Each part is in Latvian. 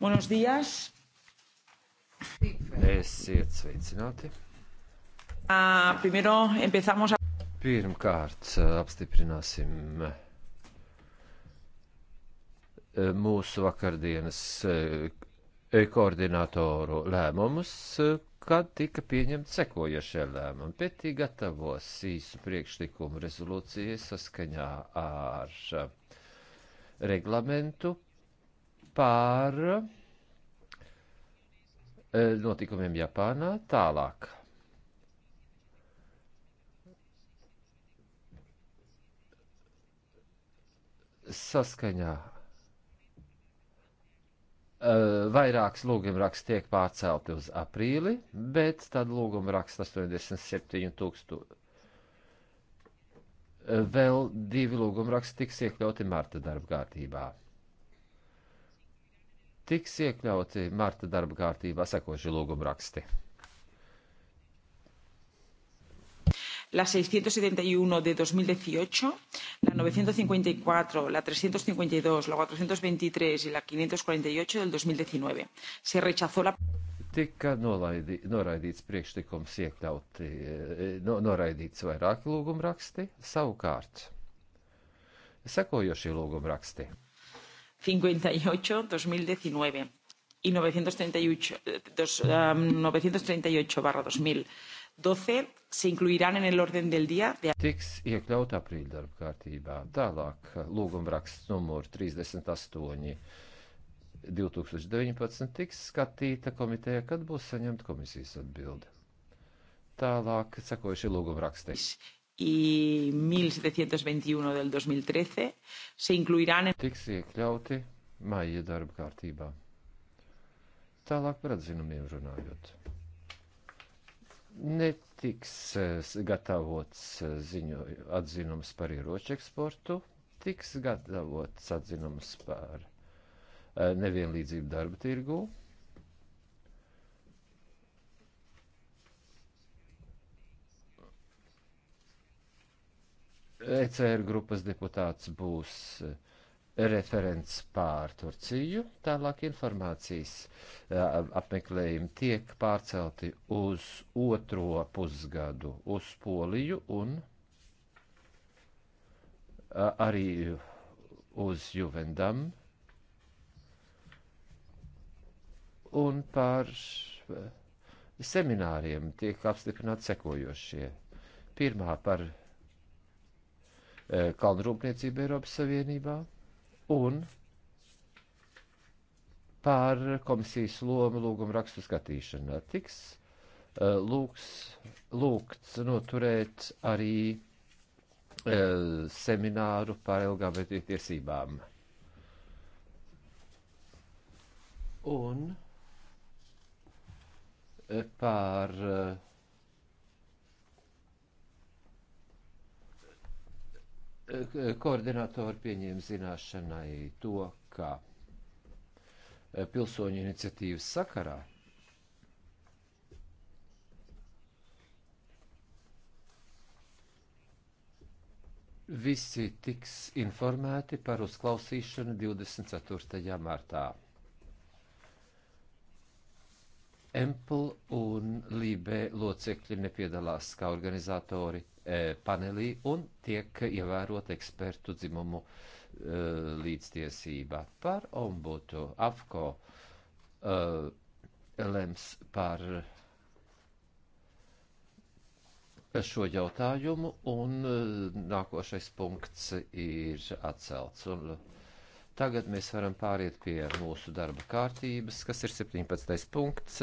Buenos días. Esiet sveicināti. Uh, primero empezamos a... Pirmkārt, apstiprināsim eh, mūsu vakardienas eh, koordinatoru lēmumus, kad tika pieņemts sekojošie lēmumi. Pētī gatavos īsu priekšlikumu rezolūciju saskaņā ar eh, reglamentu par eh, notikumiem Japānā tālāk. Saskaņā eh, vairāks lūgumraksts tiek pārcelti uz aprīli, bet tad lūgumraksts 87 tūkstoši. Eh, vēl divi lūgumraksti tiks iekļauti marta darba kārtībā tiks iekļauti marta darba kārtībā sekoši lūgumraksti. La 671 de 2018, la 954, la 352, la 423 y la 548 del 2019. Se rechazó la. Tika nolaidi, noraidīts priekšlikums iekļaut, e, no, noraidīts vairāki lūgumraksti, savukārt sekojošie lūgumraksti. 58-2019 y 938-2012 eh, se incluirán en el orden del día. De... Tiks iekļaut aprīļa darba kārtībā. Tālāk lūgumraksts numur 38. 2019 tiks skatīta komiteja, kad būs saņemta komisijas atbilde. Tālāk sekojuši lūgumrakstīs y 1721 del 2013 se incluirán en... Tiks iekļauti maija darba kārtībā. Tālāk par atzinumiem runājot. Netiks eh, gatavots eh, ziņo, atzinums par ieroču eksportu, tiks gatavots atzinums par eh, nevienlīdzību darba tirgū, ECR grupas deputāts būs eh, referents pār Turciju. Tālāk informācijas eh, apmeklējumi tiek pārcelti uz otro pusgadu, uz Poliju un eh, arī uz Juvendam. Un par semināriem tiek apstiprināti sekojošie. Pirmā par Eh, kalnu rūpniecību Eiropas Savienībā un par komisijas lomu lūgumu rakstu skatīšanā. Tiks eh, lūks, lūgts noturēt arī eh, semināru par LGBT tiesībām. Un par uh, Eh, koordinatori pieņēma zināšanai to, ka eh, pilsoņu iniciatīvas sakarā visi tiks informēti par uzklausīšanu 24. martā. Empel un Lībe locekļi nepiedalās kā organizatori E, panelī un tiek ievērot ekspertu dzimumu e, līdztiesība. Par ombudu AFCO e, lems par šo jautājumu un nākošais punkts ir atcelts. Un, Tagad mēs varam pāriet pie mūsu darba kārtības, kas ir 17. punkts,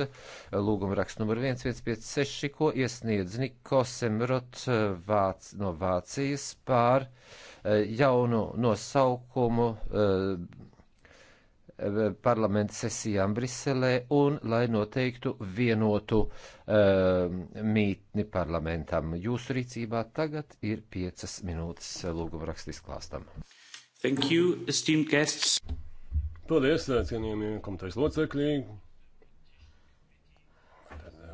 lūguma raksts numur 156, ko iesniedz Nikosemrot eh, Vāc, no Vācijas pār eh, jaunu nosaukumu eh, parlamenta sesijām Briselē un lai noteiktu vienotu uh, mītni parlamentam. Jūsu rīcībā tagad ir piecas minūtes lūguma rakstisklāstam. Thank you, esteemed guests. Paldies, eh, cienījamie komitejas locekļi. Eh,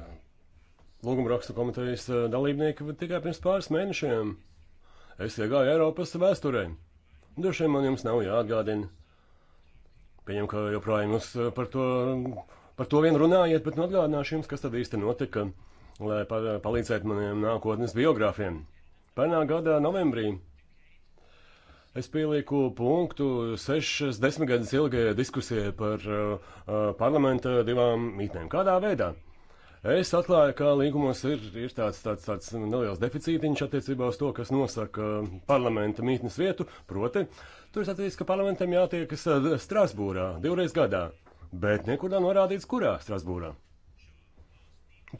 Lūguma rakstu komitejas eh, dalībnieki tikai pirms pāris mēnešiem. Es iegāju Eiropas vēsturē. Droši vien man jums nav jāatgādina. Pieņem, ka joprojām jūs par to, par to vien runājiet, bet nu atgādināšu jums, kas tad īsti notika, lai palīdzētu maniem nākotnes biogrāfiem. Pērnā gada novembrī Es pielieku punktu sešas desmitgades ilgajai diskusijai par uh, uh, parlamenta divām mītnēm. Kādā veidā? Es atklāju, ka līgumos ir, ir tāds, tāds, tāds neliels deficītiņš attiecībā uz to, kas nosaka parlamenta mītnes vietu. Proti, tur ir atzīts, ka parlamentam jātiekas uh, Strasbūrā divreiz gadā, bet nekur nav norādīts, kurā Strasbūrā.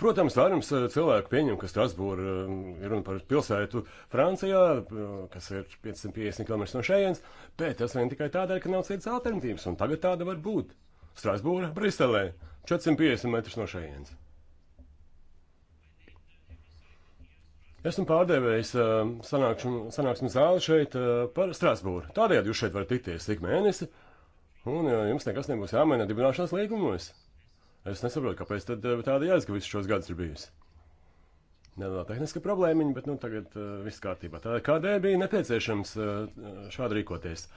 Protams, vairums eh, cilvēku pieņem, ka Strasbūra eh, ir runa par pilsētu Francijā, eh, kas ir 550 km no šejienes, bet tas vien tikai tādēļ, ka nav citas alternatīvas, un tagad tāda var būt. Strasbūra, Briselē, 450 metrus no šejienes. Esmu pārdevējis sanāksmu zāli šeit par Strasbūru. Tādējādi jūs šeit varat tikties ik mēnesi, un jums nekas nebūs jāmaina dibināšanas līgumos. Es nesaprotu, kāpēc tad eh, tāda jāizsaka visus šos gadus ir bijusi. Nelielā tehniska problēmiņa, bet nu, tagad uh, viss kārtībā. Tā, kādēļ bija nepieciešams uh, šādi rīkoties?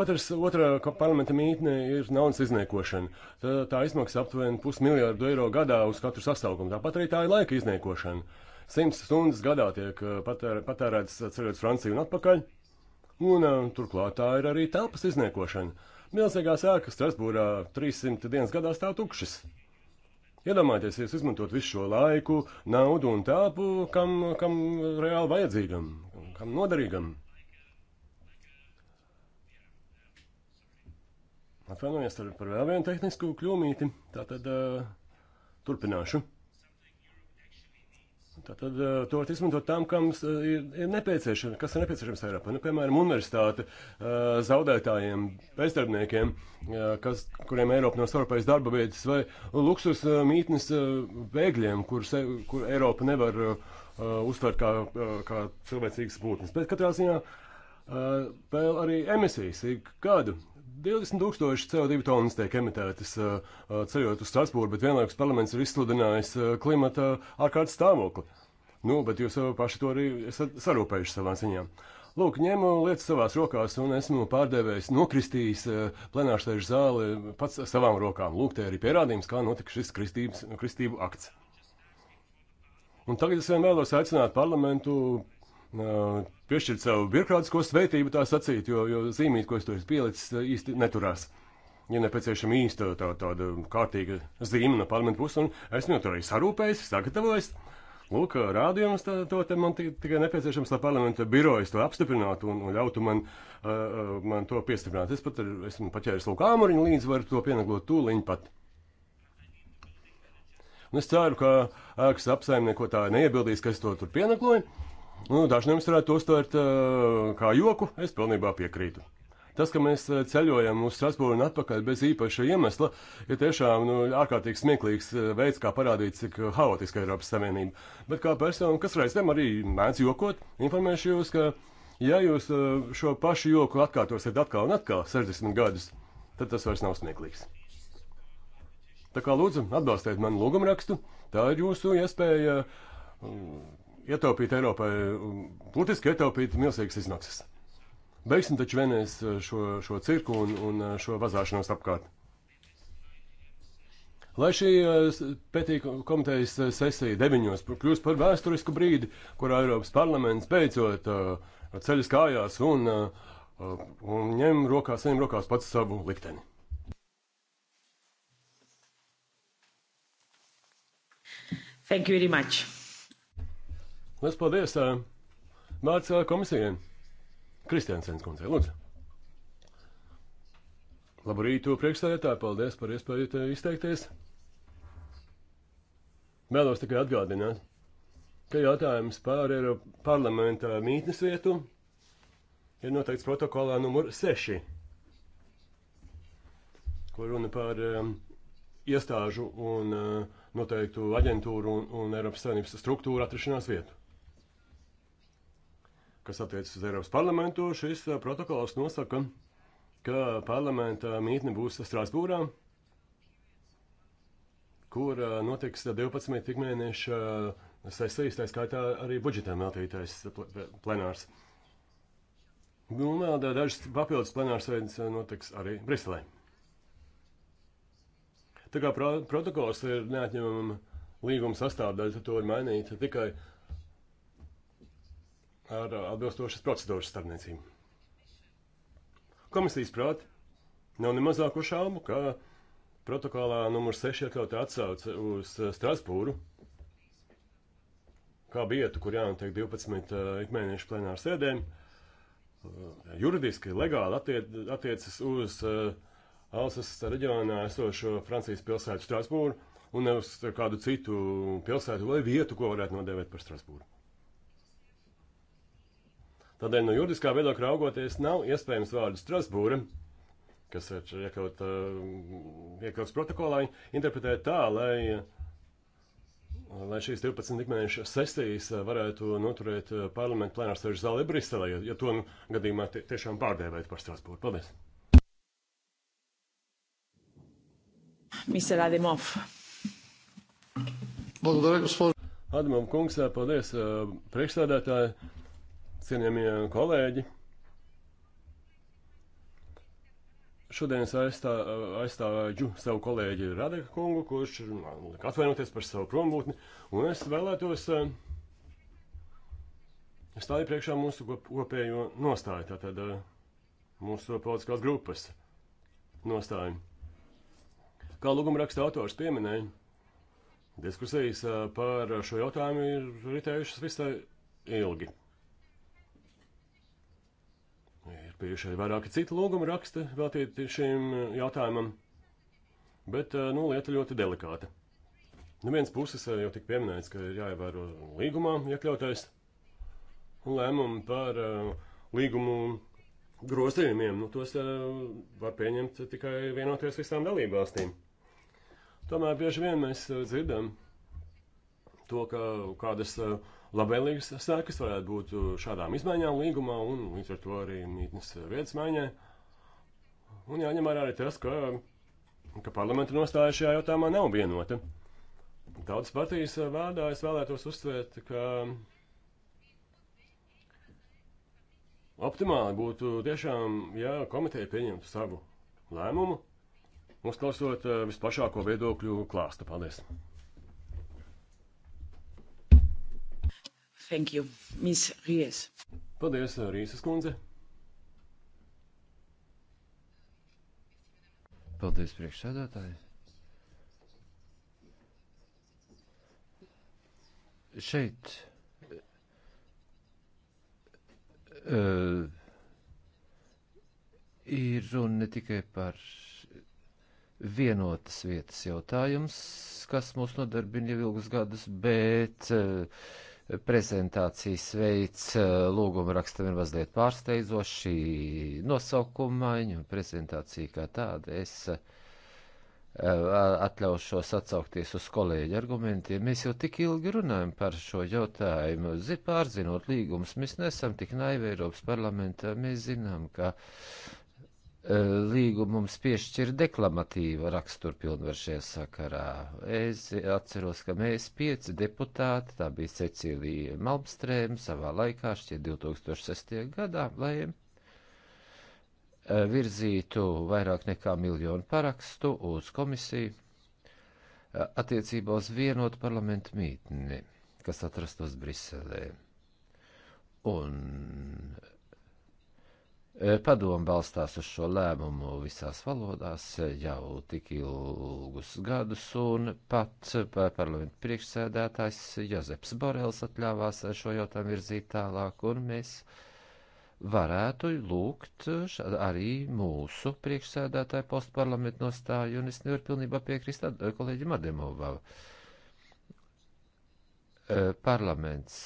Otrs, otra parlamenta mītne ir naudas izniekošana. Tā, tā izmaksā aptuveni pusmiljārdu eiro gadā uz katru sasaukumu. Tāpat arī tā ir laika izniekošana. Simts stundas gadā tiek patēr, patērēts ceļot uz Franciju un atpakaļ. Un, uh, turklāt tā ir arī telpas izniekošana. Milzīgās ēkas Strasbūrā 300 dienas gadā stāv tukšas. Iedomājieties, ja izmantot visu šo laiku, naudu un tāpu, kam, kam reāli vajadzīgam, kam noderīgam. Atvainojiet par vēl vienu tehnisku kļūmīti. Tātad uh, turpināšu. Tātad eh, to var izmantot tam, kam eh, ir, ir nepieciešams, kas ir nepieciešams Eiropā. Nu, piemēram, universitāte eh, zaudētājiem, bezdarbniekiem, kas, kuriem Eiropa nav savapējas darba vietas, vai luksus mītnes bēgļiem, kur, se, kur Eiropa nevar uztvert kā, kā cilvēcīgas būtnes. Bet katrā ziņā vēl arī emisijas ik gadu 20,000 CO2 tonnas tiek emitētas uh, uh, ceļojot uz Strasbūru, bet vienlaikus parlaments ir izsludinājis uh, klimata ārkārtas stāvokli. Nu, bet jūs paši to arī esat sarūpējuši savā ziņā. Lūk, ņemu lietas savās rokās, un esmu pārdevējis, nokristījis plenārsēžu zāli pats savām rokām. Lūk, te arī pierādījums, kā notika šis kristības, kristību akts. Un tagad es vien vēlos aicināt parlamentu piešķirt savu birokrātisko svētību, tā sacīt, jo, jo zīmīt, ko es tur esmu pielicis, īsti neturās. Ja nepieciešama īsta tā, tāda kārtīga zīme no parlamenta puses, un esmu jau tur arī sarūpējis, sagatavojis. Lūk, rādījums tā, to te man tikai nepieciešams, lai parlamenta birojas to apstiprinātu un, un ļautu man, uh, man to piestiprināt. Es pat ar, esmu paķēris lūk āmuriņu līdzi, varu to pieneglot tūliņ pat. Un es ceru, ka ēkas apsaimniekotāji neiebildīs, ka es to tur pienekloju. Nu, daži no jums varētu uztvert uh, kā joku, es pilnībā piekrītu. Tas, ka mēs eh, ceļojam uz Strasbūru un atpakaļ bez īpaša iemesla, ir tiešām nu, ārkārtīgi smieklīgs eh, veids, kā parādīt, cik haotiska ir Eiropas Savienība. Bet kā persona, kas reizēm arī mēdz jokot, informēšu jūs, ka, ja jūs šo pašu joku atkārtosiet atkal un atkal 60 gadus, tad tas vairs nav smieklīgs. Tā kā lūdzu, atbalstiet manu lūgumrakstu, tā ir jūsu iespēja. Uh, ietaupīt Eiropai, būtiski ietaupīt milzīgas izmaksas. Beigsim taču vienreiz eh, šo, šo cirku un, un eh, šo vazāšanos apkārt. Lai šī eh, pētīja komitejas sesija deviņos kļūst par vēsturisku brīdi, kurā Eiropas parlaments beidzot ceļas kājās un, un ņem rokās, ņem rokās pats savu likteni. Thank you very much. Lielas paldies! Vārds komisijai. Kristiansens kundzei, lūdzu. Labrīt, to priekšstādētāji, paldies par iespēju te izteikties. Vēlos tikai atgādināt, ka jautājums par Eiropa parlamenta mītnes vietu ir noteikts protokolā numur 6, kur runa par um, iestāžu un uh, noteiktu aģentūru un, un Eiropas Savienības struktūru atrašanās vietu. Kas attiecas uz Eiropas parlamentu, šis protokols nosaka, ka parlamenta mītne būs Strasbūrā, kur notiks 12 ikmēneša sesijas, tā skaitā arī budžetām veltītais plenārs. Nu, vēl dažas papildus plenārs veids notiks arī Briselē. Tā kā pro protokols ir neatņemama līguma sastāvdaļa, tad to var mainīt tikai ar atbilstošas procedūras starpniecību. Komisijas prāt, nav ne mazāko šaubu, ka protokolā numur 6 iekļauta atsauce uz Strasbūru, kā vietu, kur jānotiek 12 uh, eh, ikmēnešu plenāru sēdēm, uh, juridiski, legāli attiec, attiecas uz uh, Alsas reģionā esošo Francijas pilsētu Strasbūru un nevis kādu citu pilsētu vai vietu, ko varētu nodēvēt par Strasbūru. Tādēļ no juridiskā viedokļa raugoties nav iespējams vārdu Strasbūra, kas ir iekļaut, eh, iekļauts protokolā, interpretēt tā, lai, lai šīs 12 ikmēneša sesijas varētu noturēt eh, parlamentu plenārsēžu zālē Briselē, ja, ja to nu, gadījumā tie, tiešām pārdēvēt par Strasbūru. Paldies! Mr. Adimov. Благодаря, господин. Адамов, kungs, paldies eh, priekšstādātāji cienījamie kolēģi. Šodien es aizstā, aizstāvēju savu kolēģi Radeka kungu, kurš liek atvainoties par savu prombūtni, un es vēlētos eh, stāju priekšā mūsu kopējo nostāju, tātad eh, mūsu politiskās grupas nostāju. Kā lūguma raksta autors pieminēja, diskusijas eh, par šo jautājumu ir ritējušas visai ilgi. bijuši arī vairāki citi lūguma raksti veltīti šim eh, jautājumam, bet, eh, nu, lieta ļoti delikāta. Nu, viens puses eh, jau tik pieminēts, ka ir jāievēro līgumā iekļautais lēmumu par uh, līgumu grozījumiem. Nu, tos uh, var pieņemt tikai vienoties visām dalībvalstīm. Tomēr bieži vien mēs dzirdam to, ka kādas uh, labvēlīgas sēkas varētu būt uh, šādām izmaiņām līgumā un līdz ar to arī mītnes uh, vietas maiņai. Un jāņem vērā arī tas, ka, ka parlamenta nostāja šajā jautājumā nav vienota. Tautas partijas uh, vārdā es vēlētos uzsvērt, ka optimāli būtu tiešām, ja komiteja pieņemtu savu lēmumu, uzklausot visplašāko viedokļu klāstu. Paldies! Thank you. Ms. Ries. Paldies, eh, Rīsas kundze. Paldies, priekšsēdētāji. Šeit. Uh, ir runa ne tikai par vienotas vietas jautājums, kas mūs nodarbina jau ilgus gadus, bet uh, prezentācijas veids eh, lūguma rakstam ir mazliet pārsteidzoši, šī nosaukuma maiņa un prezentācija kā tāda. Es eh, atļaušos atsaukties uz kolēģi argumentiem. Mēs jau tik ilgi runājam par šo jautājumu. Zi, pārzinot līgumus, mēs nesam tik naivi Eiropas parlamentā. Mēs zinām, ka Eh, līgumums piešķir deklamatīvu raksturu pilnvaru šajā sakarā. Es atceros, ka mēs pieci deputāti, tā bija Cecīlija Malmstrēma savā laikā, šķiet 2006. gadā, lai eh, virzītu vairāk nekā miljonu parakstu uz komisiju eh, attiecībā uz vienotu parlamentu mītni, kas atrastos Briselē. Un E, padomu balstās uz šo lēmumu visās valodās jau tik ilgus gadus, un pat parlamentu priekšsēdētājs Jozeps Borels atļāvās šo jautājumu virzīt tālāk, un mēs varētu lūgt arī mūsu priekšsēdētāju postu parlamentu nostāju, un es nevaru pilnībā piekrist kolēģim Ademovam. E, parlaments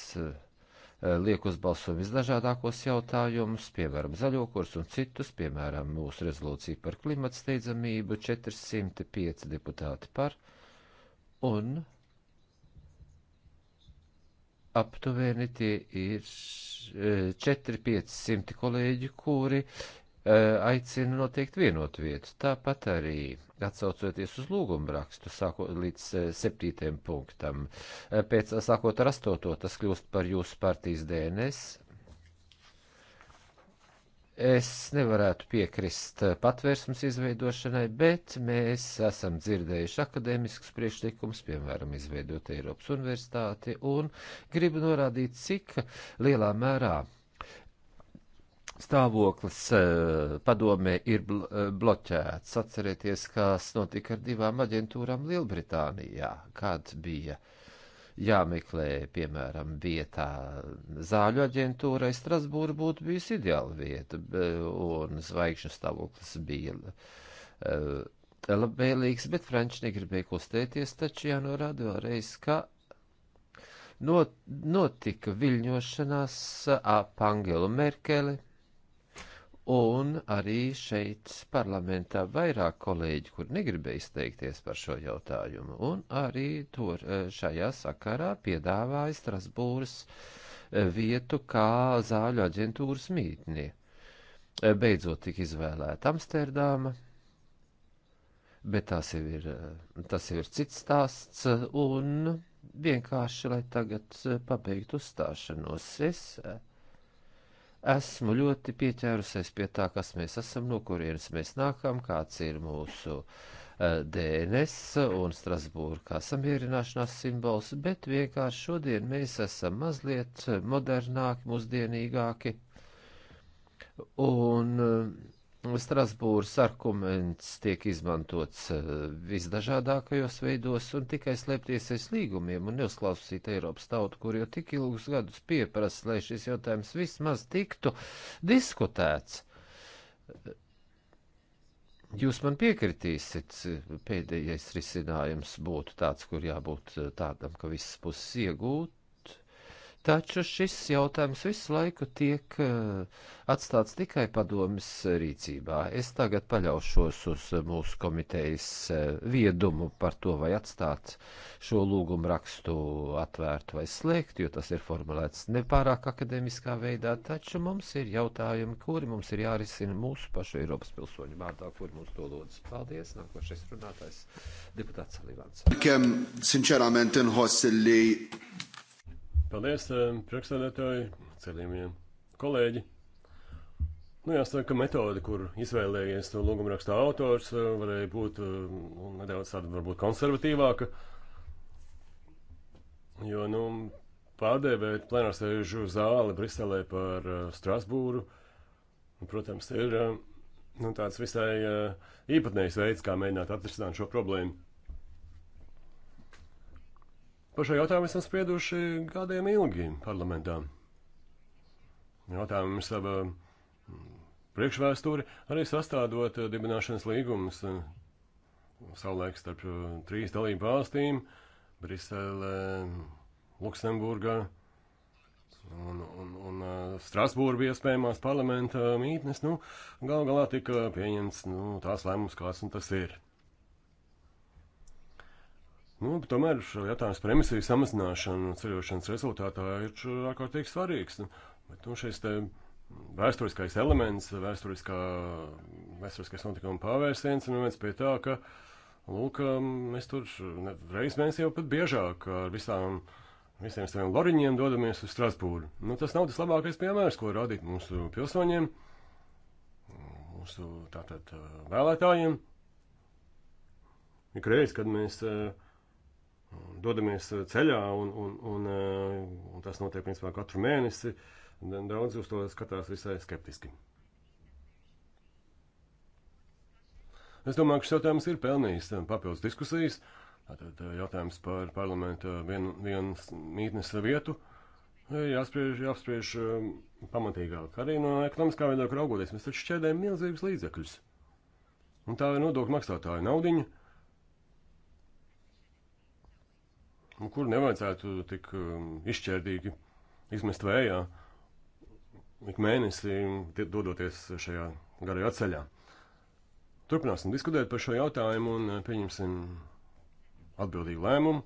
Eh, liek uz balsojumu visdažādākos jautājumus, piemēram, zaļo kursu un citus, piemēram, mūsu rezolūciju par klimata steidzamību, 405 deputāti par un aptuveni tie ir 4-500 eh, kolēģi, kuri eh, aicina noteikti vienotu vietu. Tāpat arī atsaucoties uz lūgumu rakstu, sākot līdz eh, septītajam punktam. Eh, pēc, sākot ar astoto, tas kļūst par jūsu partijas DNS. Es nevarētu piekrist eh, patvērsums izveidošanai, bet mēs esam dzirdējuši akadēmiskus priekšlikumus, piemēram, izveidot Eiropas universitāti, un gribu norādīt, cik lielā mērā stāvoklis eh, padomē ir eh, bloķēts. Atcerieties, kas notika ar divām aģentūrām Lielbritānijā, kad bija jāmeklē, piemēram, vietā zāļu aģentūrai Strasbūra būtu bijusi ideāla vieta, un zvaigžņu stāvoklis bija eh, labvēlīgs, bet Franči negribēja kustēties, taču jānorāda vēlreiz, ka not, notika viļņošanās ap Angelu Merkeli, Un arī šeit parlamentā vairāk kolēģi, kur negribēja izteikties par šo jautājumu, un arī tur eh, šajā sakarā piedāvāja Strasbūras eh, vietu kā zāļu aģentūras mītnī. Eh, beidzot tika izvēlēta Amsterdāma, bet tas jau ir, tas jau ir cits stāsts, un vienkārši, lai tagad pabeigtu uzstāšanos, es esmu ļoti pieķērusies pie tā, kas mēs esam, no kurienes mēs nākam, kāds ir mūsu uh, eh, DNS un Strasbūra kā samierināšanās simbols, bet vienkārši šodien mēs esam mazliet modernāki, mūsdienīgāki. Un uh, Strasbūras arguments tiek izmantots eh, visdažādākajos veidos un tikai slēpties aiz līgumiem un neuzklausīt Eiropas tautu, kur jau tik ilgus gadus pieprasa, lai šis jautājums vismaz tiktu diskutēts. Jūs man piekritīsiet, pēdējais risinājums būtu tāds, kur jābūt eh, tādam, ka visas puses iegūt, Taču šis jautājums visu laiku tiek eh, atstāts tikai padomis rīcībā. Es tagad paļaušos uz mūsu komitejas eh, viedumu par to, vai atstāt šo lūgumu rakstu atvērtu vai slēgt, jo tas ir formulēts nepārāk akadēmiskā veidā, taču mums ir jautājumi, kuri mums ir jārisina mūsu pašu Eiropas pilsoņu vārdā, kur mums to lūdzu. Paldies, nākošais runātājs, deputāts Salivans. Kem, sinceramente, nħoss li Paldies, eh, priekšsēdētāji, cienījamie kolēģi. Nu, jāsaka, metode, kur izvēlējies lūgumraksta autors, eh, varēja būt eh, nedaudz tāda varbūt konservatīvāka. Jo, nu, pārdēvēt plenārsēžu zāli Briselē par uh, Strasbūru, un, protams, ir uh, nu, tāds visai uh, īpatnējs veids, kā mēģināt atrisināt šo problēmu. Par šo jautājumu esam sprieduši gadiem ilgi parlamentā. Jautājumu ir sava mm, priekšvēsture, arī sastādot eh, dibināšanas līgumus eh, savulaik starp eh, trīs dalību valstīm - Brisele, Luksemburga un, un, un Strasbūrba iespējamās parlamenta mītnes. Nu, gal galā tika pieņemts nu, tās lēmums, kāds un nu tas ir. Nu, tomēr jautājums par emisiju samazināšanu ceļošanas rezultātā ir ārkārtīgi svarīgs. Bet nu, šis vēsturiskais elements, vēsturiskā, vēsturiskais notikuma pavērsiens ir novērts pie tā, ka lūk, um, mēs tur reiz mēnesī jau pat biežāk ar visām, visiem saviem loriņiem dodamies uz Strasbūru. Nu, tas nav tas labākais piemērs, ko radīt mūsu pilsoņiem, mūsu tātad uh, vēlētājiem. Ik reiz, kad mēs uh, dodamies eh, ceļā, un, un, un, eh, un tas notiek principā katru mēnesi. Daudz uz to skatās visai skeptiski. Es domāju, ka šis jautājums ir pelnījis eh, papildus diskusijas. Tātad jautājums par parlamenta vienu, vienu mītnes vietu jāspriež, jāspriež pamatīgāk. Arī no ekonomiskā viedokļa raugoties, mēs taču šķērdējam milzīgas līdzekļus. Un tā ir nodokļu maksātāju naudiņa kuru nevajadzētu tik um, izšķērdīgi izmest vējā, ik mēnesi dodoties šajā garajā ceļā. Turpināsim diskutēt par šo jautājumu un uh, pieņemsim atbildīgu lēmumu.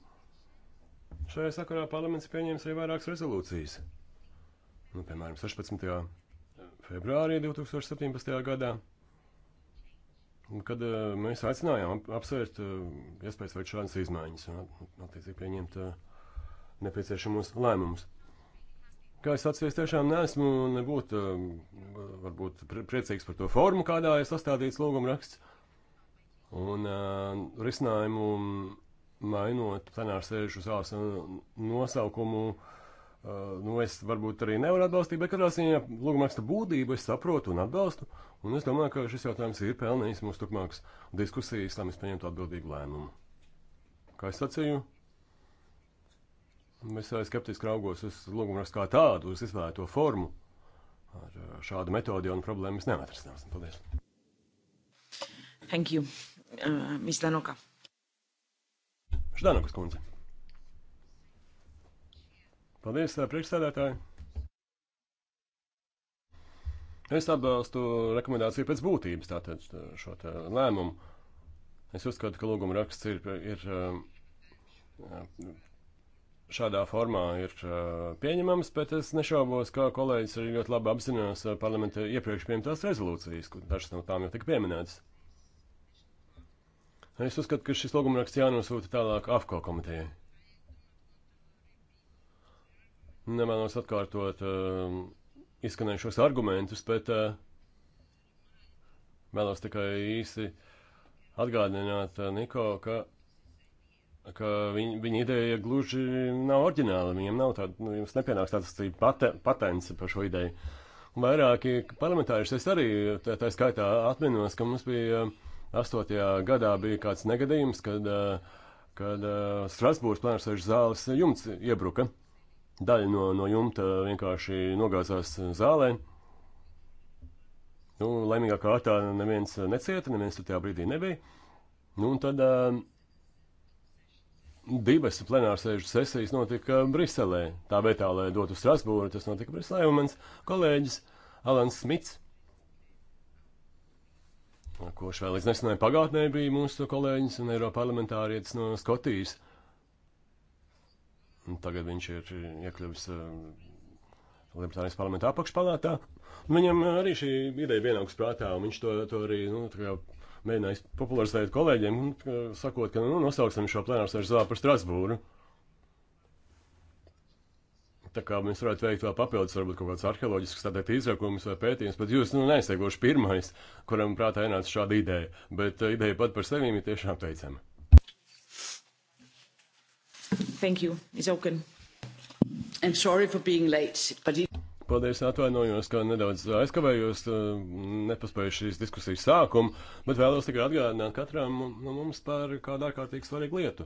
Šajā sakarā parlaments pieņems arī vairākas rezolūcijas. Nu, piemēram, 16. februārī 2017. gadā kad eh, mēs aicinājām apsvērt eh, iespējas veikt šādas izmaiņas un, attiecīgi, pieņemt eh, nepieciešamos lēmumus. Kā es atceros, tiešām neesmu nebūt, varbūt priecīgs par to formu, kādā ir sastādīts lūguma raksts. Un uh, risinājumu mainot plenāru sēžu zāles nosaukumu uh, Eh, nu, es varbūt arī nevaru atbalstīt, bet katrā ziņā lūgumraksta būtību es saprotu un atbalstu. Un es domāju, ka šis jautājums ir pelnījis mūsu turpmākas diskusijas, lai mēs pieņemtu atbildīgu lēmumu. Kā es sacīju, es skeptiski raugos uz lūgumrakstu kā tādu, uz izvēlēto formu. Ar eh, šādu metodi un problēmu mēs neatrastināsim. Paldies! Thank you, uh, eh, Ms. Danoka. Ždanokas kundze. Paldies, priekšstādātāji! Es atbalstu rekomendāciju pēc būtības, tātad šo tā lēmumu. Es uzskatu, ka lūguma raksts ir, ir šādā formā ir pieņemams, bet es nešaubos, ka kolēģis arī ļoti labi apzinās parlamenta iepriekš pieņemtās rezolūcijas, kur dažas no tām jau tika pieminētas. Es uzskatu, ka šis lūguma raksts jānosūta tālāk AFCO komitejai. Nemēlos atkārtot uh, izskanējušos argumentus, bet uh, vēlos tikai īsi atgādināt uh, Niko, ka, ka viņ, viņa ideja gluži nav oriģināla. Viņam nav tāda, nu, jums nepienāks tāds pate, patents par šo ideju. Un vairāki parlamentāriši es arī tā, tā skaitā atminos, ka mums bija uh, 8. gadā bija kāds negadījums, kad, uh, kad uh, Strasbūras plenārsēžu zāles jumts iebruka daļa no, no jumta vienkārši nogāzās zālē. Nu, laimīgā kārtā neviens necieta, neviens tur tajā brīdī nebija. Nu, un tad uh, divas plenārsēžu sesijas notika Briselē. Tā vietā, lai dotu Strasbūru, tas notika Briselē. Un mans kolēģis Alans Smits, kurš vēl līdz nesenai pagātnē bija mūsu kolēģis un eiroparlamentārietis no Skotijas, uh, Un tagad viņš ir iekļuvis eh, Lielbritānijas parlamenta apakšpalātā. Viņam arī šī ideja vienāks prātā, un viņš to, to arī nu, mēģinājis popularizēt kolēģiem, sakot, ka nu, nosauksim šo plenāru sēžu zāli par Strasbūru. Tā kā mēs varētu veikt vēl papildus, varbūt kaut kāds arheoloģisks tātad izrakums vai pētījums, bet jūs, nu, neesat gluži pirmais, kuram prātā ienāca šāda ideja, bet uh, ideja pat par sevi ir tiešām teicama. Thank you. It's open. And sorry for being late, but it... Paldies, atvainojos, ka nedaudz aizkavējos, eh, nepaspēju šīs diskusijas sākumu, bet vēlos tikai atgādināt katram no mums par kādu ārkārtīgi svarīgu lietu.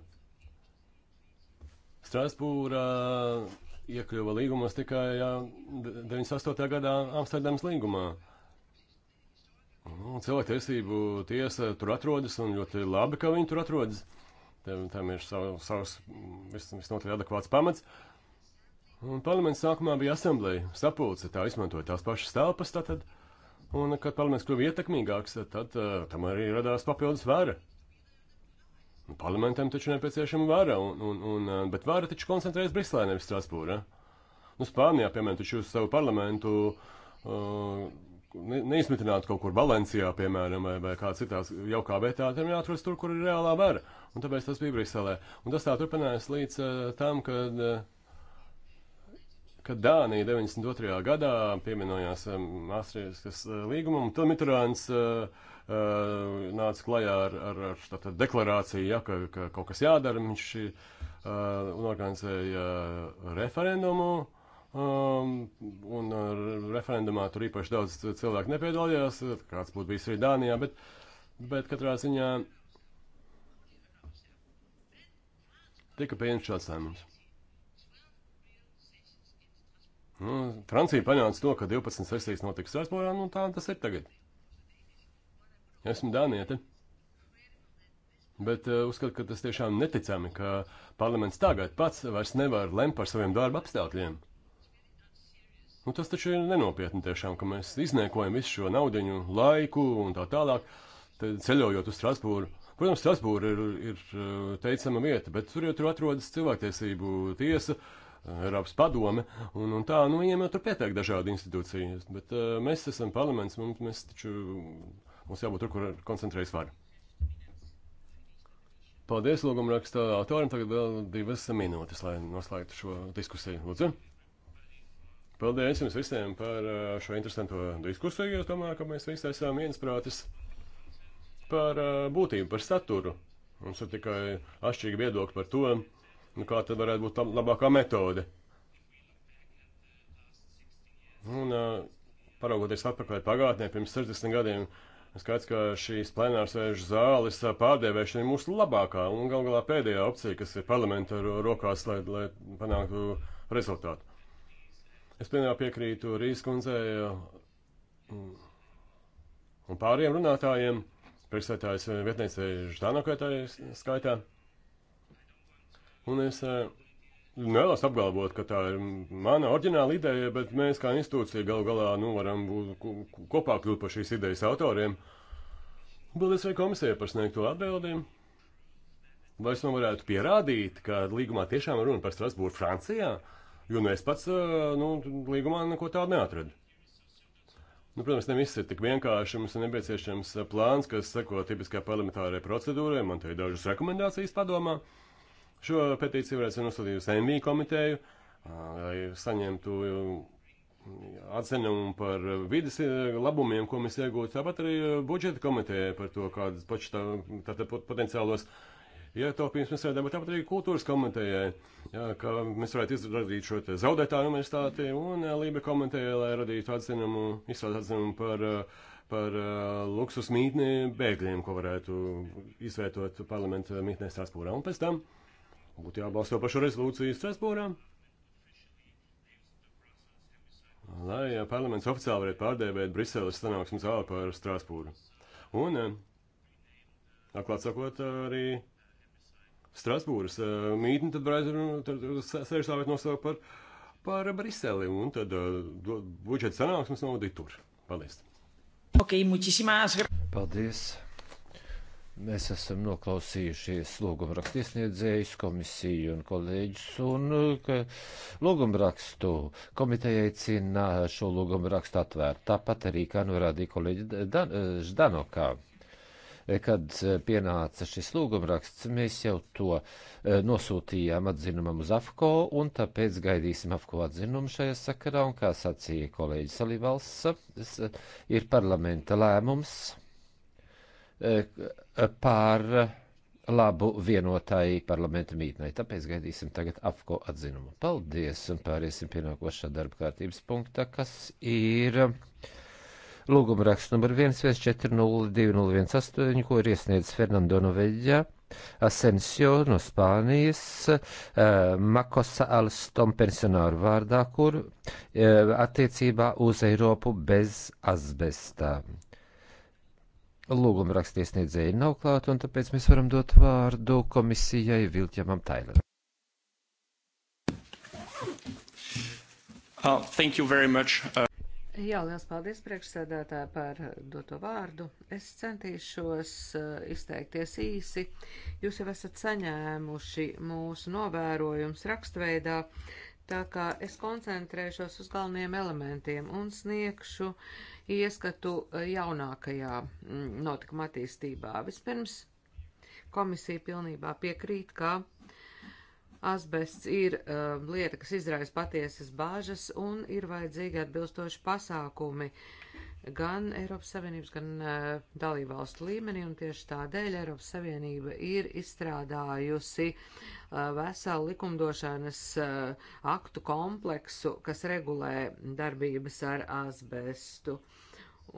Strasbūrā iekļuva līgumos tikai jā, 98. gadā Amsterdams līgumā. Cilvēktiesību tiesa tur atrodas un ļoti labi, ka viņi tur atrodas. Tam ir sav, savs vis, visnotaļ adekvāts pamats. Un parlaments sākumā bija asambleja, sapulce, tā izmantoja tās pašas telpas, tātad, un kad parlaments kļuva ietekmīgāks, tad uh, tam arī radās papildus vara. Un parlamentam taču nepieciešama vara, un, un, un, eh, bet vara taču koncentrējas Briselē, nevis Strasbūrā. Nu, Spānijā, piemēram, taču jūs savu parlamentu uh, ne, neizmitināt kaut kur Valencijā, piemēram, vai, vai kā citās jaukā vietā, tam jāatrodas tur, kur ir reālā vara. Un tāpēc tas bija Briselē. Un tas tā turpinājās līdz uh, tam, kad, uh, kad Dānija 92. gadā pieminojās um, Maastrichtas uh, līgumam, un tad Mitrāns uh, uh, nāca klajā ar, ar, ar tā, tā deklarāciju, ja, ka, ka kaut kas jādara, viņš uh, un organizēja uh, referendumu. Uh, Um, un uh, referendumā tur īpaši daudz cilvēku nepiedalījās, kāds būtu bijis arī Dānijā, bet, bet katrā ziņā tika pieņemts šāds lēmums. Nu, Francija panāca to, ka 12 sesijas notiks Strasbūrā, nu tā tas ir tagad. Esmu Dāniete. Bet uh, uzskatu, ka tas tiešām neticami, ka parlaments tagad pats vairs nevar lemt par saviem darba apstākļiem. Nu, tas taču ir nenopietni tiešām, ka mēs izniekojam visu šo naudiņu, laiku un tā tālāk, ceļojot uz Strasbūru. Protams, Strasbūra ir, ir eh, teicama vieta, bet tur jau tur atrodas cilvēktiesību tiesa, eh, Eiropas padome, un, un tā, nu, viņiem jau tur pietiek dažādi institūcijas, bet uh, mēs esam parlaments, mums, mēs taču, mums jābūt tur, kur koncentrējas var. Paldies, lūgumrakstā autoram, tagad vēl divas minūtes, lai noslēgtu šo diskusiju. Lūdzu! Paldies jums visiem par eh, šo interesanto diskusiju. Es domāju, ka mēs visi esam viensprātis par eh, būtību, par saturu. Mums ir tikai atšķirīgi viedokļi par to, nu, kā tad varētu būt labākā metode. Un, eh, paraugoties atpakaļ pagātnē, pirms 60 gadiem, skaidrs, ka šīs plenārsēžu zāles pārdēvēšana ir mūsu labākā un gal galā pēdējā opcija, kas ir parlamenta rokās, lai, lai panāktu rezultātu. Es pilnībā piekrītu Rīs kundzei um, un pāriem runātājiem, priekšsētājs eh, vietniecei Ždanokētai skaitā. Un es eh, nevēlas apgalvot, ka tā ir mana oriģināla ideja, bet mēs kā institūcija gal galā nu, varam būt kopā kļūt par šīs idejas autoriem. Bildes vai komisija par sniegto atbildību? Vai es man nu varētu pierādīt, ka līgumā tiešām runa par Strasbūru Francijā? Uh, Jo nu, es pats nu, līgumā neko tādu neatradu. Nu, protams, ne viss ir tik vienkārši. Mums ir nepieciešams plāns, kas seko tipiskai parlamentārai procedūrai. Man te ir dažas rekomendācijas padomā. Šo petīciju varētu nosūtīt uz MV komiteju, lai saņemtu atzinumu par vidas labumiem, ko mēs iegūtu. Tāpat arī budžeta komiteja par to, kādas paši tā, tā, tā, potenciālos ietaupījums. Mēs redzam, tāpat arī kultūras komitejai, jā, ka mēs varētu izradīt šo zaudētāju universitāti, un Lība komitejai, lai radītu atzinumu, izstrādāt atzinumu par, par uh, luksus mītni bēgļiem, ko varētu izvietot parlamenta mītnē Strasbūrā. Un pēc tam būtu jābalsto par šo rezolūciju Strasbūrā. Lai ja parlaments oficiāli varētu pārdēvēt Briseles sanāksmes zāli par Strasbūru. Un, atklāt sakot, arī Strasbūras mītni, tad nu, sēžstāvēt nosaukt par, par Briseli, un tad budžeta sanāksmes novadīt tur. Paldies! Ok, muchísimas gracias. Paldies! Mēs esam noklausījušies lūgumrakstiesniedzējus, komisiju un kolēģus, un lūgumrakstu komitejai cina šo lūgumrakstu atvērt. Tāpat arī, kā norādīja kolēģi Ždanokā. Dan E, kad e, pienāca šis lūgumraksts, mēs jau to e, nosūtījām atzinumam uz AFCO, un tāpēc gaidīsim AFCO atzinumu šajā sakarā, un kā sacīja kolēģis Alivalsts, ir parlamenta lēmums pār labu vienotāji parlamenta mītnē. Tāpēc gaidīsim tagad AFCO atzinumu. Paldies, un pāriesim pie nākošā darba kārtības punkta, kas ir. Lūguma raksts numur 1140218, ko ir iesniedzis Fernando Noveļa. Asensio no Spānijas, eh, Makosa Alstom pensionāru vārdā, kur eh, attiecībā uz Eiropu bez azbestā. Lūguma rakstiesniedzēji nav klāt, un tāpēc mēs varam dot vārdu komisijai Vilķamam Taileram. Uh, thank you very much. Uh... Jā, liels paldies priekšsēdētāji par doto vārdu. Es centīšos eh, izteikties īsi. Jūs jau esat saņēmuši mūsu novērojums rakstveidā, tā kā es koncentrēšos uz galvenajiem elementiem un sniegšu ieskatu eh, jaunākajā mm, notikuma attīstībā. Vispirms komisija pilnībā piekrīt, ka Asbests ir uh, lieta, kas izraisa patiesas bāžas un ir vajadzīgi atbilstoši pasākumi gan Eiropas Savienības, gan uh, dalībvalstu līmenī, un tieši tādēļ Eiropas Savienība ir izstrādājusi uh, veselu likumdošanas uh, aktu kompleksu, kas regulē darbības ar asbestu.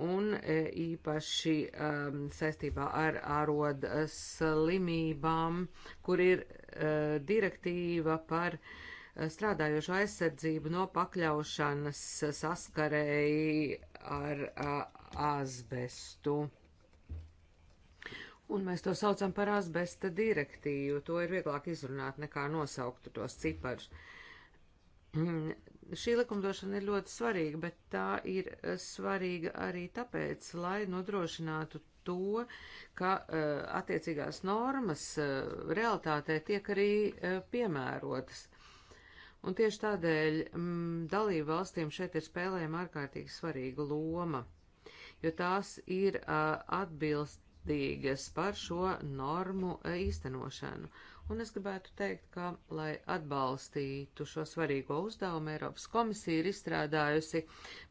Un uh, īpaši um, saistībā ar ārod slimībām, kur ir Eh, direktīva par eh, strādājošo aizsardzību no pakļaušanas saskarēji ar eh, azbestu. Un mēs to saucam par azbesta direktīvu. To ir vieglāk izrunāt nekā nosaukt tos ciparus. Šī likumdošana ir ļoti svarīga, bet tā ir svarīga arī tāpēc, lai nodrošinātu to, ka eh, attiecīgās normas eh, realitātē tiek arī eh, piemērotas. Un tieši tādēļ m, mm, dalību valstīm šeit ir spēlējama ārkārtīgi svarīga loma, jo tās ir a, atbilstīgas par šo normu a, īstenošanu. Un es gribētu teikt, ka, lai atbalstītu šo svarīgo uzdevumu, Eiropas komisija ir izstrādājusi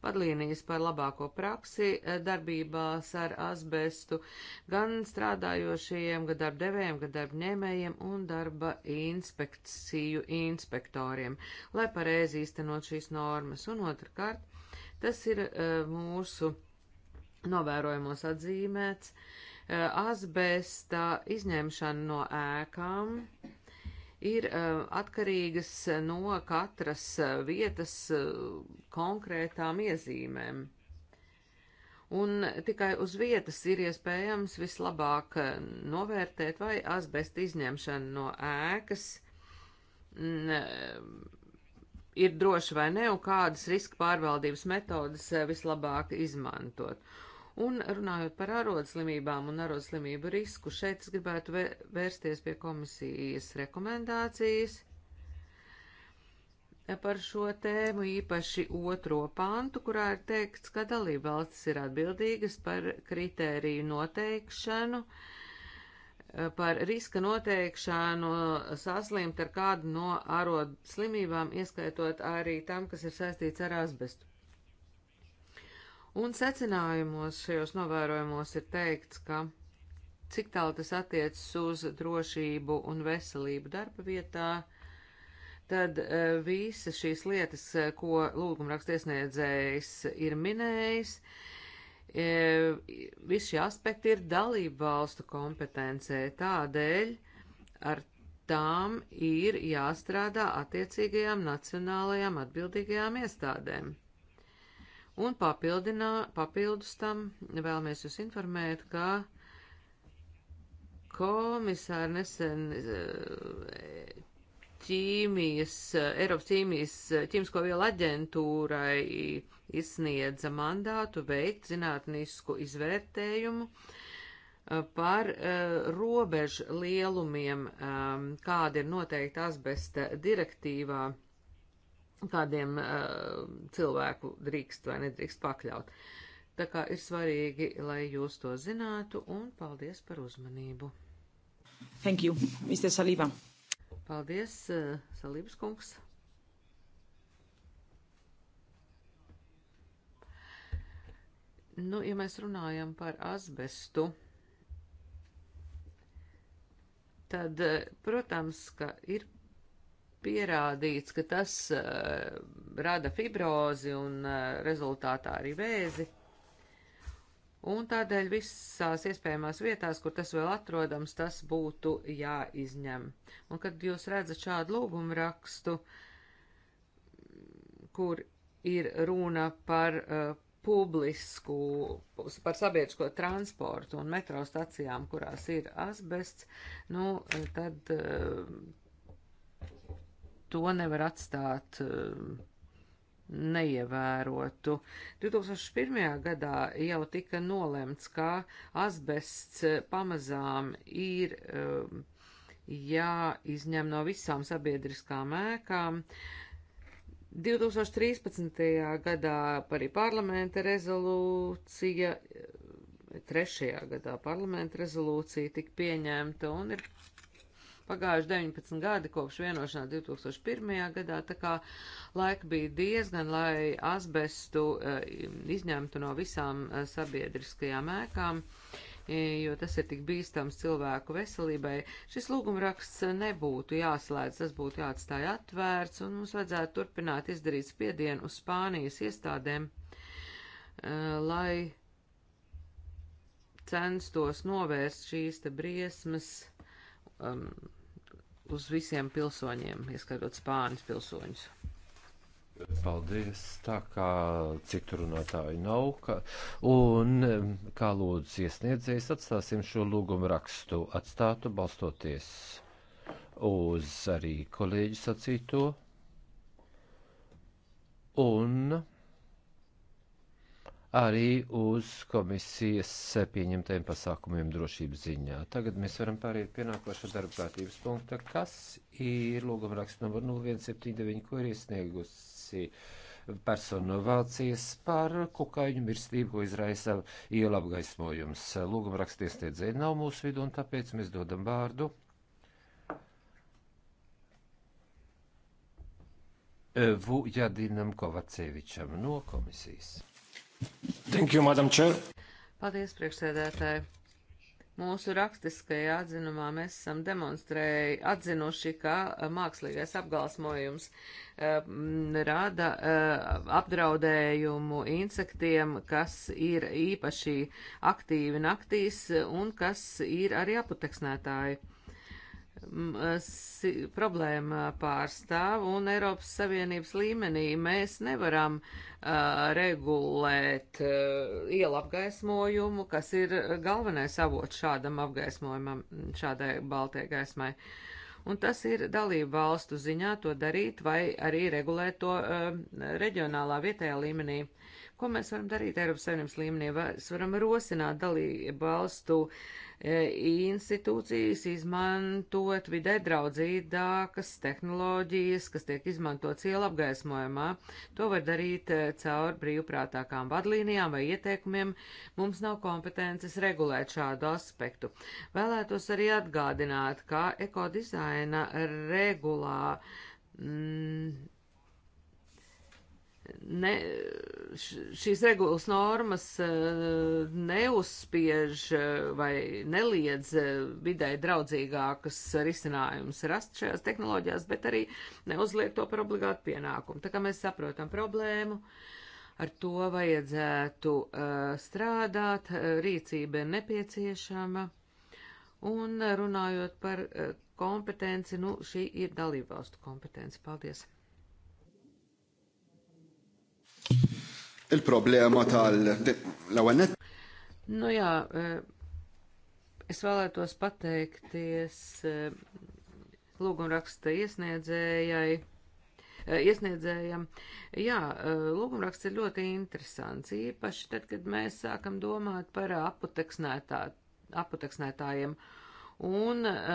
padlīnijas par labāko praksi eh, darbībās ar asbestu gan strādājošajiem, gan darbdevējiem, gan darbņēmējiem un darba inspekciju inspektoriem, lai pareizi īstenot šīs normas. Un otrkārt, tas ir eh, mūsu novērojumos atzīmēts Eh, Azbesta izņemšana no ēkām ir eh, atkarīgas no katras eh, vietas konkrētām iezīmēm. Un tikai uz vietas ir iespējams vislabāk novērtēt, vai asbesta izņemšana no ēkas mm, ir droši vai ne, un kādas riska pārvaldības metodas vislabāk izmantot. Un runājot par arodslimībām un arodslimību risku, šeit es gribētu vērsties pie komisijas rekomendācijas par šo tēmu, īpaši otro pantu, kurā ir teikts, ka dalībvalstis ir atbildīgas par kritēriju noteikšanu, par riska noteikšanu saslimt ar kādu no arodu slimībām, ieskaitot arī tam, kas ir saistīts ar asbestu. Un secinājumos šajos novērojumos ir teikts, ka cik tālu tas attiecas uz drošību un veselību darba vietā, tad e, visas šīs lietas, e, ko lūgumrakstiesniedzējs ir minējis, e, visi šie aspekti ir dalību valstu kompetencē. Tādēļ ar tām ir jāstrādā attiecīgajām nacionālajām atbildīgajām iestādēm. Un papildus tam vēlamies jūs informēt, ka komisāri nesen eh, ķīmijas, eh, Eiropas ķīmijas, eh, ķīmisko vielu aģentūrai izsniedza mandātu veikt zinātnisku izvērtējumu par robežu lielumiem, kāda ir noteikta asbesta direktīvā kādiem uh, cilvēku drīkst vai nedrīkst pakļaut. Tā kā ir svarīgi, lai jūs to zinātu, un paldies par uzmanību. Thank you, Mr. Saliba. Paldies, uh, eh, Salības kungs. Nu, ja mēs runājam par asbestu, tad, eh, protams, ka ir pierādīts, ka tas uh, rada fibrozi un uh, rezultātā arī vēzi. Un tādēļ visās iespējamās vietās, kur tas vēl atrodams, tas būtu jāizņem. Un kad jūs redzat šādu lūgumu rakstu, kur ir runa par uh, publisku, par sabiedrisko transportu un metro stacijām, kurās ir asbests, nu, tad uh, to nevar atstāt eh, neievērotu. 2001. gadā jau tika nolemts, ka asbests pamazām ir eh, jāizņem no visām sabiedriskām ēkām. 2013. gadā arī parlamenta rezolūcija, eh, trešajā gadā parlamenta rezolūcija tika pieņemta un ir pagājuši 19 gadi kopš vienošanās 2001. gadā, tā kā laika bija diezgan, lai asbestu eh, izņemtu no visām eh, sabiedriskajām ēkām, jo tas ir tik bīstams cilvēku veselībai. Šis lūgumraksts nebūtu jāslēdz, tas būtu jāatstāj atvērts, un mums vajadzētu turpināt izdarīt spiedienu uz Spānijas iestādēm, eh, lai censtos novērst šīs te briesmas um, uz visiem pilsoņiem, ieskatot Spānijas pilsoņus. Paldies, tā kā citu runātāju nav, ka, un kā lūdzu iesniedzējs atstāsim šo lūgumu rakstu atstātu balstoties uz arī kolēģi sacīto. Un arī uz komisijas pieņemtajiem pasākumiem drošības ziņā. Tagad mēs varam pāriet pie nākošā darba kārtības punkta, kas ir lūguma raksts numur 0179, ko ir iesniegusi persona no Vācijas par kukaiņu mirstību, ko izraisa iela apgaismojums. Lūguma raksts iesniedzēji nav mūsu vidu, un tāpēc mēs dodam vārdu. Eh, Vujadinam Kovacevičam no komisijas. Thank you, Madam Chair. Paldies, priekšsēdētāji. Mūsu rakstiskajā atzinumā mēs esam demonstrēji atzinuši, ka eh, mākslīgais apgalsmojums uh, rada uh, apdraudējumu insektiem, kas ir īpaši aktīvi naktīs un kas ir arī aputeksnētāji problēma pārstāv un Eiropas Savienības līmenī mēs nevaram uh, regulēt uh, ielu apgaismojumu, kas ir galvenais avots šādam apgaismojumam, šādai baltai gaismai. Un tas ir dalību valstu ziņā to darīt vai arī regulēt to uh, reģionālā vietējā līmenī. Uh, Ko mēs varam darīt Eiropas Savienības līmenī? Mēs varam rosināt dalību valstu e, institūcijas, izmantot vidē draudzīgākas tehnoloģijas, kas tiek izmantotas iela apgaismojumā. To var darīt e, caur brīvprātākām vadlīnijām vai ieteikumiem. Mums nav kompetences regulēt šādu aspektu. Vēlētos arī atgādināt, ka ekodizaina regulā. Mm, ne, šīs regulas normas e, neuzspiež e, vai neliedz e, vidē draudzīgākas risinājumus rast šajās tehnoloģijās, bet arī neuzliek to par obligātu pienākumu. Tā kā mēs saprotam problēmu, ar to vajadzētu strādāt, rīcība ir nepieciešama. Un runājot par kompetenci, nu šī ir dalībvalstu kompetence. Paldies! il-problema tal-lawanet. Nu jā, eh, es vēlētos pateikties eh, lūgumraksta iesniedzējai. Eh, iesniedzējam, jā, lūgumraksts ir ļoti interesants, īpaši tad, kad mēs sākam domāt par apoteksnētā, apoteksnētājiem un uh,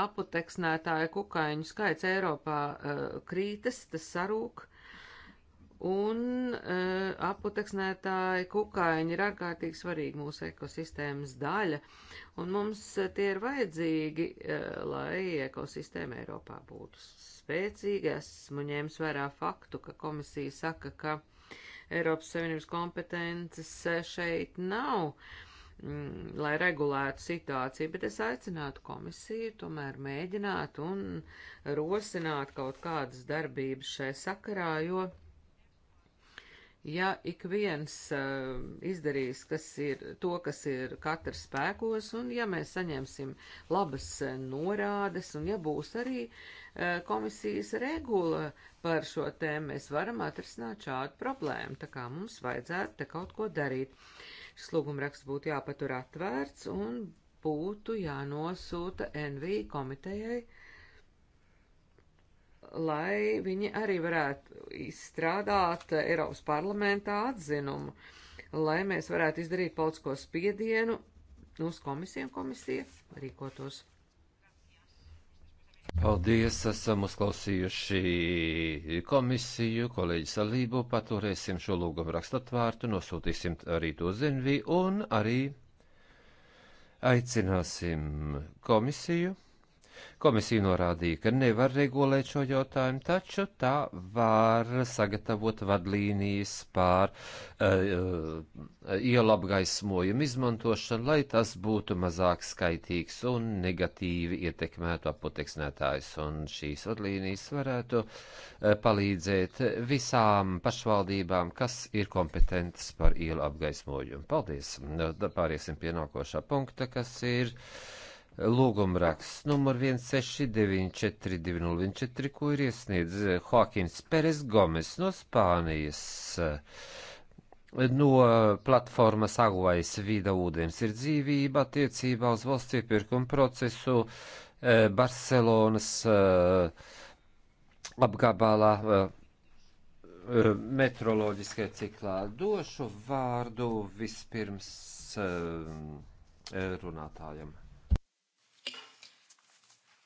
apoteksnētāja kukaiņu skaits Eiropā uh, krītas, tas sarūk, uh, Un uh, e, aputeksnētāji kukaiņi ir ārkārtīgi svarīgi mūsu ekosistēmas daļa, un mums eh, tie ir vajadzīgi, uh, e, lai ekosistēma Eiropā būtu spēcīga. Esmu ņēmis vērā faktu, ka komisija saka, ka Eiropas Savienības kompetences šeit nav, mm, lai regulētu situāciju, bet es aicinātu komisiju tomēr mēģināt un rosināt kaut kādas darbības šai sakarā, jo ja ik viens uh, izdarīs, kas ir to, kas ir katrs spēkos, un ja mēs saņemsim labas uh, norādes, un ja būs arī uh, komisijas regula par šo tēmu, mēs varam atrisināt šādu problēmu. Tā kā mums vajadzētu te kaut ko darīt. Šis lūgumraksts būtu jāpatur atvērts un būtu jānosūta NV komitejai lai viņi arī varētu izstrādāt Eiropas parlamentā atzinumu, lai mēs varētu izdarīt politisko spiedienu uz komisiju un komisija rīkotos. Paldies, esam uzklausījuši komisiju, kolēģi Salību, paturēsim šo lūgumu rakstatvārtu, nosūtīsim arī to zinvī un arī aicināsim komisiju Komisija norādīja, ka nevar regulēt šo jautājumu, taču tā var sagatavot vadlīnijas pār uh, ielu apgaismojumu izmantošanu, lai tas būtu mazāk skaitīgs un negatīvi ietekmētu apoteksnētājs. Un šīs vadlīnijas varētu uh, palīdzēt visām pašvaldībām, kas ir kompetentas par ielu apgaismojumu. Paldies! Pāriesim pie nākošā punkta, kas ir. Uh, lūgumraksts numur 1694201, ko ir iesniedz Hawkins eh, Peres Gomes no Spānijas. Eh, no platformas Aguais Vida ūdens ir dzīvība attiecībā uz valsts iepirkuma procesu eh, Barcelonas apgabalā metroloģiskajā ciklā. Došu vārdu vispirms runātājam.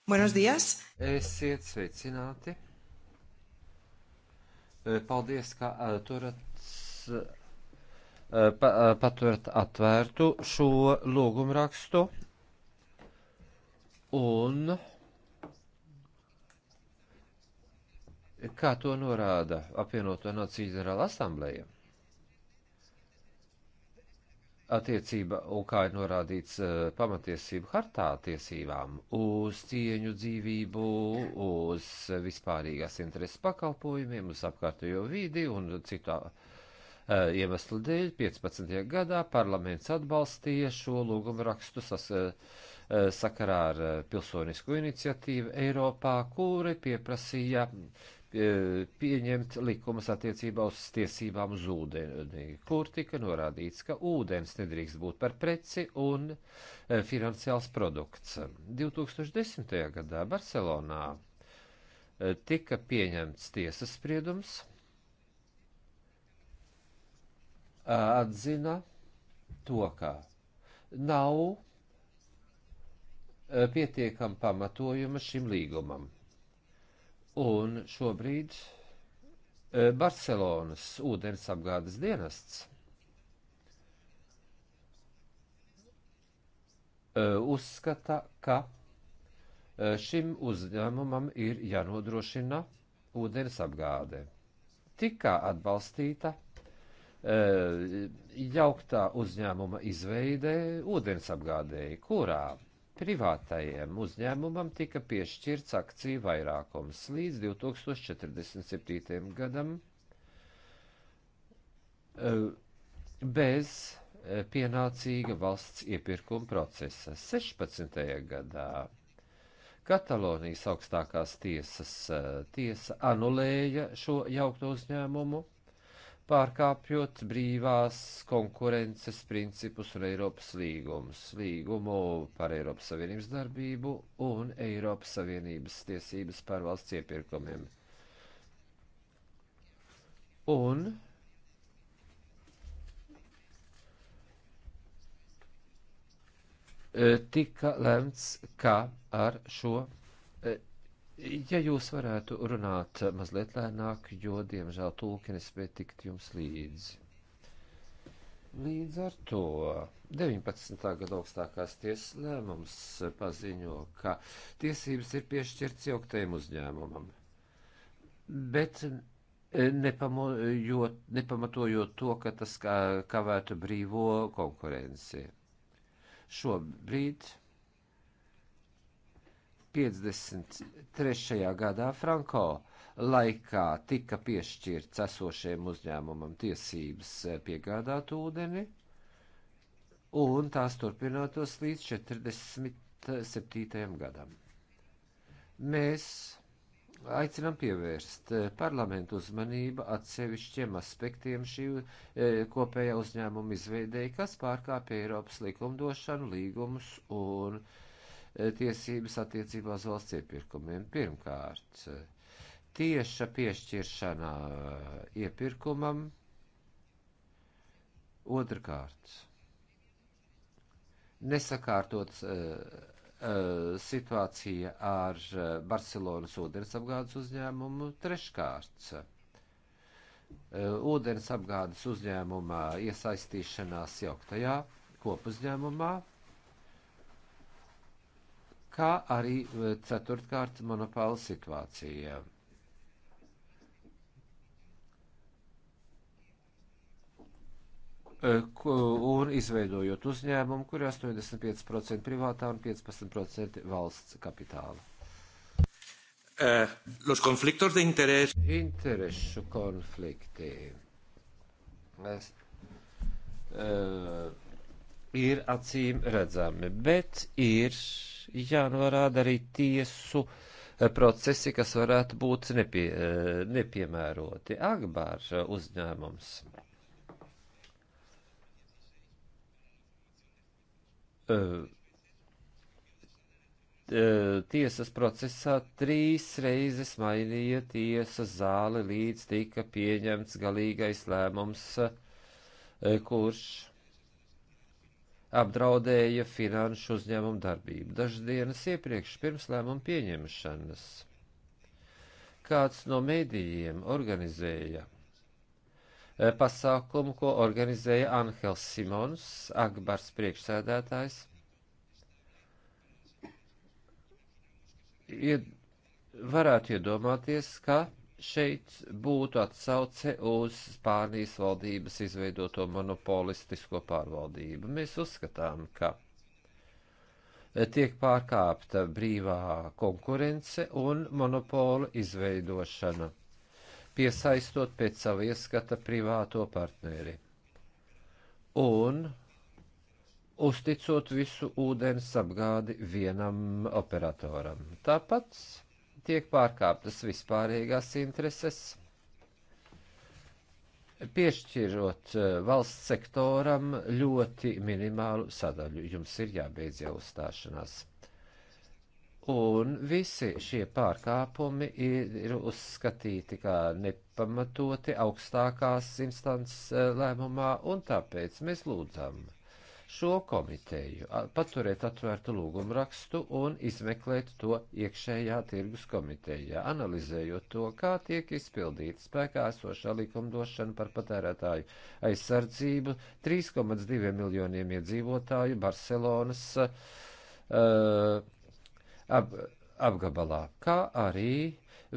Buenos dias! Esiet sveicināti! E, paldies, ka e, turat, e, paturat atvērtu šo lūgumrakstu. Un kā to norāda apvienoto nāciju ģenerāla asambleja? attiecība, un kā ir norādīts eh, pamatiesību hartā tiesībām, uz cieņu dzīvību, uz vispārīgās intereses pakalpojumiem, uz apkārtējo vidi un citā eh, iemeslu dēļ 15. gadā parlaments atbalstīja šo lūgumu rakstu sas, eh, sakarā ar pilsonisko iniciatīvu Eiropā, kuri pieprasīja E, pieņemt likumus attiecībā uz tiesībām uz ūdeni, kur tika norādīts, ka ūdens nedrīkst būt par preci un e, finansiāls produkts. 2010. gadā Barcelonā e, tika pieņemts tiesas spriedums, atzina to, ka nav pietiekama pamatojuma šim līgumam. Un šobrīd e, Barcelonas ūdens apgādes dienests e, uzskata, ka e, šim uzņēmumam ir jānodrošina ūdens apgāde. Tikā atbalstīta jauktā uzņēmuma izveidē ūdens apgādēji, kurā Privātajiem uzņēmumam tika piešķirts akciju vairākums līdz 2047. gadam e, bez e, pienācīga valsts iepirkuma procesa. 16. gadā Katalonijas augstākās tiesas e, tiesa anulēja šo jaukto uzņēmumu pārkāpjot brīvās konkurences principus un Eiropas līgumus, līgumu par Eiropas Savienības darbību un Eiropas Savienības tiesības par valsts iepirkumiem. Un e, tika lemts, ka ar šo e, Ja jūs varētu runāt mazliet lēnāk, jo, diemžēl, tulki nespēja tikt jums līdzi. Līdz ar to 19. gada augstākās tiesas lēmums paziņo, ka tiesības ir piešķirts jauktajam uzņēmumam, bet nepamojot, nepamatojot to, ka tas kavētu brīvo konkurenci. Šobrīd 53. gadā Franko laikā tika piešķirts esošajam uzņēmumam tiesības eh, piegādāt ūdeni, un tās turpinātos līdz 47. gadam. Mēs aicinām pievērst eh, parlamentu uzmanību atsevišķiem aspektiem šī e, kopējā uzņēmuma izveidēja, kas pārkāpja Eiropas likumdošanu, līgumus un uh, E, tiesības attiecībā uz valsts iepirkumiem. Pirmkārt, e, tieša piešķiršana e, iepirkumam. Otrakārt, nesakārtots situācija ar Barcelonas ūdens apgādes uzņēmumu treškārts. Ūdens apgādes uzņēmumā iesaistīšanās jauktajā kopuzņēmumā kā arī e, ceturtkārt monopola situācija. E, un izveidojot uzņēmumu, kur 85% privātā un 15% valsts kapitāla. Uh, los conflictos de interés. Interesu konflikti. Es, uh, ir acīm redzami, bet ir jānorāda arī tiesu eh, procesi, kas varētu būt nepie, eh, nepiemēroti. Agbārs eh, uzņēmums. Tiesas procesā trīs reizes mainīja tiesas zāli, līdz tika pieņemts galīgais lēmums, kurš apdraudēja finanšu uzņēmumu darbību. Dažas dienas iepriekš pirms lēmuma pieņemšanas kāds no medijiem organizēja eh, pasākumu, ko organizēja Anhels Simons, Akbars priekšsēdētājs. Ied, varētu iedomāties, ka šeit būtu atsauce uz Spānijas valdības izveidoto monopolistisko pārvaldību. Mēs uzskatām, ka tiek pārkāpta brīvā konkurence un monopola izveidošana, piesaistot pēc savu ieskata privāto partneri un uzticot visu ūdens apgādi vienam operatoram. Tāpat tiek pārkāptas vispārīgās intereses, piešķirot eh, valsts sektoram ļoti minimālu sadaļu. Jums ir jābeidz jau uzstāšanās. Un visi šie pārkāpumi ir, ir uzskatīti kā nepamatoti augstākās instances eh, lēmumā, un tāpēc mēs lūdzam šo komiteju, paturēt atvērtu lūgumu rakstu un izmeklēt to iekšējā tirgus komitejā, analizējot to, kā tiek izpildīta spēkā esošā likumdošana par patērētāju aizsardzību 3,2 miljoniem iedzīvotāju Barcelonas uh, ap, apgabalā, kā arī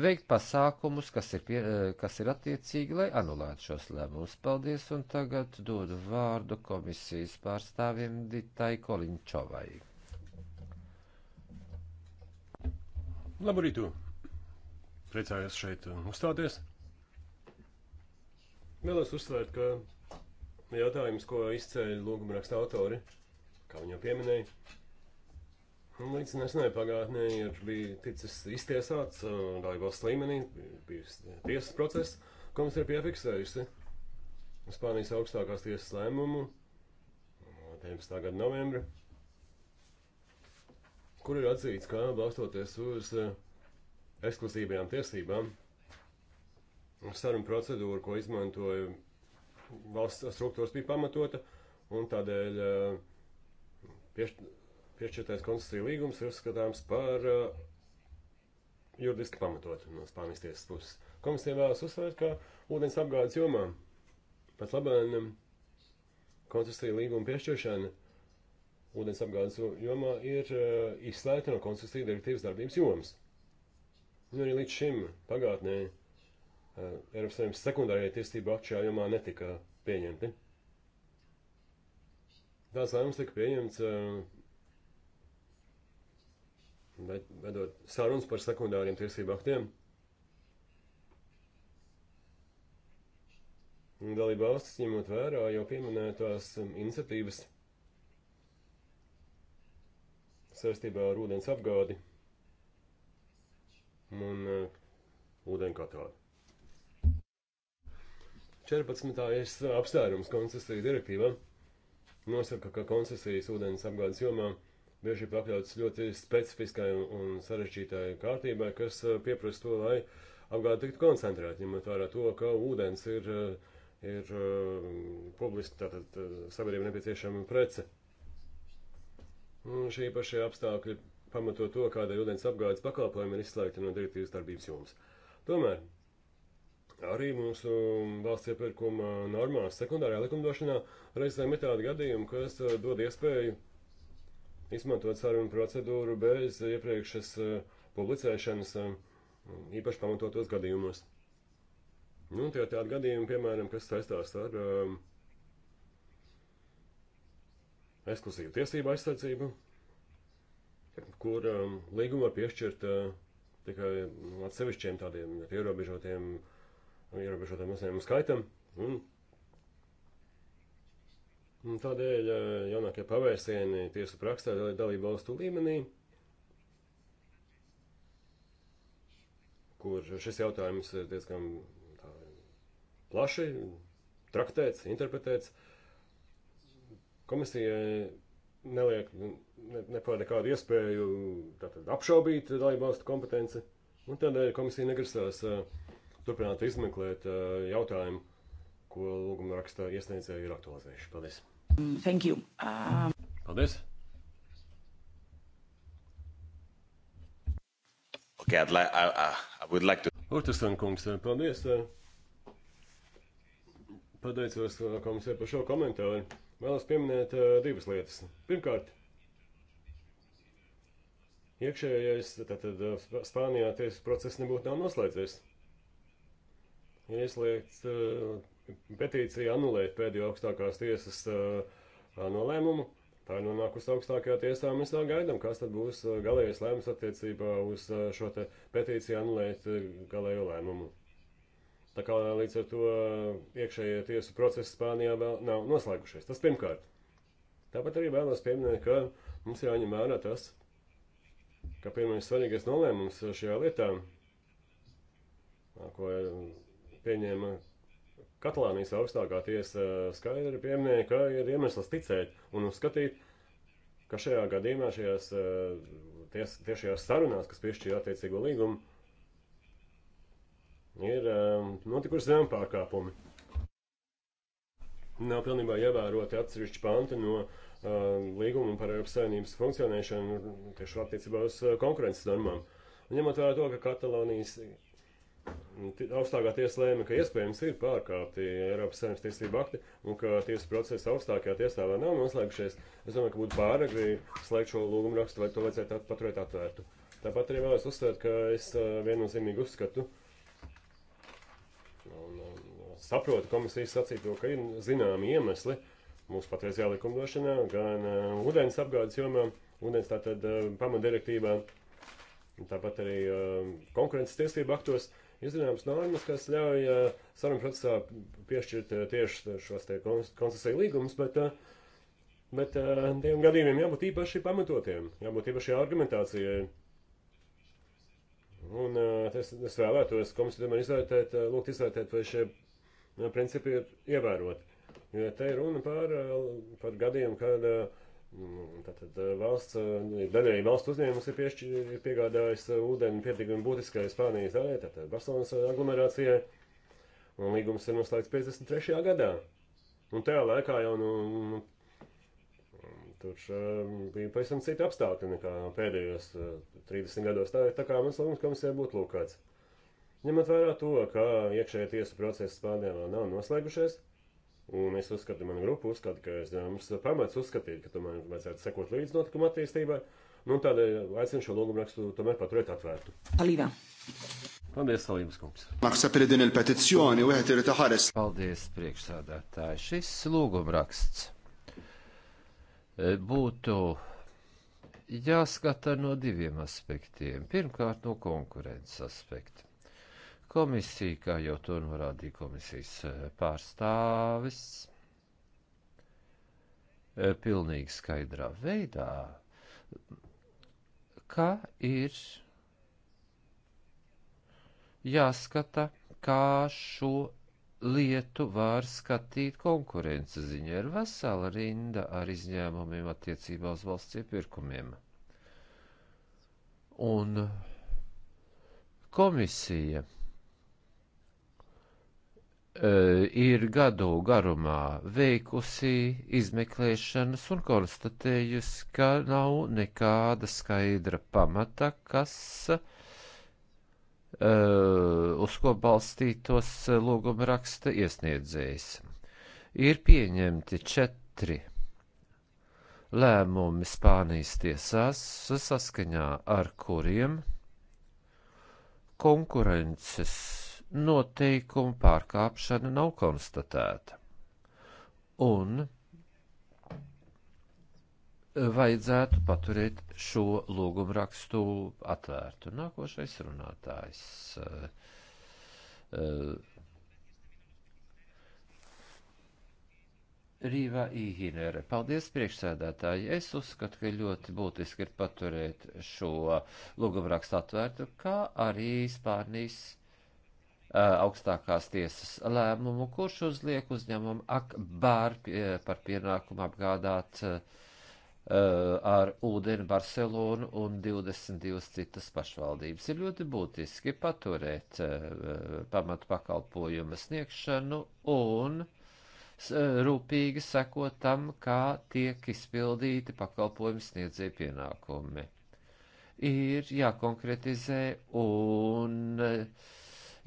veikt pasākumus, kas ir, pie, eh, kas ir attiecīgi, lai anulētu šos lēmumus. Paldies, un tagad dodu vārdu komisijas pārstāvim Ditai Kolinčovai. Labrītu! Priecājos šeit um, uzstāties. Vēlos uzsvērt, ka jautājums, ko izceļ lūguma raksta autori, kā viņi jau pieminēja, Līdz nesenai pagātnē ir ticis iztiesāts dalībvalsts līmenī, bijis tiesas process, komisija ir piefiksējusi Spānijas augstākās tiesas lēmumu 19. gada novembra, kur ir atzīts, ka balstoties uz ekskluzīvajām tiesībām, saruna procedūra, ko izmantoja valsts struktūras, bija pamatota un tādēļ piešķirta Piešķirtais koncesiju līgums ir uzskatāms par uh, juridiski pamatotu no Spānijas tiesas puses. Komisija vēlas uzsvērt, ka ūdens apgādes jomā pat labāk um, koncesiju līguma piešķiršana ūdens apgādes jomā ir uh, izslēgta no koncesiju direktīvas darbības jomas. Un nu, arī līdz šim pagātnē uh, Eiropas Savienības sekundārajai tiesību akti šajā jomā netika pieņemti. Tās lēmums tika pieņemts uh, bet vedot sarunas par sekundāriem tiesību aktiem. Dalība valstis ņemot vērā jau pieminētās um, iniciatīvas saistībā ar ūdens apgādi un uh, ūdeni kā tādu. 14. apstārums koncesiju direktīvā nosaka, ka koncesijas ūdens apgādes jomā bieži pakļauts ļoti specifiskai un sarežģītai kārtībai, kas eh, pieprasa to, lai apgāde tiktu koncentrēta, ņemot vērā to, ka ūdens ir, eh, ir eh, publiski tātad sabiedrība nepieciešama prece. Un šī pašie apstākļi pamato to, kādai ūdens apgādes pakalpojumi ir izslēgti no direktīvas darbības jomas. Tomēr arī mūsu valsts iepirkuma normās, sekundārajā likumdošanā reizēm ir tādi gadījumi, kas dod iespēju izmantot sarunu procedūru bez iepriekšas eh, publicēšanas, eh, īpaši pamatotos gadījumos. Nu, tie ir tādi gadījumi, piemēram, kas saistās ar um, ekskluzīvu tiesību aizsardzību, kur um, līguma var piešķirt uh, tikai atsevišķiem tādiem ierobežotiem, ierobežotiem uzņēmumu skaitam. Un Un tādēļ eh, jaunākie pavērsieni tiesu prakstā dalību valstu līmenī, kur šis jautājums ir diezgan tā, plaši traktēts, interpretēts, komisijai neliek, ne, nepār nekādu iespēju tātad, apšaubīt dalību valstu kompetenci, un tādēļ komisija negrasās eh, turpināt izmeklēt eh, jautājumu, ko lūguma raksta iesniedzēji ir aktualizējuši. Paldies! Thank you. Um... Paldies! Okay, I'd like, I, I, I would like to... Urtasan kungs, paldies! Eh, pateicos eh, komisē par šo komentāru. Vēlos pieminēt eh, divas lietas. Pirmkārt, iekšējais, tātad Spānijā tiesas process nebūtu nav noslēdzies. Ir ieslēgts uh, petīcija anulēt pēdējo augstākās tiesas uh, nolēmumu. Tā ir nonākusi augstākajā tiesā, un mēs tā gaidām, kas tad būs uh, galējais lēmums attiecībā uz uh, šo te petīciju anulēt galējo lēmumu. Tā kā līdz ar to iekšējie tiesu procesi Spānijā vēl nav noslēgušies. Tas pirmkārt. Tāpat arī vēlos pieminēt, ka mums jāņem vērā tas, ka pirmais svarīgais nolēmums šajā lietā, ko pieņēma Katalānijas augstākā tiesa skaidri pieminēja, ka ir iemesls ticēt un uzskatīt, ka šajā gadījumā, šajās, eh, ties, tieši šajās sarunās, kas piešķīra attiecīgo līgumu, ir eh, notikuši zem pārkāpumi. Nav pilnībā ievēroti atsevišķi panti no uh, līguma par Eiropas Savienības funkcionēšanu tieši attiecībā uz konkurences normām. Un ņemot vērā to, ka Katalonijas Nu, augstākā tiesa lēma, ka iespējams ir pārkāpti Eiropas Savienības tiesību akti un ka tiesas procesa augstākajā tiesā vēl nav noslēgušies. Es domāju, ka būtu pāragri slēgt šo lūgumu rakstu, vai to vajadzētu paturēt atvērtu. Tāpat arī vēlos uzsvērt, ka es viennozīmīgi uzskatu un saprotu komisijas sacīto, ka ir zināmi iemesli mūsu patreizajā likumdošanā, gan ūdens apgādes jomā, ūdens tātad pamatdirektīvā, tāpat arī konkurences tiesību aktos. Uh, izdarāmas normas, kas ļauj sarunu procesā piešķirt tieši šos te koncesiju līgumus, bet, bet tiem gadījumiem jābūt īpaši pamatotiem, jābūt īpašai argumentācijai. Un es, es vēlētos komisiju tomēr izvērtēt, lūgt izvērtēt, vai šie principi ir ievēroti. Jo ja te ir runa par, par gadiem, kad uh, Tātad nu, eh, valsts, eh, daļēji valsts uzņēmums ir piešķi, piegādājis eh, ūdeni pietiekami būtiskai Spānijas daļai, tātad Barcelonas aglomerācijai, un līgums ir noslēgts 53. gadā. Un tajā laikā jau, nu, nu tur bija pavisam citi apstākļi nekā pēdējos 30 gados. Tā, tā kā mans lūgums komisijai būtu lūkāts. Ņemot vērā to, ka iekšējā tiesu procesa Spānijā vēl nav noslēgušies, Un es uzskatu, mana grupa uzskata, ka es, eh, mums ir pamats uzskatīt, ka tomēr vajadzētu sekot līdz notikuma attīstībai. Nu, tādēļ aicinu šo lūgumu rakstu tomēr paturēt atvērtu. Palīvā. Paldies, Salības kungs. Paldies, priekšsādātāji. Šis lūgumraksts eh, būtu jāskata no diviem aspektiem. Pirmkārt, no konkurences aspekta. Komisija, kā jau to norādīja komisijas eh, pārstāvis, eh, pilnīgi skaidrā veidā, ka ir jāskata, kā šo lietu var skatīt konkurence ziņā. Ir vesela rinda ar izņēmumiem attiecībā uz valsts iepirkumiem. Un komisija E, ir gadu garumā veikusi izmeklēšanas un konstatējusi, ka nav nekāda skaidra pamata, kas, e, uz ko balstītos lūguma raksta iesniedzējs. Ir pieņemti četri lēmumi Spānijas tiesās, saskaņā ar kuriem konkurences noteikumu pārkāpšana nav konstatēta. Un vajadzētu paturēt šo lūgumu rakstu atvērtu. Nākošais runātājs. Eh, eh, Rīvā Īhinere. Paldies, priekšsēdētāji. Es uzskatu, ka ļoti būtiski ir paturēt šo lūgumu rakstu atvērtu, kā arī Spānijas Uh, augstākās tiesas lēmumu, kurš uzliek uzņēmumu akbār par pienākumu apgādāt uh, uh, ar ūdeni Barcelonu un 22 citas pašvaldības. Ir ļoti būtiski paturēt uh, pamatu pakalpojumu sniegšanu un uh, rūpīgi sekot tam, kā tiek izpildīti pakalpojumu sniedzēju pienākumi. Ir jākonkretizē un uh,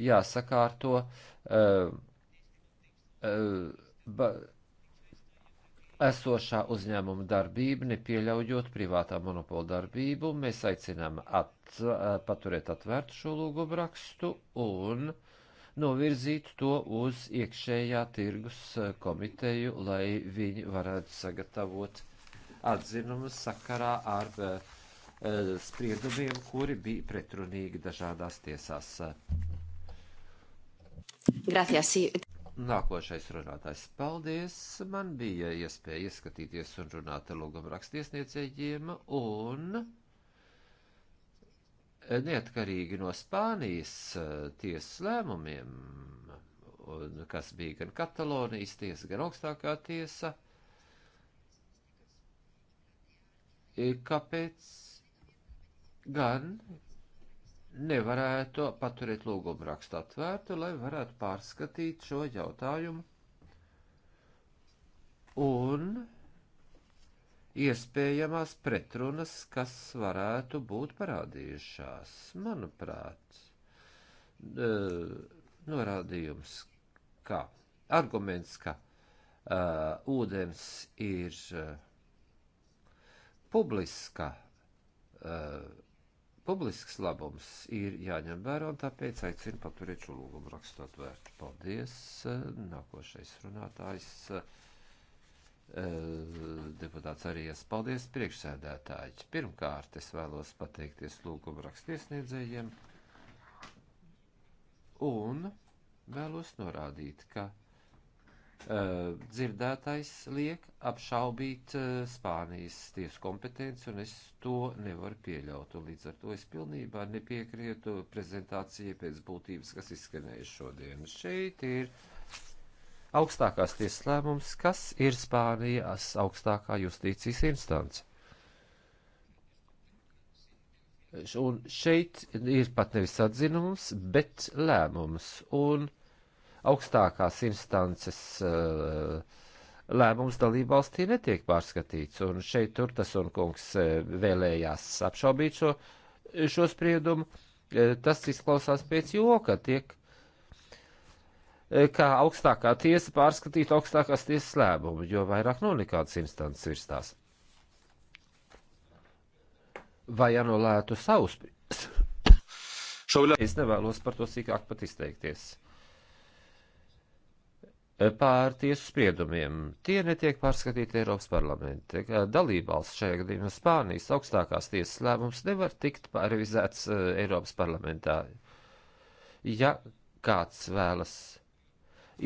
jāsakārto. Uh, uh, ba, esošā uzņēmuma darbība, nepieļaujot privātā monopola darbību, mēs aicinām at, paturēt atvērtu šo lūgumu rakstu un novirzīt to uz iekšējā tirgus komiteju, lai viņi varētu sagatavot atzinumu sakarā ar uh, spriedumiem, kuri bija pretrunīgi dažādās tiesās. Gracias. Nākošais runātājs. Paldies! Man bija iespēja ieskatīties un runāt ar lūgumu rakstiesniedzējiem un neatkarīgi no Spānijas eh, tiesas lēmumiem, kas bija gan Katalonijas tiesa, gan augstākā tiesa, kāpēc gan nevarētu paturēt lūgumu rakstu atvērtu, lai varētu pārskatīt šo jautājumu un iespējamās pretrunas, kas varētu būt parādījušās. Manuprāt, e, norādījums, ka arguments, ka uh, ūdens ir uh, publiska uh, publisks labums ir jāņem vērā, un tāpēc aicinu paturēt šo lūgumu rakstu atvērtu. Paldies! Eh, nākošais runātājs eh, deputāts arī iespaldies priekšsēdētāji. Pirmkārt, es vēlos pateikties lūgumu rakstiesniedzējiem un vēlos norādīt, ka Uh, dzirdētais liek apšaubīt uh, Spānijas tiesu kompetenci, un es to nevaru pieļaut. Un līdz ar to es pilnībā nepiekrietu prezentācijai pēc būtības, kas izskanēja šodien. Šeit ir augstākās tiesas lēmums, kas ir Spānijas augstākā justīcijas instance. Un šeit ir pat nevis atzinums, bet lēmums. Un augstākās instances uh, lēmums dalībvalstī netiek pārskatīts, un šeit Turtas un kungs eh, vēlējās apšaubīt šo, šo spriedumu. Eh, tas izklausās pēc joka, tiek kā augstākā tiesa pārskatīt augstākās tiesas lēmumu, jo vairāk nav nekādas instances virstās. Vai anulētu savus? es nevēlos par to sīkāk pat izteikties pār tiesu spriedumiem. Tie netiek pārskatīti Eiropas parlamente. Dalībvalsts šajā gadījumā Spānijas augstākās tiesas lēmums nevar tikt pārrevizēts eh, Eiropas parlamentā. Ja kāds vēlas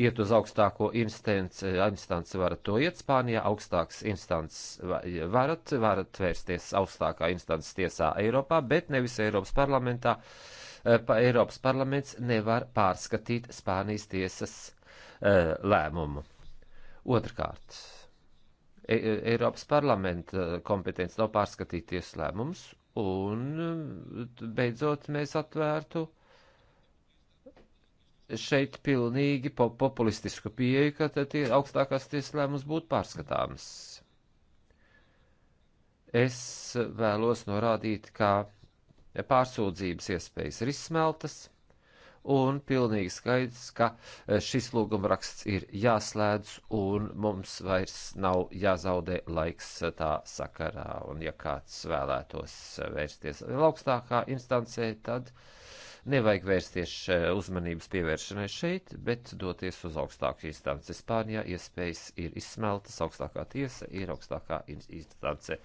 iet uz augstāko instanci, instanci varat to iet Spānijā, augstāks instants varat, varat vērsties augstākā instants tiesā Eiropā, bet nevis Eiropas parlamentā. Eh, pa Eiropas parlaments nevar pārskatīt Spānijas tiesas E, lēmumu. Otrkārt, Ei e, Eiropas parlamenta kompetence nav pārskatīt tiesu lēmumus, un e, beidzot mēs atvērtu šeit pilnīgi po populistisku pieeju, ka tie augstākās tiesas lēmums būtu pārskatāms. Es vēlos norādīt, ka pārsūdzības iespējas ir izsmeltas un pilnīgi skaidrs, ka e, šis lūgumraksts ir jāslēdz un mums vairs nav jāzaudē laiks e, tā sakarā. Un ja kāds vēlētos e, vērsties vēl augstākā instancē, tad nevajag vērsties uzmanības pievēršanai šeit, bet doties uz augstāku instanci. Spānijā iespējas ir izsmeltas, augstākā tiesa ir augstākā instance.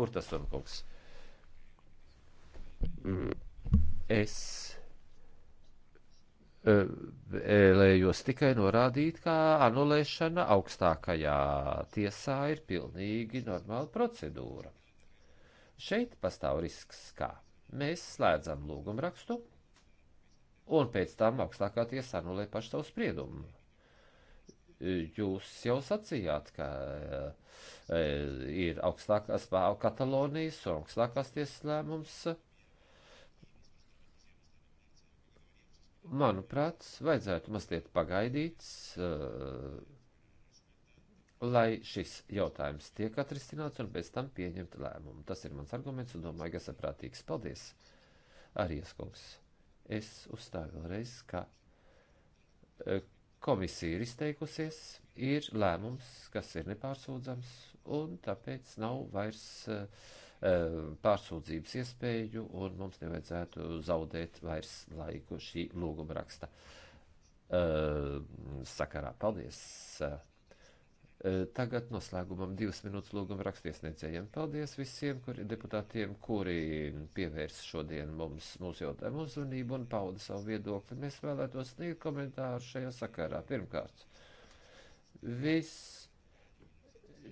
Urtas un kungs. Mm. Es vēlējos tikai norādīt, ka anulēšana augstākajā tiesā ir pilnīgi normāla procedūra. Šeit pastāv risks, kā mēs slēdzam lūgumu rakstu, un pēc tam augstākā tiesa anulē pašu savu spriedumu. Jūs jau sacījāt, ka e, ir augstākās Katalonijas un augstākās tiesas lēmums. E, manuprāt, vajadzētu mazliet pagaidīt, eh, lai šis jautājums tiek atrisināts un pēc tam pieņemt lēmumu. Tas ir mans arguments un domāju, ka saprātīgs. Paldies, Arijas kungs. Es uzstāju vēlreiz, ka eh, komisija ir izteikusies, ir lēmums, kas ir nepārsūdzams, un tāpēc nav vairs uh, Eh, pārsūdzības iespēju, un mums nevajadzētu zaudēt vairs laiku šī lūguma raksta eh, sakarā. Paldies! Eh, tagad noslēgumam divas minūtes lūguma rakstiesniedzējiem. Paldies visiem kuri, deputātiem, kuri pievērs šodien mums mūsu jautājumu uzmanību un pauda savu viedokli. Mēs vēlētos sniegt komentāru šajā sakarā. Pirmkārt, viss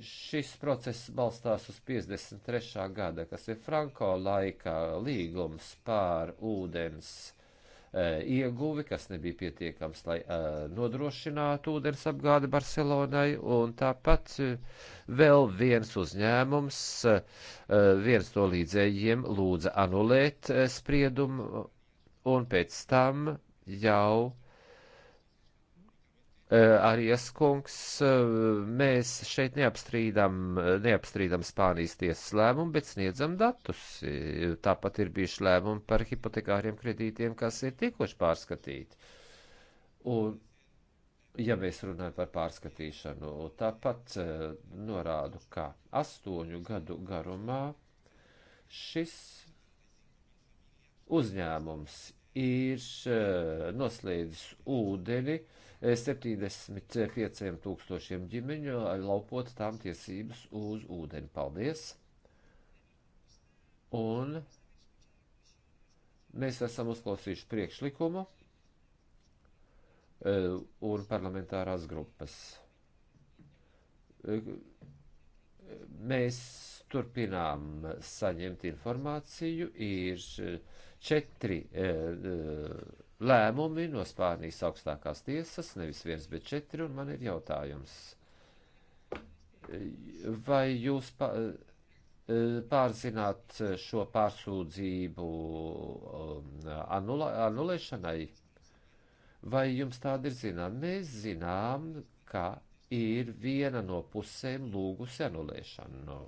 šis process balstās uz 53. gada, kas ir Franko laikā līgums pār ūdens e, ieguvi, kas nebija pietiekams, lai e, nodrošinātu ūdens apgādi Barcelonai, un tāpat e, vēl viens uzņēmums, e, e, viens no līdzējiem lūdza anulēt e, spriedumu, un pēc tam jau uh, Eh, Arijas kungs, eh, mēs šeit neapstrīdam, eh, neapstrīdam Spānijas tiesas lēmumu, bet sniedzam datus. Tāpat ir bijuši lēmumi par hipotekāriem kredītiem, kas ir tikuši pārskatīti. Un, ja mēs runājam par pārskatīšanu, tāpat norādu, ka astoņu gadu garumā šis uzņēmums ir noslēdzis ūdeni, uh, 75 tūkstošiem ģimeņu laupot tām tiesības uz ūdeni. Paldies! Un mēs esam uzklausījuši priekšlikumu e, un parlamentārās grupas. E, mēs turpinām saņemt informāciju. Ir četri. Uh, lēmumi no Spānijas augstākās tiesas, nevis viens, bet četri, un man ir jautājums. Vai jūs e, pārzināt šo pārsūdzību um, anula, anulēšanai? Vai jums tāda ir zinām? Mēs zinām, ka ir viena no pusēm lūgusi anulēšanu.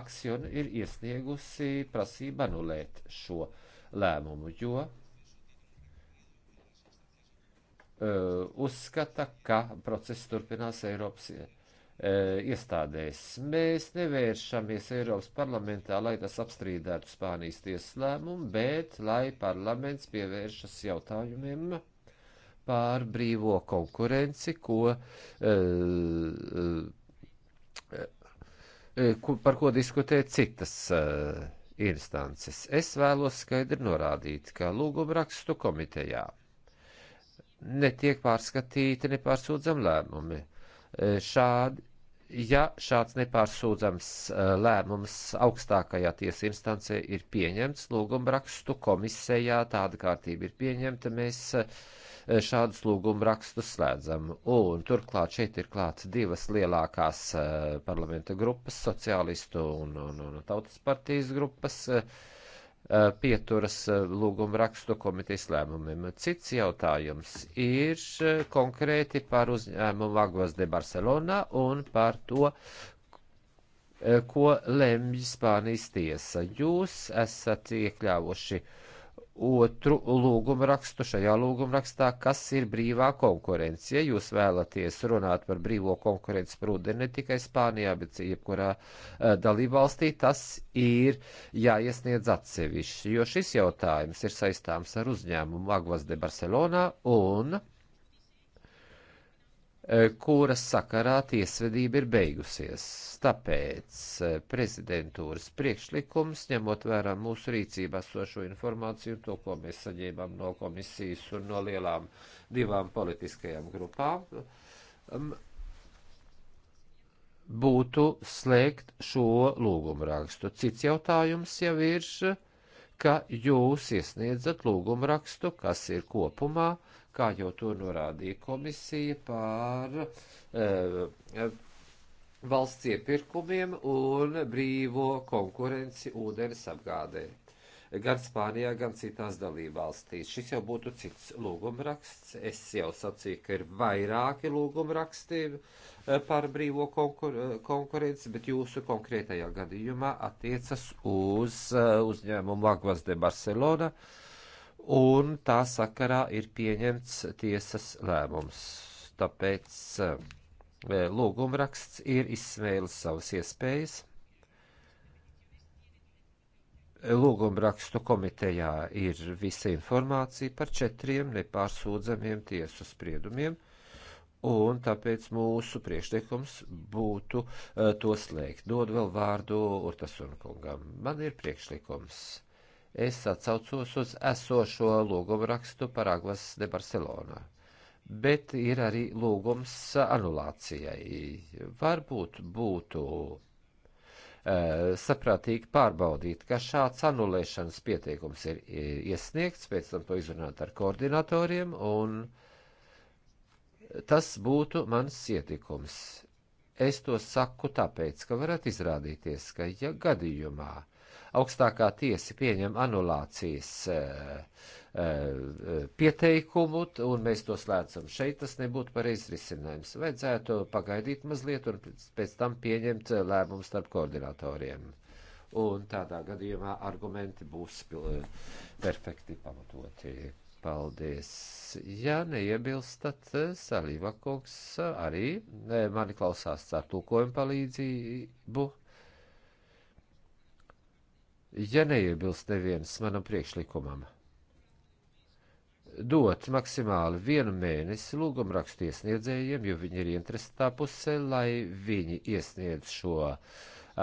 Aksiona ir iesniegusi prasību anulēt šo uh, lēmumu, jo uh, uzskata, ka process turpinās Eiropas uh, iestādēs. Mēs nevēršamies Eiropas parlamentā, lai tas apstrīdētu Spānijas tiesas lēmumu, bet lai parlaments pievēršas jautājumiem pār brīvo konkurenci, ko, uh, uh, uh, par ko diskutē citas. Uh, instances. Es vēlos skaidri norādīt, ka lūguma rakstu komitejā netiek pārskatīti nepārsūdzam lēmumi. Šādi ja šāds nepārsūdzams eh, lēmums augstākajā tiesa instancē ir pieņemts, lūgumrakstu komisijā tāda kārtība ir pieņemta, mēs eh, šādus lūgumrakstus slēdzam. Un turklāt šeit ir klāts divas lielākās eh, parlamenta grupas - sociālistu un, un, un tautas partijas grupas. Uh, Eh, pieturas eh, lūguma rakstu komitejas lēmumiem. Cits jautājums ir eh, konkrēti par uzņēmumu Agos de Barcelona un par to, ko lemj Spānijas tiesa. Jūs esat iekļāvuši uh, otru lūgumu rakstu šajā lūgumu rakstā, kas ir brīvā konkurence. Ja jūs vēlaties runāt par brīvo konkurences prūdeni ne tikai Spānijā, bet jebkurā uh, dalībvalstī, tas ir jāiesniedz atsevišķi, jo šis jautājums ir saistāms ar uzņēmumu Aguas de Barcelonā un uh, Eh, kuras sakarā tiesvedība ir beigusies. Tāpēc eh, prezidentūras priekšlikums, ņemot vērā mūsu rīcībā sošo informāciju, to, ko mēs saņēmām no komisijas un no lielām divām politiskajām grupām, mm, būtu slēgt šo lūgumu rakstu. Cits jautājums jau ir, ka jūs iesniedzat lūgumu rakstu, kas ir kopumā uh, kā jau to norādīja komisija pār e, eh, valsts iepirkumiem un brīvo konkurenci ūdens apgādē. Gan Spānijā, gan citās dalībvalstīs. Šis jau būtu cits lūgumraksts. Es jau sacīju, ka ir vairāki lūgumraksti eh, par brīvo konkur eh, konkurenci, bet jūsu konkrētajā gadījumā attiecas uz uzņēmumu Agvas de Barcelona. Uh, un tā sakarā ir pieņemts tiesas lēmums. Tāpēc eh, lūgumraksts ir izsmēlis savas iespējas. Lūgumrakstu komitejā ir visa informācija par četriem nepārsūdzamiem tiesu spriedumiem, un tāpēc mūsu priekšlikums būtu uh, to slēgt. Dod vēl vārdu Urtasun kungam. Man ir priekšlikums es atsaucos uz esošo lūgumu rakstu par Aglas de Barcelona. Bet ir arī lūgums anulācijai. Varbūt būtu uh, saprātīgi pārbaudīt, ka šāds anulēšanas pieteikums ir e, iesniegts, pēc tam to izrunāt ar koordinatoriem, un tas būtu mans ietikums. Es to saku tāpēc, ka varat izrādīties, ka ja gadījumā uh, augstākā tiesa pieņem anulācijas eh, eh, pieteikumu, un mēs to slēdzam šeit, tas nebūtu pareizs risinājums. Vajadzētu pagaidīt mazliet un pēc tam pieņemt eh, lēmumu starp koordinatoriem. Un tādā gadījumā argumenti būs perfekti pamatoti. Paldies! Ja neiebilstat, Salīva kungs arī mani klausās ar tūkojumu palīdzību ja neiebilst neviens manam priekšlikumam, dot maksimāli vienu mēnesi lūgumrakstu iesniedzējiem, jo viņi ir interesētā pusē, lai viņi iesniedz šo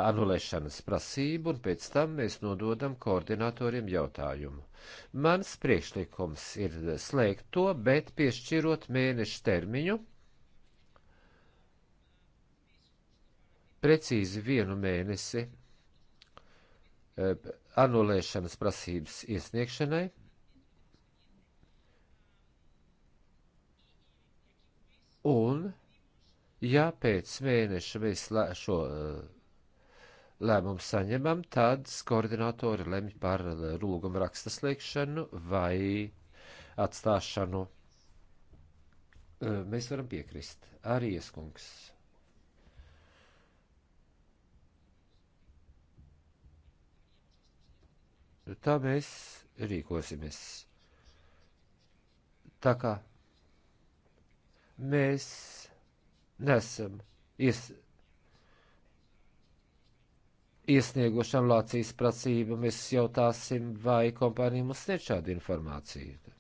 anulēšanas prasību, un pēc tam mēs nododam koordinatoriem jautājumu. Mans priekšlikums ir slēgt to, bet piešķirot mēnešu termiņu, precīzi vienu mēnesi Eh, anulēšanas prasības iesniegšanai. Un, ja pēc mēneša mēs šo eh, lēmumu saņemam, tad koordinatori lemj par lūgumu raksta slēgšanu vai atstāšanu. Eh, mēs varam piekrist. Arī ieskungs. Tā mēs rīkosimies. Tā kā mēs nesam ies, iesnieguši anulācijas prasību, mēs jautāsim, vai kompānija mums sniedz šādu informāciju.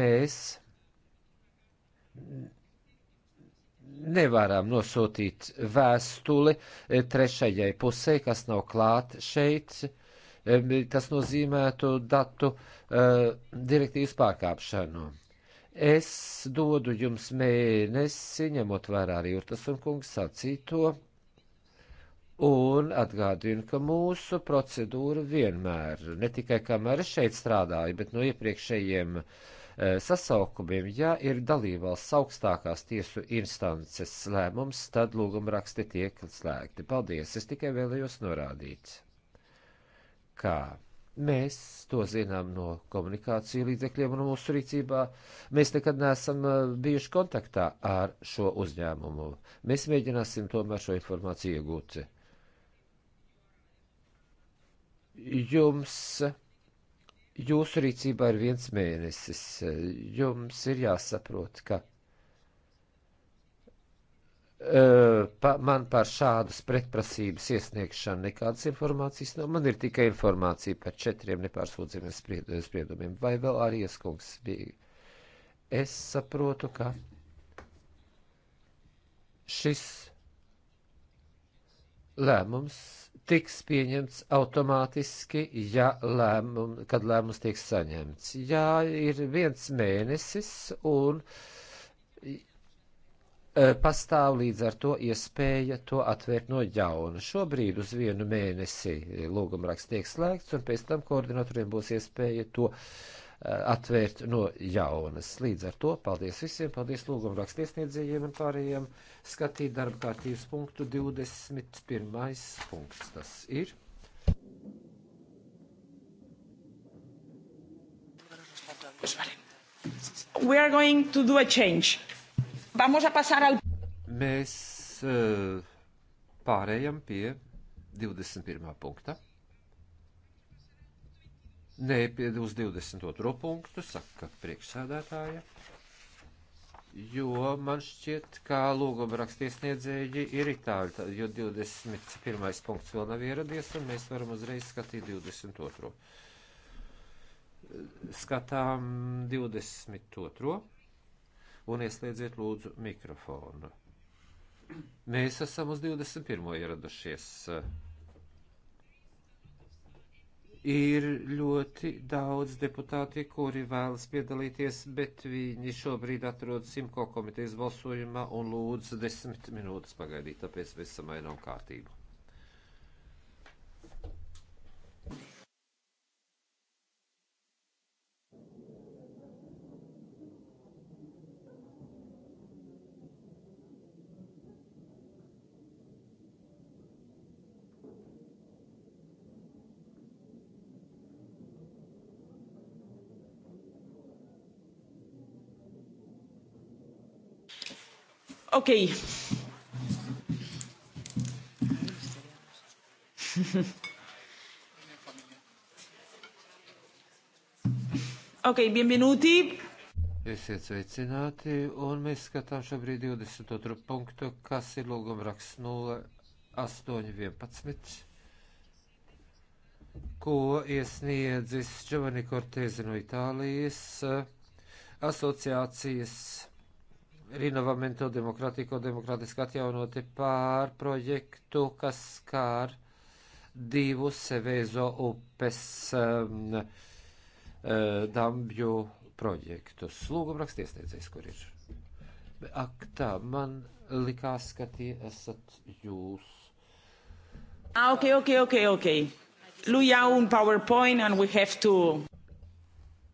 Mēs nevaram nosūtīt vēstuli eh, trešajai pusē, kas nav klāt šeit. Tas nozīmētu datu uh, direktīvas pārkāpšanu. Es dodu jums mēnesi, ņemot vērā arī Jurtas un kungs sacīto, un atgādinu, ka mūsu procedūra vienmēr, ne tikai kamēr es šeit strādāju, bet no iepriekšējiem uh, Eh, sasaukumiem. Ja ir dalībvalsts augstākās tiesu instances lēmums, tad lūgumraksti tiek slēgti. Paldies! Es tikai vēlējos norādīt, kā mēs to zinām no komunikāciju līdzekļiem un mūsu rīcībā. Mēs nekad neesam eh, bijuši kontaktā ar šo uzņēmumu. Mēs mēģināsim tomēr šo informāciju iegūt. Jums Jūsu rīcībā ir viens mēnesis. Jums ir jāsaprot, ka e, pa, man par šādas pretprasības iesniegšanu nekādas informācijas nav. Man ir tikai informācija par četriem nepārsūdzamiem spriedumiem. Vai vēl arī ieskungs bija? Es saprotu, ka šis lēmums tiks pieņemts automātiski, ja lēmum, kad lēmums tiek saņemts. Jā, ir viens mēnesis un e, pastāv līdz ar to iespēja to atvērt no jauna. Šobrīd uz vienu mēnesi lūgumraksts tiek slēgts, un pēc tam koordinatoriem būs iespēja to uh, Eh, atvērt no jaunas. Līdz ar to paldies visiem, paldies lūgumu rakstiesniedzējiem un pārējiem skatīt darba kārtības punktu 21. punkts. Tas ir. We are going to do a change. Vamos a pasar al... Mēs uh, pārējam pie 21. punkta. Nē, uz 22. punktu saka priekšsēdētāja, jo man šķiet, ka lūguma rakstiesniedzēji ir itāļi, jo 21. punkts vēl nav ieradies, un mēs varam uzreiz skatīt 22. Skatām 22. un ieslēdziet lūdzu mikrofonu. Mēs esam uz 21. ieradušies. Uh, Ir ļoti daudz deputāti, kuri vēlas piedalīties, bet viņi šobrīd atrodas Simko komitejas balsojumā un lūdzu desmit minūtes pagaidīt, tāpēc mēs samainām kārtību. Ok. ok, bienvenūti. Esiet sveicināti, un mēs skatām šobrīd 22. punktu, kas ir lūguma raksts 0811, ko iesniedzis Giovanni Cortezi no Itālijas asociācijas Rinnovamento Demokratiko Demokratiski atjaunoti pār projektu, kas skār divu Sevezo upes um, uh, dambju projektus. Lūgum rakstiesniedzējs, kur ir. Ak, tā, man likās, ka tie esat jūs. Ah, ok, ok, ok, ok. Lujā un PowerPoint and we have to.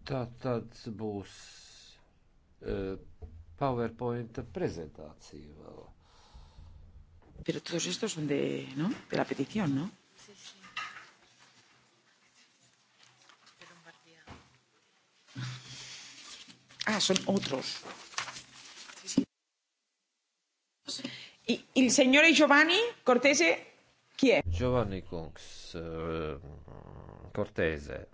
Tā tad būs. Uh, PowerPoint prezentāciju vēl. Pero todos estos son de, ¿no? de la petición, ¿no? Sí, sí. Ah, son otros. Sí, sí. ¿Y, ¿Y el señor Giovanni Cortese? ¿Quién? Giovanni Kungs, uh, Cortese.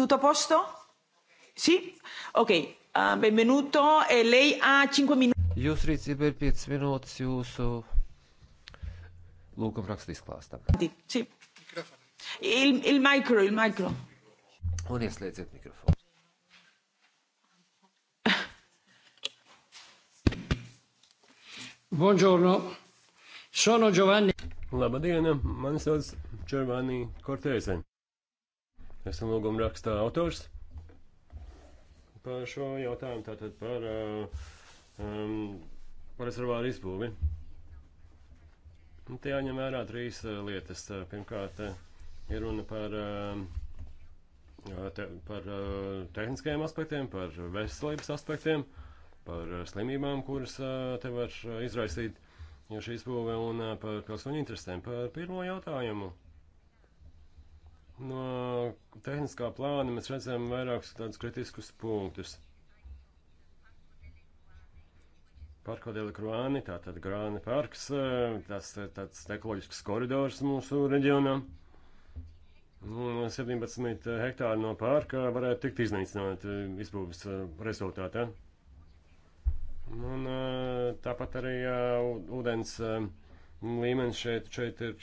Tutto a posto? Sì? Ok, uh, benvenuto e lei ha 5 minuti. Jūs rīcība ir 5 minūtes jūsu lūguma rakstu izklāstam. Sì. Il, il micro, il micro. Un ieslēdziet mikrofonu. Buongiorno, sono Giovanni. Labdien, man sauc Giovanni Cortese. Esam lūguma rakstā autors par šo jautājumu, tātad par, um, par rezervāru izbūvi. Un te jāņem vērā trīs uh, lietas. Eh, pirmkārt, ir runa par, uh, te, par uh, tehniskajiem aspektiem, par veselības aspektiem, par slimībām, kuras uh, te var izraisīt ja šī izbūve, un uh, par pilsoņu interesēm. Par pirmo jautājumu. Uh, no tehniskā plāna mēs redzam vairākus tādus kritiskus punktus. Parko dela Kruāni, tātad Grāni parks, e, tas ir tāds ekoloģisks koridors mūsu reģionā. Un nu, 17 hektāri no parka varētu tikt iznīcināt e, izbūves e, rezultātā. Un tāpat arī ūdens. Uh, līmenis šeit, šeit ir,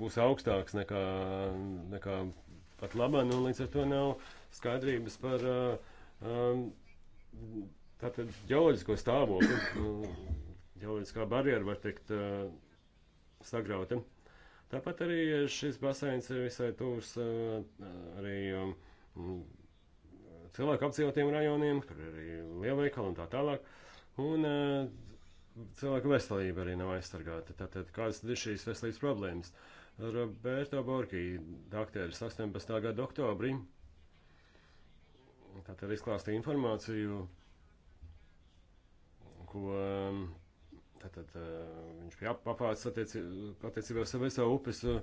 būs augstāks nekā, nekā pat labā, un nu, līdz ar to nav skaidrības par um, tātad ģeoloģisko stāvokli. Nu, ģeoloģiskā barjera var tikt uh, sagrauta. Tāpat arī šis baseins ir visai tūrs uh, arī um, cilvēku apdzīvotiem rajoniem, tur ir arī lielveikali un tā tālāk. Un uh, cilvēku veselība arī nav aizsargāta. Tātad, kādas ir šīs veselības problēmas? Roberto Borgi, aktieris 18. gada oktobrī, tātad izklāstīja informāciju, ko um, tātad, uh, viņš bija apācis attiecībā uz savu upes uh,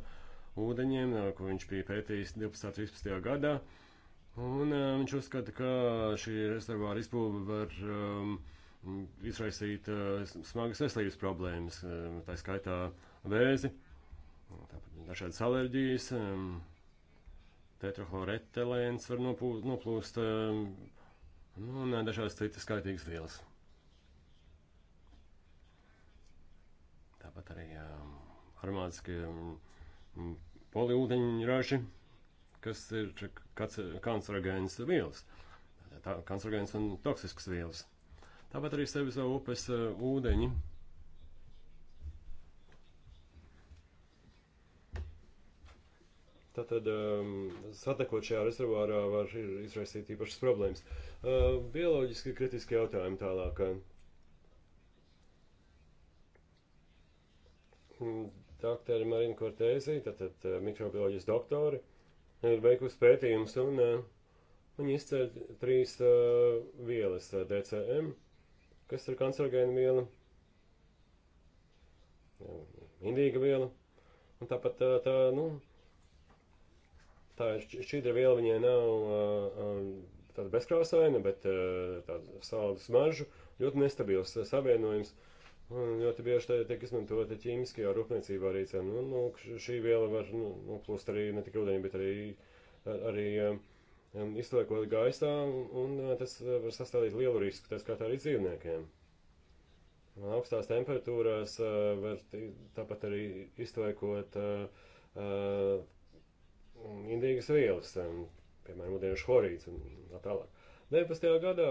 ūdeņiem, uh, ko viņš bija pētījis 12. un 13. gadā. Un viņš uzskata, ka šī rezervāra izbūve var um, izraisīt eh, smagas veselības problēmas, eh, tā skaitā vēzi, dažādas alerģijas, eh, tetrahloretelēns var noplūst nu, un dažādas citas skaitīgas vielas. Tāpat arī aromātiskie mm, poliūdeņu raži, kas ir kancerogēnas vielas, tā, kancerogēnas un toksiskas vielas. Tāpat arī sevis vēl upes eh, ūdeņi. Tātad um, satekot šajā rezervārā var izraisīt īpašas problēmas. Uh, bioloģiski kritiski jautājumi tālāk. Mm, doktori Marina Kortēzi, tātad uh, mikrobioloģijas doktori, ir veikusi pētījumus un uh, viņi izceļ trīs uh, vielas uh, DCM. Uh, kas ir kancerogēna viela, indīga viela, un tāpat tā, tā nu, tā šķidra viela viņai nav tāda bezkrāsaina, bet tāda saldu smaržu, ļoti nestabils savienojums, un ļoti bieži tā tiek izmantota ķīmiskajā rūpniecībā arī, cien, nu, nu, šī viela var, nu, nu plūst arī ne tikai ūdeņi, bet arī, arī, arī izsliekot gaisā, un eh, tas eh, var sastādīt lielu risku, tā skaitā arī dzīvniekiem. Augstās temperatūrās eh, var tāpat arī izsliekot indīgas vielas, piemēram, ūdeņš horīts un tā tālāk. 19. gadā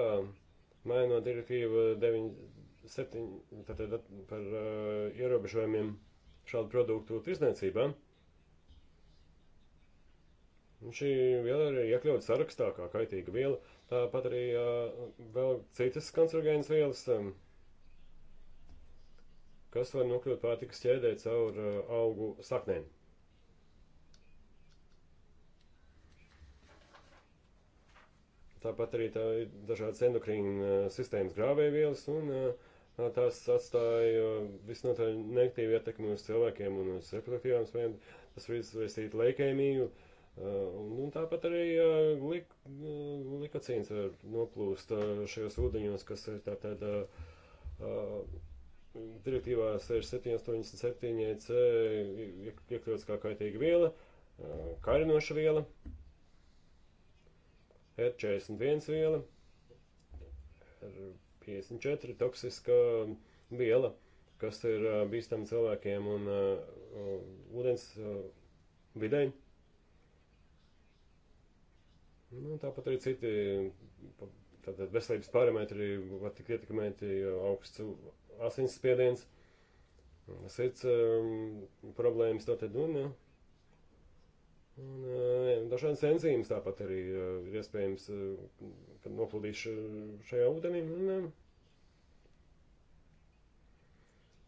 mainot direktīvu 97 tātad, par uh, ierobežojumiem šādu produktu tirdzniecībā. Un šī viela ir iekļauta sarakstā kā kaitīga viela, tāpat arī uh, vēl citas kancerogēnas vielas, um, kas var nokļūt pārtikas ķēdē caur uh, augu saknēm. Tāpat arī tā ir dažādas endokrīna sistēmas grāvējvielas, un uh, tās atstāja uh, visnotaļ negatīvu ietekmi uz cilvēkiem un uz reproduktīvām spējām. Tas var izvērstīt leikēmiju, uh, Eh, un, un tāpat arī glik, eh, glikocīns eh, var noplūst šajos ūdeņos, kas ir tātad direktīvā 6787C e iekļauts kā kaitīga viela, kairinoša viela, R41 viela, R54 toksiska viela, kas ir bīstama cilvēkiem un ūdens videi. Uh, Nu, tāpat arī citi tātad, veselības parametri var tik ietekmēti augsts asinsspiediens, sirds um, problēmas. Tātad, un, un, un, uh, dažādas enzīmes tāpat arī uh, ir iespējams, uh, kad noplūdīšu šajā ūdenī. Un,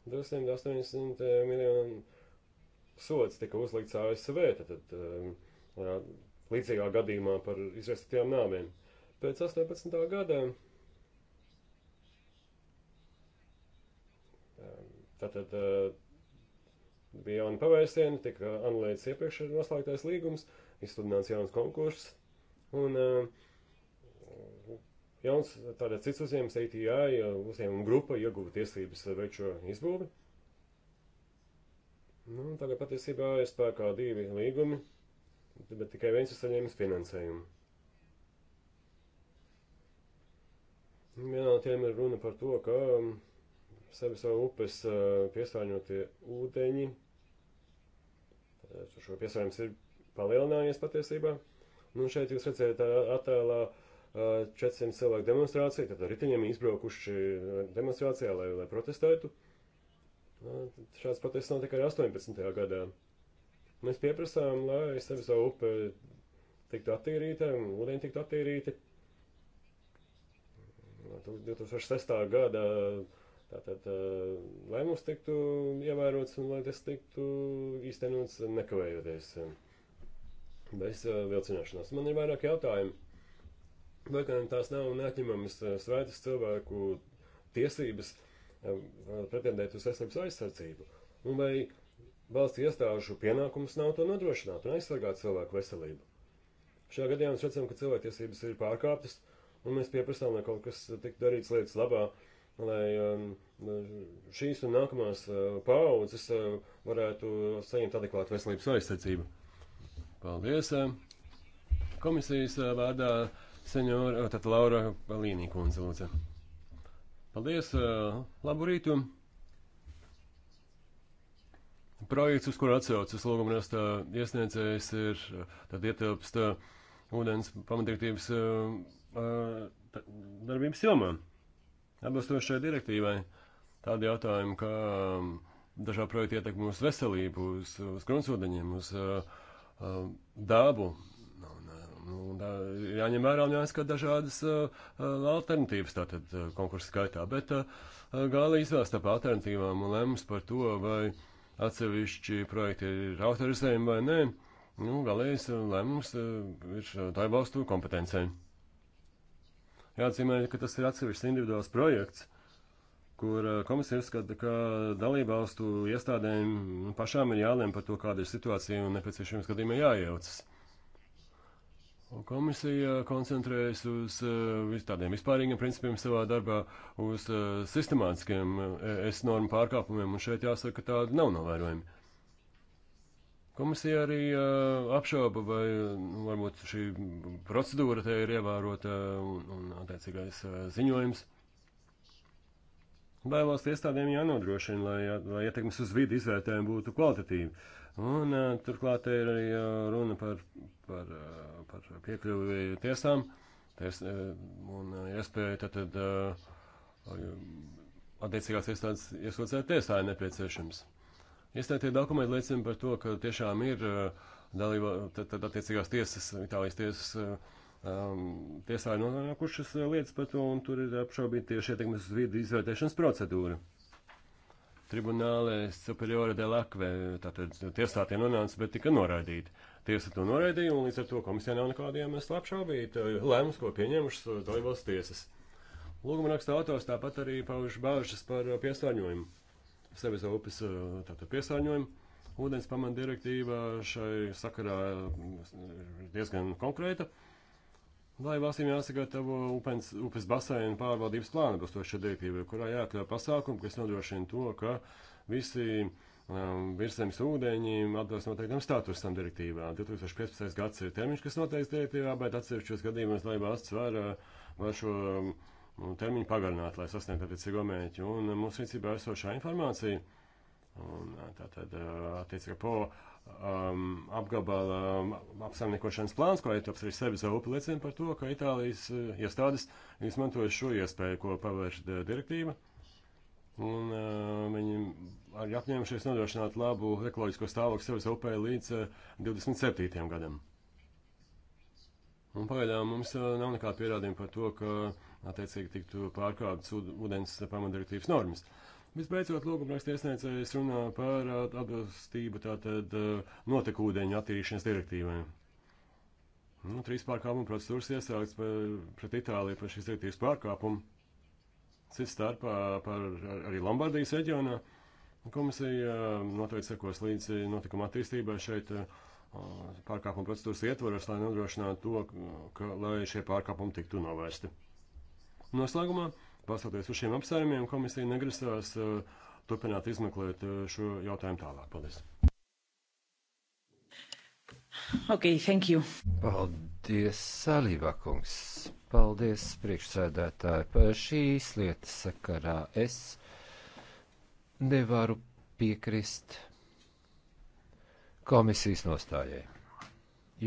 280 miljonu sots tika uzlikts ASV. Tātad, um, līdzīgā gadījumā par izraisītajām nāvēm. Pēc 18. gada um, tātad uh, bija jauni pavērsieni, tika anulēts iepriekš noslēgtais līgums, izsludināts jauns konkurss, un uh, jauns tātad cits uzņēmums, ATI, uzņēmuma grupa ieguva tiesības veikt šo izbūvi. Nu, tagad patiesībā ir spēkā divi līgumi bet tikai viens ir saņēmis finansējumu. Vienā no tiem ir runa par to, ka um, sevi savu upes uh, piesārņotie ūdeņi, uh, šo piesārņojums ir palielinājies patiesībā. Nu, šeit jūs redzējat uh, attēlā 400 cilvēku demonstrāciju, tad ar ritiņiem izbraukuši demonstrācijā, lai, lai protestētu. Šāds protests notika arī 18. gadā. Mēs pieprasām, lai sevis upe tiktu attīrīta, ūdeni tiktu attīrīti. 2006. gada tātad lēmums tiktu ievērots un lai tas tiktu īstenots nekavējoties bez vilcināšanās. Man ir vairāk jautājumu. Vai gan tās nav neatņemamas svētas cilvēku tiesības pretendēt uz veselības aizsardzību? Un vai valsts iestāžu pienākums nav to nodrošināt un aizsargāt cilvēku veselību. Šajā gadījumā mēs redzam, ka cilvēktiesības ir pārkāptas, un mēs pieprasām, lai kaut kas tiktu darīts lietas labā, lai um, šīs un nākamās uh, paaudzes uh, varētu saņemt adekvātu veselības aizsardzību. Paldies! Uh, komisijas vārdā senjora, tātad Laura Līnī kundze lūdzu. Paldies, labu rītu! projekts, uz kur atsaucas logumrastā iesniedzējs, ir tad ietilpst uh, ūdens pamatdirektīvas uh, uh, darbības jomā. Atbilstoši šai direktīvai tādi jautājumi, kā um, dažā projekta ietekme uz veselību, uz, uz gruntsūdeņiem, uz uh, dabu. Un, nu, un, jāņem vērā un jāskat dažādas uh, alternatīvas tātad konkursu skaitā, bet uh, gala izvēlas tāpēc alternatīvām un lems par to, vai uh, atsevišķi projekti ir autorizējumi vai nē, nu, galējais lēmums uh, ir tā balstu kompetencē. Jāatzīmē, ka tas ir atsevišķs individuāls projekts, kur uh, komisija uzskata, ka dalībvalstu iestādēm pašām ir jālem par to, kāda ir situācija un nepieciešams gadījumā jājaucas. Komisija koncentrējas uz eh, vis tādiem vispārīgiem principiem savā darbā, uz eh, sistemātiskiem eh, es normu pārkāpumiem, un šeit jāsaka, ka tādi nav novērojami. Komisija arī apšauba, vai nu, varbūt šī procedūra te ir ievērota un, un attiecīgais ziņojums. Lai valsts iestādēm jānodrošina, lai, lai ietekmes uz vidi izvērtējumi būtu kvalitatīvi. Un uh, turklāt ir arī uh, runa par, par, uh, par piekļuvi tiesām ties, uh, un uh, iespēju tad, tad uh, attiecīgās iestādes iesūdzēt tiesā ir nepieciešams. Iestātie dokumenti liecina par to, ka tiešām ir uh, dalība, tad, tad attiecīgās tiesas, Itālijas tiesas. Uh, um, tiesā ir nonākušas lietas par to, un tur ir apšaubīta tieši ietekmes uz vidi izvērtēšanas procedūra. Uh, tribunālē Superiore de Lakve, tātad tiesā tie nonāca, bet tika noraidīti. Tiesa to noraidīja, un līdz ar to komisijā nav nekādiem slapšābīt eh, lēmums, ko pieņemušas eh, dalībvalsts tiesas. Lūguma raksta autors tāpat arī pauž bāžas par eh, piesārņojumu, sevis upes tātad piesārņojumu. Ūdens pamata direktīva šai sakarā ir mm, diezgan konkrēta. Lai valstīm jāsagatavo upens, upes baseina pārvaldības plāna balstoša direktīva, kurā jāatļauj pasākumu, kas nodrošina to, ka visi um, virsēmas ūdeņi atbilst noteiktam statusam direktīvā. 2015. gads ir termiņš, kas noteikts direktīvā, bet atsevišķos gadījumos, lai valsts var, uh, var šo um, termiņu pagarināt, lai sasniegtu attiecīgo mērķi. Un uh, mūsu rīcībā esošā informācija. Un, uh, tātad, attiecīgi, po um, apgabala um, apsaimniekošanas plāns, ko Eiropas arī sevi zaupa liecina par to, ka Itālijas uh, iestādes izmantoja šo iespēju, ko pavērš uh, direktīva. Un uh, viņi arī apņēmušies nodrošināt labu ekoloģisko stāvokli sevis upē līdz uh, 27. gadam. Un pagaidām mums uh, nav nekāda pierādījuma par to, ka attiecīgi tiktu pārkāptas ūdens pamatdirektīvas normas. Uh, Visbeidzot, lūgumraksta iesniedzējs runā par atbilstību tātad eh, notekūdeņu attīrīšanas direktīvai. Nu, trīs pārkāpuma procedūras iesāktas pret Itāliju par šīs direktīvas pārkāpumu. Cits starpā par arī Lombardijas reģionā. Komisija eh, noteikti sekos līdzi notikuma attīstībai šeit eh, pārkāpuma procedūras ietvaros, lai nodrošinātu to, ka, lai šie pārkāpumi tiktu novērsti. Noslēgumā. Balstoties uz šiem apsvērumiem, komisija negrasās uh, turpināt izmeklēt uh, šo jautājumu tālāk. Paldies! Ok, thank you. Paldies, Salīva kungs. Paldies, priekšsēdētāji. Par šīs lietas sakarā es nevaru piekrist komisijas nostājai.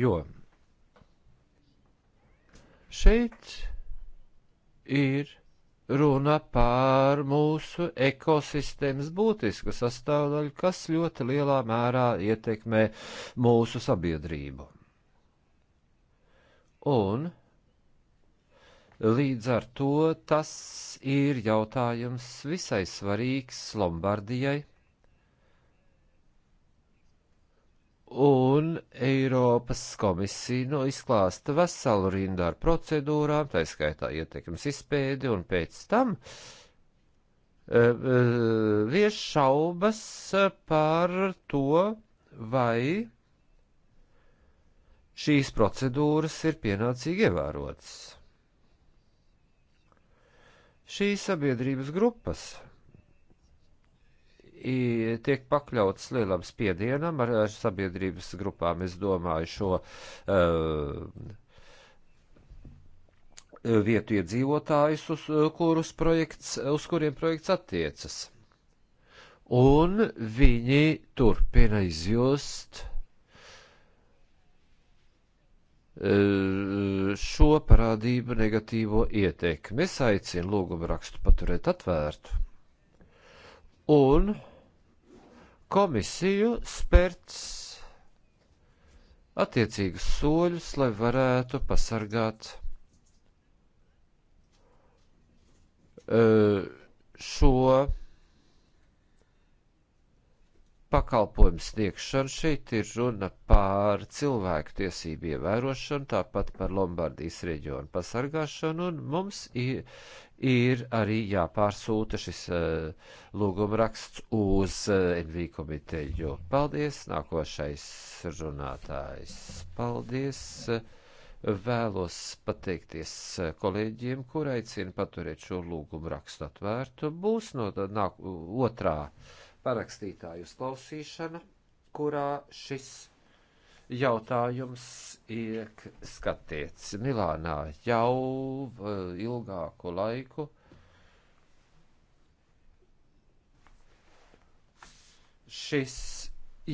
Jo šeit ir runa pār mūsu ekosistēmas būtisku sastāvdaļu, kas ļoti lielā mērā ietekmē mūsu sabiedrību. Un līdz ar to tas ir jautājums visai svarīgs Lombardijai un Eiropas komisija no izklāsta veselu rindu ar procedūrām, tā skaitā ietekmes izpēdi, un pēc tam e, e, vieš šaubas par to, vai šīs procedūras ir pienācīgi ievērotas. Šīs sabiedrības grupas tiek pakļauts lielam spiedienam ar, ar sabiedrības grupām, es domāju, šo uh, vietu iedzīvotājus, uz, eh, kurus projekts, uz kuriem projekts attiecas. Un viņi turpina izjust eh, šo parādību negatīvo ietekmi. Es aicinu lūgumu rakstu paturēt atvērtu. Un komisiju spērt attiecīgus soļus, lai varētu pasargāt eh, šo pakalpojumu sniegšanu. Šeit ir runa par cilvēku tiesību ievērošanu, tāpat par Lombardijas reģionu pasargāšanu, un mums ir, ir arī jāpārsūta šis uh, lūgumraksts uz uh, eh, NV komiteju. Paldies, nākošais runātājs. Paldies. Eh, vēlos pateikties kolēģiem, kur aicina paturēt šo lūgumu rakstu atvērtu. Būs no tā nāk otrā uh, parakstītāju klausīšana, kurā šis jautājums tiek skatīts. Milānā jau eh, ilgāku laiku. Šis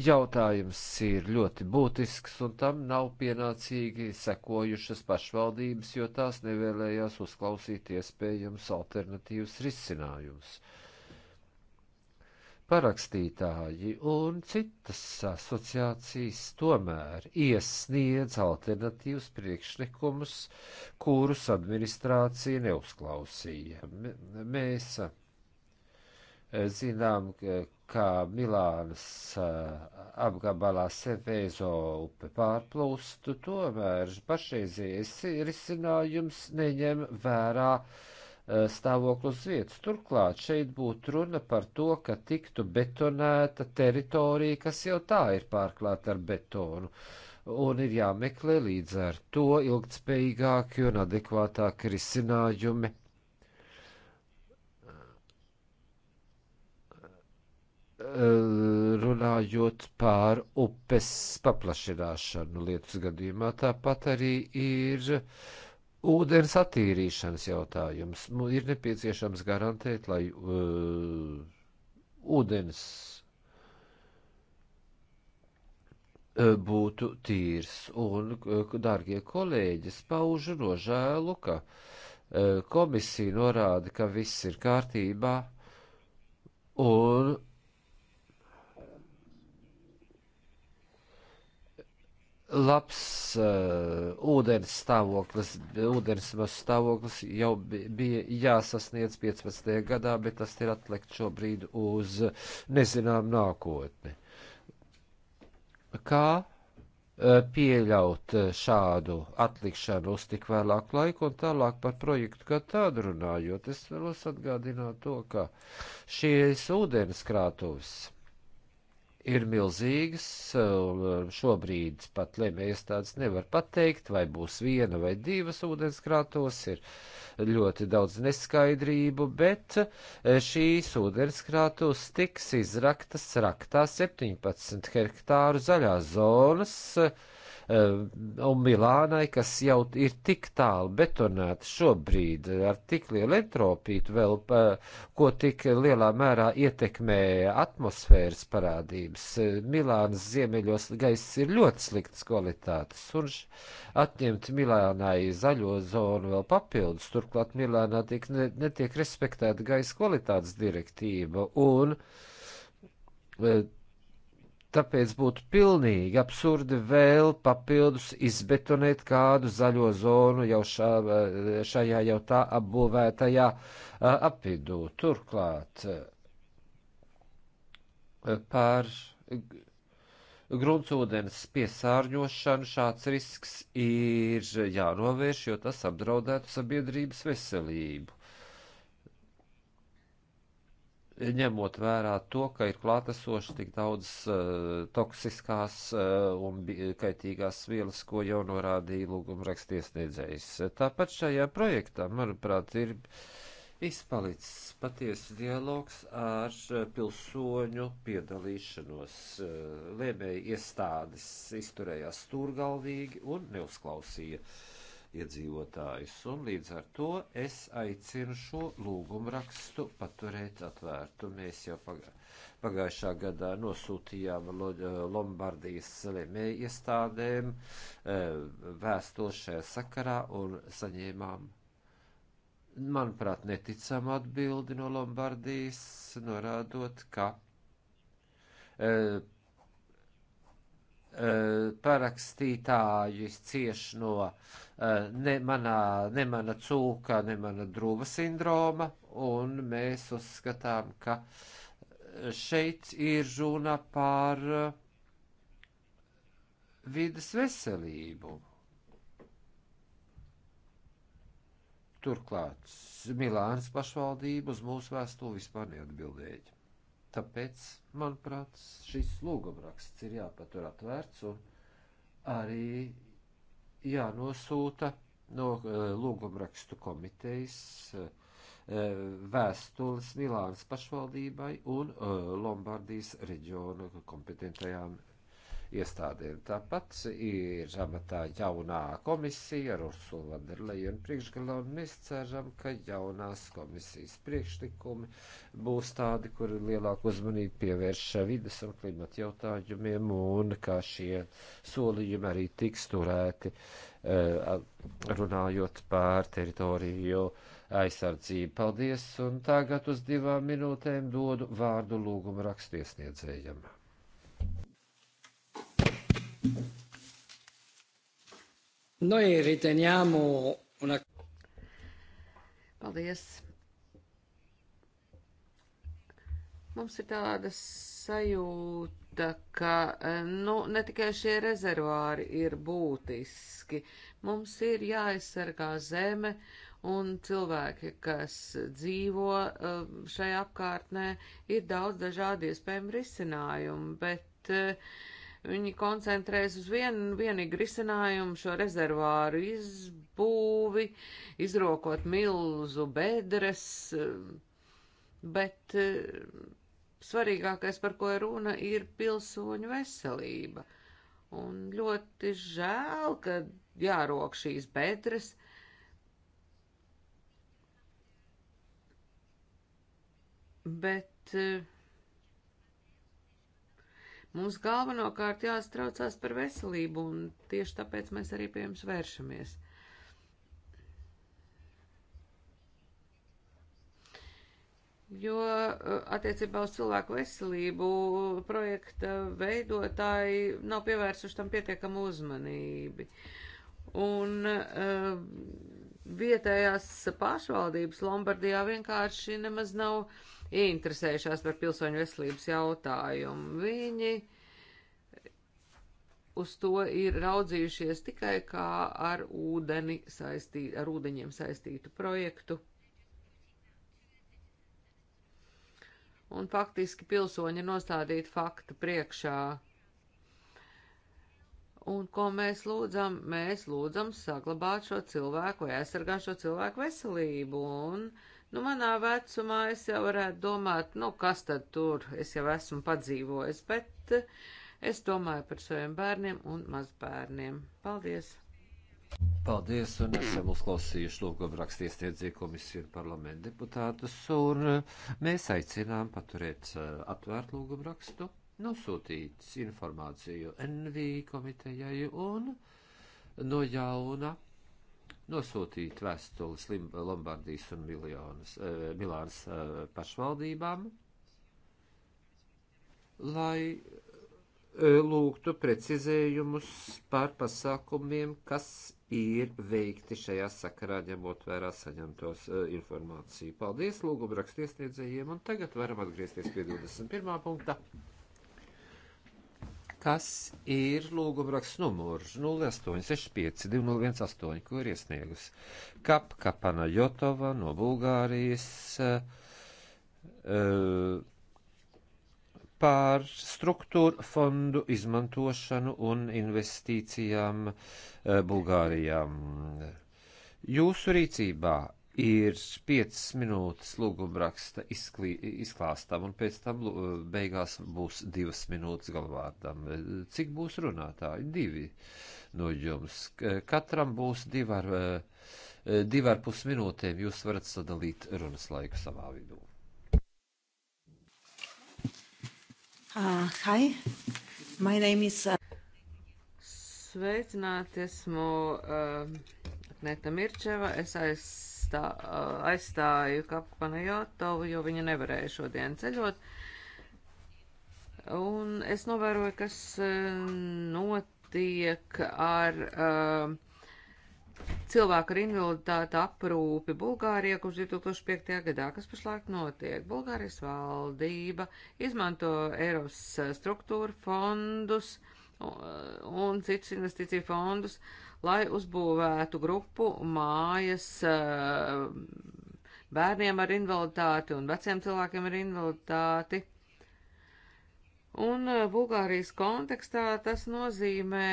jautājums ir ļoti būtisks, un tam nav pienācīgi sekojušas pašvaldības, jo tās nevēlējās uzklausīt iespējams alternatīvas risinājumus. Uh, parakstītāji un citas asociācijas tomēr iesniedz alternatīvus priekšlikumus, kurus administrācija neuzklausīja. M mēs eh, zinām, kā Milānas eh, apgabalā Sevezo upe pārplūstu, tomēr pašreizējais risinājums neņem vērā uh, Eh, stāvokli uz vietas. Turklāt šeit būtu runa par to, ka tiktu betonēta teritorija, kas jau tā ir pārklāta ar betonu, un ir jāmeklē līdz ar to ilgtspējīgāki un adekvātāki risinājumi. Eh, runājot pār upes paplašināšanu lietas gadījumā, tāpat arī ir uh, ūdens attīrīšanas jautājums. Nu, ir nepieciešams garantēt, lai uh, ūdens uh, būtu tīrs. Un, uh, dārgie kolēģi, paužu nožēlu, ka uh, komisija norāda, ka viss ir kārtībā, un labs uh, ūdens stāvoklis, ūdens stāvoklis jau bija jāsasniedz 15. gadā, bet tas ir atlikt šobrīd uz nezinām nākotni. Kā uh, pieļaut eh, šādu atlikšanu uz tik vēlāku laiku un tālāk par projektu kā tādu runājot? Es vēlos atgādināt to, ka šīs ūdens krātuves ir milzīgas. Šobrīd pat lemējas tādas nevar pateikt, vai būs viena vai divas ūdenskrātos, ir ļoti daudz neskaidrību, bet šīs ūdenskrātos tiks izraktas raktā 17 hektāru zaļās zonas. Eh, un Milānai, kas jau ir tik tālu betonēta šobrīd ar tik lielu entropītu vēl, eh, ko tik lielā mērā ietekmē atmosfēras parādības. Milānas ziemeļos gaiss ir ļoti sliktas kvalitātes, un atņemt Milānai zaļo zonu vēl papildus, turklāt Milānā tiek, ne, netiek respektēta gaisa kvalitātes direktīva, un eh, Tāpēc būtu pilnīgi absurdi vēl papildus izbetonēt kādu zaļo zonu jau šā, eh, šajā jau tā apbūvētajā eh, apvidū. Turklāt eh, par gruntsūdens piesārņošanu šāds risks ir jānovērš, jo tas apdraudētu sabiedrības veselību ņemot vērā to, ka ir klātesoši tik daudz uh, eh, toksiskās uh, un kaitīgās vielas, ko jau norādīja lūguma rakstiesniedzējs. Tāpat šajā projektā, manuprāt, ir izpalicis patiesas dialogs ar eh, pilsoņu piedalīšanos. Uh, Lēmēji iestādes izturējās stūrgalvīgi un neuzklausīja. Uh, iedzīvotājus. Un līdz ar to es aicinu šo lūgumu rakstu paturēt atvērtu. Mēs jau pagājušā gadā nosūtījām eh, Lombardijas lemēju iestādēm eh, vēstošajā sakarā un saņēmām manuprāt, neticama atbildi no Lombardijas, norādot, ka e, e, parakstītāji cieš no Eh, ne manā, ne mana cūka, ne mana drūma sindroma, un mēs uzskatām, ka šeit ir runa par eh, vidas veselību. Turklāt Milānas pašvaldība uz mūsu vēstuli vispār neatbildēja. Tāpēc, manuprāt, šis lūgumraksts ir jāpatur atvērts un arī jānosūta no eh, lūgumrakstu komitejas eh, vēstules Milānas pašvaldībai un eh, Lombardijas reģiona kompetentajām iestādēm. Tāpat ir amatā jaunā komisija ar Ursulu Vanderlejenu priekšgalā, un mēs ceram, ka jaunās komisijas priekšlikumi būs tādi, kuri lielāku uzmanību pievērš vidas un klimata jautājumiem, un kā šie solījumi arī tiks turēti, eh, runājot pār teritoriju aizsardzību. Paldies, un tagad uz divām minūtēm dodu vārdu lūgumu rakstiesniedzējiem. Noi riteniamo una. Paldies. Mums ir tāda sajūta, ka nu, ne tikai šie rezervāri ir būtiski. Mums ir jāaizsargā zeme un cilvēki, kas dzīvo um, šajā apkārtnē, ir daudz dažādi iespējami risinājumi, bet uh, Viņi koncentrēs uz vienu vienīgu risinājumu šo rezervāru izbūvi, izrokot milzu bedres, bet eh, svarīgākais, par ko ir runa, ir pilsoņu veselība. Un ļoti žēl, ka jārok šīs bedres. Bet uh, Mums galvenokārt jāstraucās par veselību, un tieši tāpēc mēs arī pie jums vēršamies. Jo uh, attiecībā uz cilvēku veselību projekta veidotāji nav pievērsuši tam pietiekamu uzmanību. Un uh, vietējās pašvaldības Lombardijā vienkārši nemaz nav uh, ieinteresējušās par pilsoņu veselības jautājumu. Viņi uz to ir raudzījušies tikai kā ar, ūdeni saistī, ar ūdeņiem saistītu projektu. Un faktiski pilsoņi ir nostādīti faktu priekšā. Un ko mēs lūdzam? Mēs lūdzam saglabāt šo cilvēku vai aizsargāt šo cilvēku veselību. Un uh, Nu, manā vecumā es jau varētu domāt, nu, kas tad tur, es jau esmu padzīvojis, bet eh, es domāju par saviem bērniem un mazbērniem. Paldies! Paldies, un esam uzklausījuši lūgumrakstu iestiedzēju komisiju un parlamentu deputātus, un eh, mēs aicinām paturēt eh, atvērt lūgumrakstu, nosūtīt informāciju NV komitejai un no jauna nosūtīt vēstules Lombardijas un Miljonas, uh, Milānas uh, pašvaldībām, lai uh, lūgtu precizējumus par pasākumiem, kas ir veikti šajā sakarā, ņemot vērā saņemtos uh, informāciju. Paldies lūgumu rakstiesniedzējiem, un tagad varam atgriezties pie 21. punkta kas ir lūgumraksts numurs 08652018, ko ir iesniegus Kap Kapana Jotova no Bulgārijas uh, eh, pār struktūru fondu izmantošanu un investīcijām uh, Bulgārijām. Jūsu rīcībā ir 5 minūtes lūgumraksta izklī, izklāstam, un pēc tam beigās būs 2 minūtes galvārdam. Cik būs runātāji? Divi no jums. Katram būs 2,5 eh, minūtēm. Jūs varat sadalīt runas laiku savā vidū. Uh, hi, my name is. Uh... Sveicināti, esmu uh, eh, Neta Mirčeva. Es aiz atstā, aizstāju Kapkona Jotovu, jo viņa nevarēja šodien ceļot. Un es novēroju, kas notiek ar uh, cilvēku ar invaliditāti aprūpi Bulgārija kopš 2005. gadā, kas pašlaik notiek. Bulgārijas valdība izmanto Eiropas struktūra fondus un, un citus investīciju fondus, uh, lai uzbūvētu grupu mājas eh, bērniem ar invaliditāti un veciem cilvēkiem ar invaliditāti. Un eh, Bulgārijas kontekstā tas nozīmē,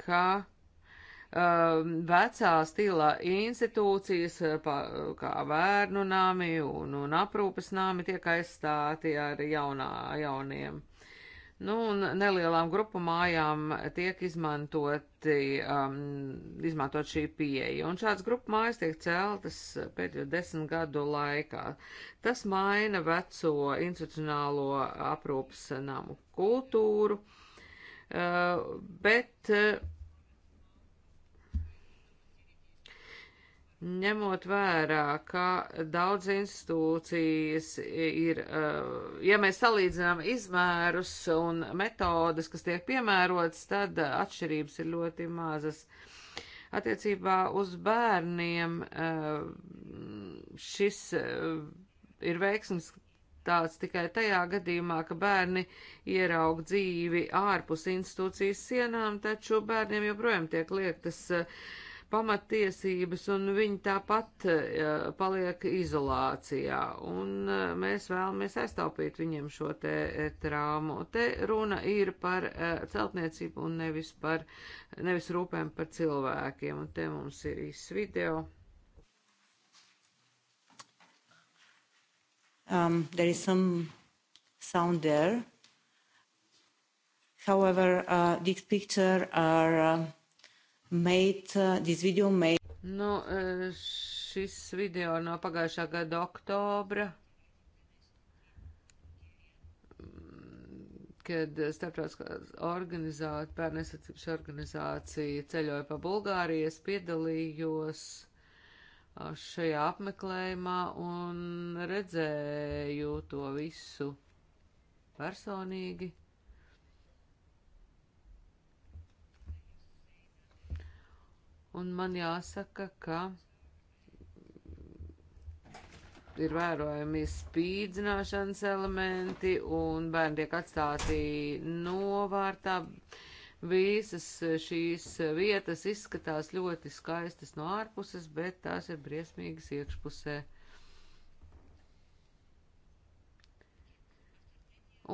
ka um, vecā stila institūcijas, pa, kā bērnu nami un, un aprūpes nami, tiek aizstāti ar jaunā, jauniem Nu, un nelielām grupu mājām tiek izmantoti, um, izmantot šī pieeja. Un šāds grupu mājas tiek celtas pēdējo desmit gadu laikā. Tas maina veco institucionālo aprūpas namu kultūru, uh, bet uh, ņemot vērā, ka daudz institūcijas ir, eh, ja mēs salīdzinām izmērus un metodas, kas tiek piemērotas, tad atšķirības ir ļoti mazas. Attiecībā uz bērniem eh, šis eh, ir veiksms tāds tikai tajā gadījumā, ka bērni ieraug dzīvi ārpus institūcijas sienām, taču bērniem joprojām tiek liektas uh, pamatiesības, un viņi tāpat paliek izolācijā, un eh, mēs vēlamies aiztaupīt viņiem šo te eh, traumu. Te runa ir par eh, celtniecību un nevis par, nevis rūpēm par cilvēkiem, un te mums ir īsts video. Um, there is some sound there. However, uh, these pictures are uh, made, uh, this video made. Nu, e, šis video no pagājušā gada oktobra, kad starptautiskās organizācijas, pērnesacības organizācija ceļoja pa Bulgāriju, es piedalījos šajā apmeklējumā un redzēju to visu personīgi. un man jāsaka, ka ir vērojami spīdzināšanas elementi un bērni tiek atstāti novārtā. Visas šīs vietas izskatās ļoti skaistas no ārpuses, bet tās ir briesmīgas iekšpusē.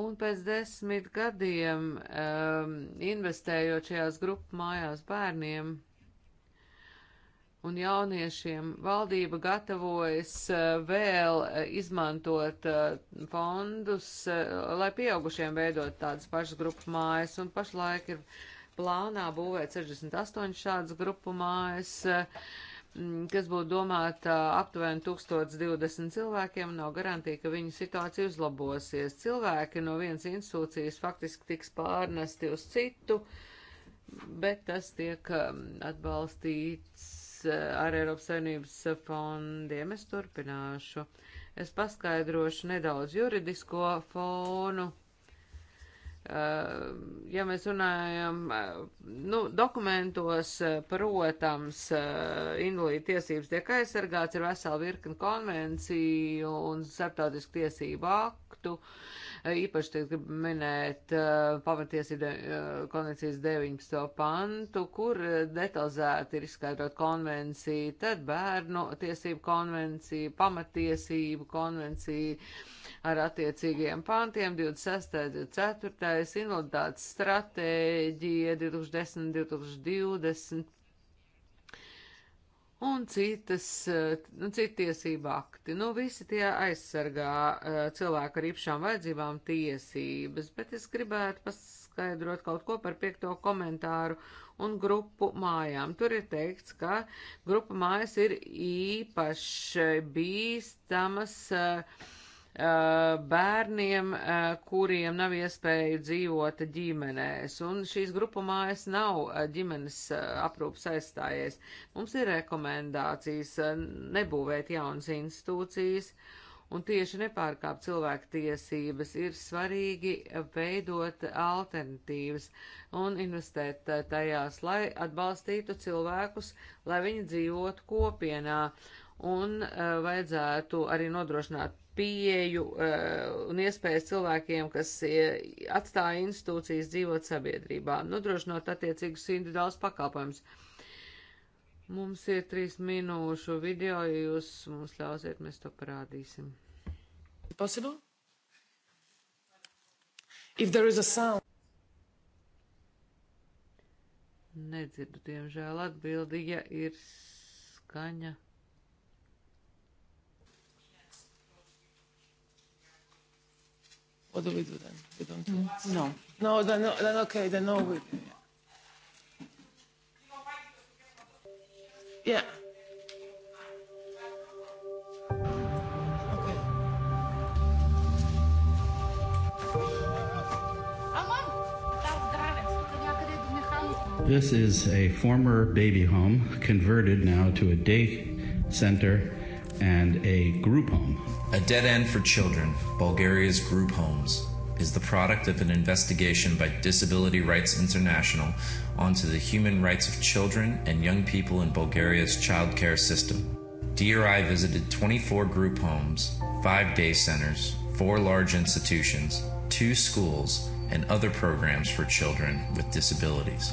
Un pēc desmit gadiem um, investējot šajās grupu mājās bērniem, un jauniešiem valdība gatavojas eh, vēl eh, izmantot eh, fondus, lai pieaugušiem veidot tādas pašas grupu mājas, un pašlaik ir plānā būvēt 68 šādas grupu mājas, kas būtu domāta aptuveni 1020 cilvēkiem, nav garantīja, ka viņu situācija uzlabosies. Cilvēki no vienas institūcijas faktiski tiks pārnesti uz citu, bet tas tiek atbalstīts Eh, ar Eiropas Savienības fondiem. Es turpināšu. Es paskaidrošu nedaudz juridisko fonu. Eh, ja mēs runājam, eh, nu, dokumentos, protams, invalīdu tiesības tiek aizsargāts ar veselu virkni konvenciju un starptautisku tiesību aktu. Uh, Īpaši te gribu minēt pamatiesību konvencijas 19. pantu, kur detalizēti ir izskaidrot konvenciju, tad bērnu tiesību konvenciju, pamatiesību konvenciju ar attiecīgiem pantiem 26. 4. invaliditātes stratēģija 2010-2020 un citas, eh, nu, citi tiesība akti. Nu, visi tie aizsargā eh, cilvēku ar īpašām vajadzībām tiesības, bet es gribētu paskaidrot kaut ko par piekto komentāru un grupu mājām. Tur ir teikts, ka grupa mājas ir īpaši bīstamas. Uh, Eh, bērniem, eh, kuriem nav iespēju dzīvot ģimenēs, un šīs grupu mājas nav eh, ģimenes aprūpas aizstājies. Mums ir rekomendācijas nebūvēt jaunas institūcijas, un tieši nepārkāpt cilvēku tiesības ir svarīgi veidot alternatīvas un investēt tajās, lai atbalstītu cilvēkus, lai viņi dzīvotu kopienā. Un uh, vajadzētu arī nodrošināt pieju eh, un iespējas cilvēkiem, kas atstāja institūcijas dzīvot sabiedrībā, nodrošinot attiecīgus individuālus pakalpojumus. Mums ir trīs minūšu video, ja jūs mums ļausiet, mēs to parādīsim. Possible? If there is a sound. Nedzirdu, diemžēl, atbildi, ja ir skaņa. What do we do then? We don't do it. No. No, then, then okay, then no. We, yeah. Okay. This is a former baby home converted now to a day center and a group home. A Dead End for Children, Bulgaria's Group Homes, is the product of an investigation by Disability Rights International onto the human rights of children and young people in Bulgaria's childcare system. DRI visited 24 group homes, five day centers, four large institutions, two schools, and other programs for children with disabilities.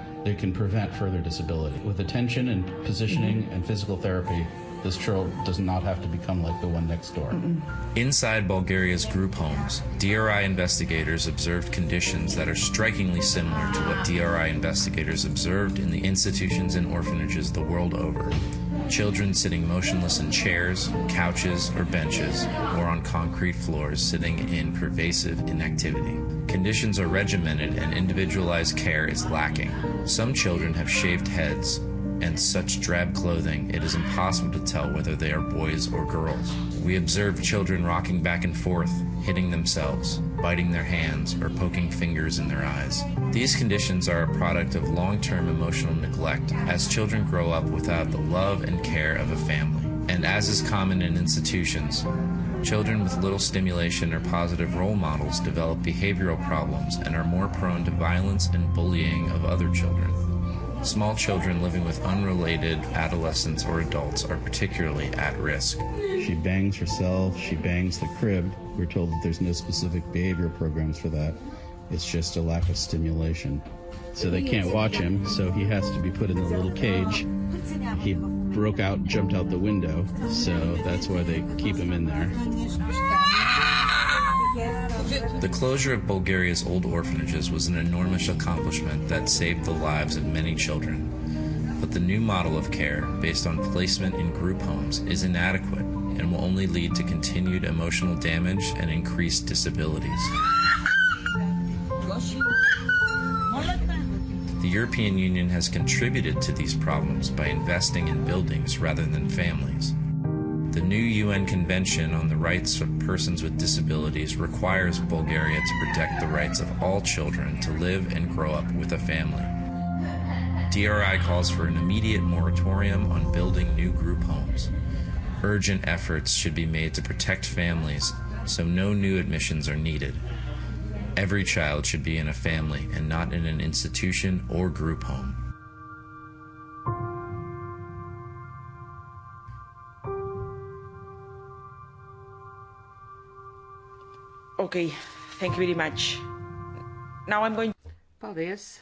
It can prevent further disability. With attention and positioning mm-hmm. and physical therapy, this child does not have to become like the one next door. Mm-mm. Inside Bulgaria's group homes, DRI investigators observed conditions that are strikingly similar to what DRI investigators observed in the institutions and orphanages the world over. Children sitting motionless in chairs, couches, or benches, or on concrete floors sitting in pervasive inactivity. Conditions are regimented and individualized care is lacking. Some children have shaved heads, and such drab clothing, it is impossible to tell whether they are boys or girls. We observe children rocking back and forth, hitting themselves, biting their hands, or poking fingers in their eyes. These conditions are a product of long term emotional neglect as children grow up without the love and care of a family. And as is common in institutions, Children with little stimulation or positive role models develop behavioral problems and are more prone to violence and bullying of other children. Small children living with unrelated adolescents or adults are particularly at risk. She bangs herself, she bangs the crib. We're told that there's no specific behavior programs for that. It's just a lack of stimulation. So they can't watch him, so he has to be put in the little cage. He broke out, jumped out the window, so that's why they keep him in there. The closure of Bulgaria's old orphanages was an enormous accomplishment that saved the lives of many children. But the new model of care, based on placement in group homes, is inadequate and will only lead to continued emotional damage and increased disabilities. The European Union has contributed to these problems by investing in buildings rather than families. The new UN Convention on the Rights of Persons with Disabilities requires Bulgaria to protect the rights of all children to live and grow up with a family. DRI calls for an immediate moratorium on building new group homes. Urgent efforts should be made to protect families so no new admissions are needed. Every child should be in a family and not in an institution or group home. Okay, thank you very much. Now I'm going. Paldies.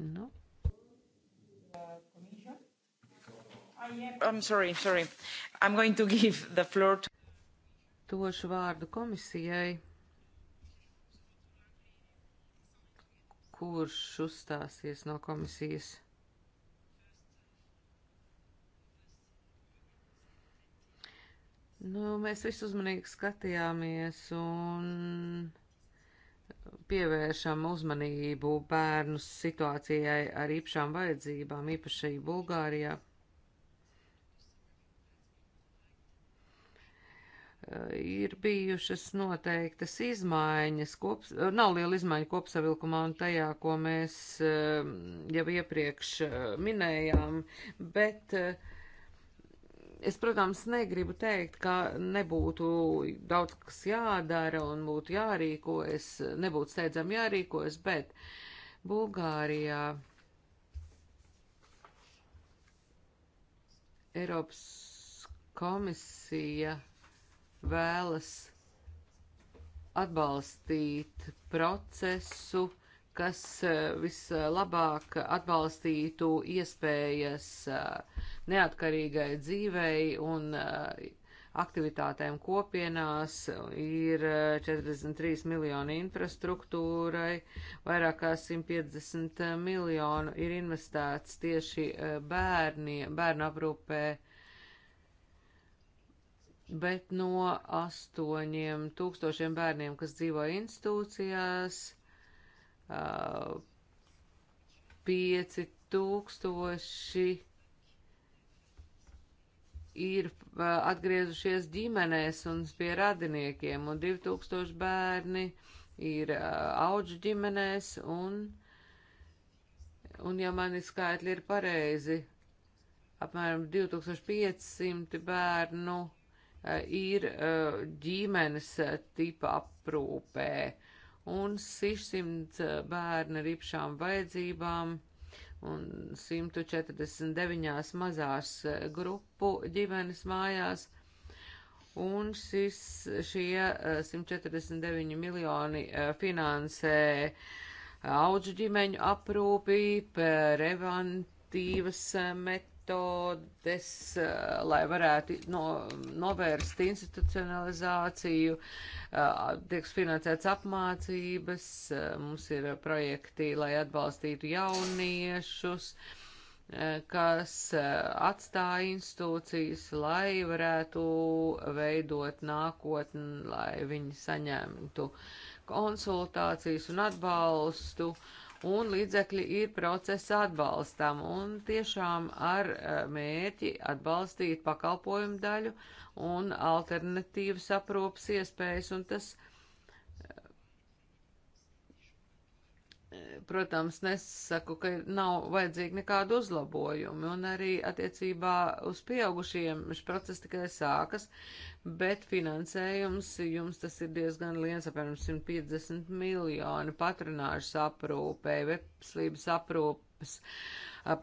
No. Nu. I'm sorry, sorry. I'm going to give the floor to. Došu vārdu komisijai, kurš uzstāsies no komisijas. Nu, mēs visu uzmanīgi skatījāmies un pievēršam uzmanību bērnu situācijai ar īpašām vajadzībām, īpaši Bulgārijā. Ir bijušas noteiktas izmaiņas, kops, nav liela izmaiņa kopsavilkumā un tajā, ko mēs eh, jau iepriekš eh, minējām, bet uh, Es, protams, negribu teikt, ka nebūtu daudz kas jādara un būtu jārīkojas, nebūtu steidzam jārīkojas, bet Bulgārijā Eiropas komisija vēlas atbalstīt procesu, kas e, vislabāk atbalstītu iespējas e, neatkarīgai dzīvei un e, aktivitātēm kopienās, ir 43 miljoni infrastruktūrai, vairāk kā 150 miljonu ir investēts tieši bērni, bērnu aprūpē bet no astoņiem tūkstošiem bērniem, kas dzīvo institūcijās, pieci tūkstoši ir atgriezušies ģimenēs un pie radiniekiem, un 2000 bērni ir auģu ģimenēs, un, un ja mani skaitļi ir pareizi, apmēram 2500 bērnu ir ģimenes tipa aprūpē un 600 eh, bērni ar īpašām vajadzībām un 149 mazās eh, grupu ģimenes mājās. Un šis, šie 149 eh, miljoni finansē audžu ģimeņu aprūpī, preventīvas met metodes, eh, lai varētu no, novērst institucionalizāciju, eh, tiek finansēts apmācības, eh, mums ir projekti, lai atbalstītu jauniešus kas atstāja institūcijas, lai varētu veidot nākotni, lai viņi saņemtu konsultācijas un atbalstu. Uh, un līdzekļi ir procesa atbalstam un tiešām ar eh, mērķi atbalstīt pakalpojumu daļu un alternatīvas aprūpas iespējas, un tas ir protams, nesaku, ka nav vajadzīgi nekādu uzlabojumu, un arī attiecībā uz pieaugušiem šis process tikai sākas, bet finansējums jums tas ir diezgan liels, apmēram 150 miljoni patronāžas aprūpē, veselības aprūpes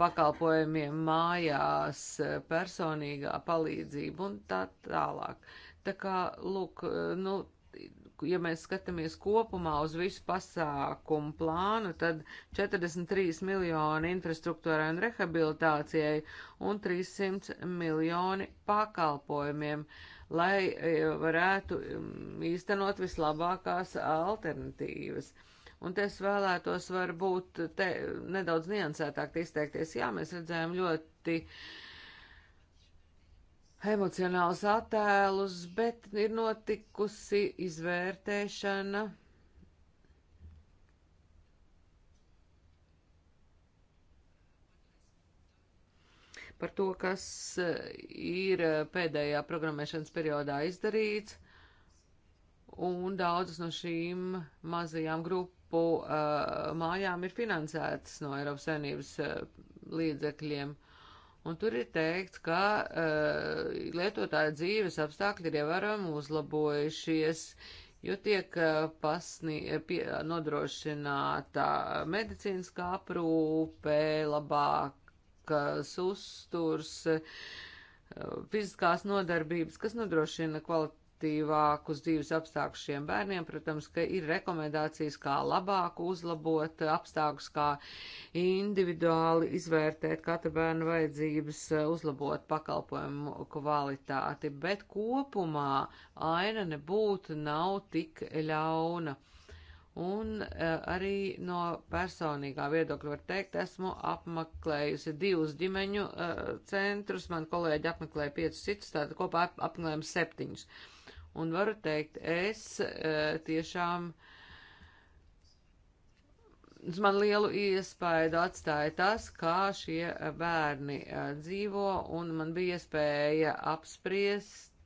pakalpojumiem mājās, personīgā palīdzība un tā tālāk. Tā kā, lūk, nu, ja mēs skatāmies kopumā uz visu pasākumu plānu, tad 43 miljoni infrastruktūrai un rehabilitācijai un 300 miljoni pakalpojumiem, lai e, varētu īstenot vislabākās alternatīvas. Un es vēlētos varbūt te nedaudz niansētāk izteikties. Jā, mēs redzējām ļoti uh, emocionālus attēlus, bet ir notikusi izvērtēšana. Par to, kas eh, ir eh, pēdējā programmēšanas periodā izdarīts, un daudzas no šīm mazajām grupu uh, mājām ir finansētas no Eiropas saimnības uh, līdzekļiem. Uh, Un tur ir teikts, ka uh, lietotāja dzīves apstākļi ir ievērojami uzlabojušies, jo tiek uh, pasni, pie, nodrošināta medicīniskā aprūpe, labākas uzturs, uh, eh, fiziskās nodarbības, kas nodrošina kvalit efektīvākus dzīves apstākļus šiem bērniem. Protams, ka ir rekomendācijas, kā labāk uzlabot apstākļus, kā individuāli izvērtēt katra bērna vajadzības, uzlabot pakalpojumu kvalitāti, bet kopumā aina nebūtu nav tik ļauna. Un e, arī no personīgā viedokļa var teikt, esmu apmeklējusi divus ģimeņu e, centrus, man kolēģi apmeklēja piecus citus, tātad kopā apmeklējam septiņus. Uh, Un varu teikt, es eh, tiešām uz man lielu iespēju atstāja tas, kā šie bērni eh, dzīvo, un man bija iespēja apspriest,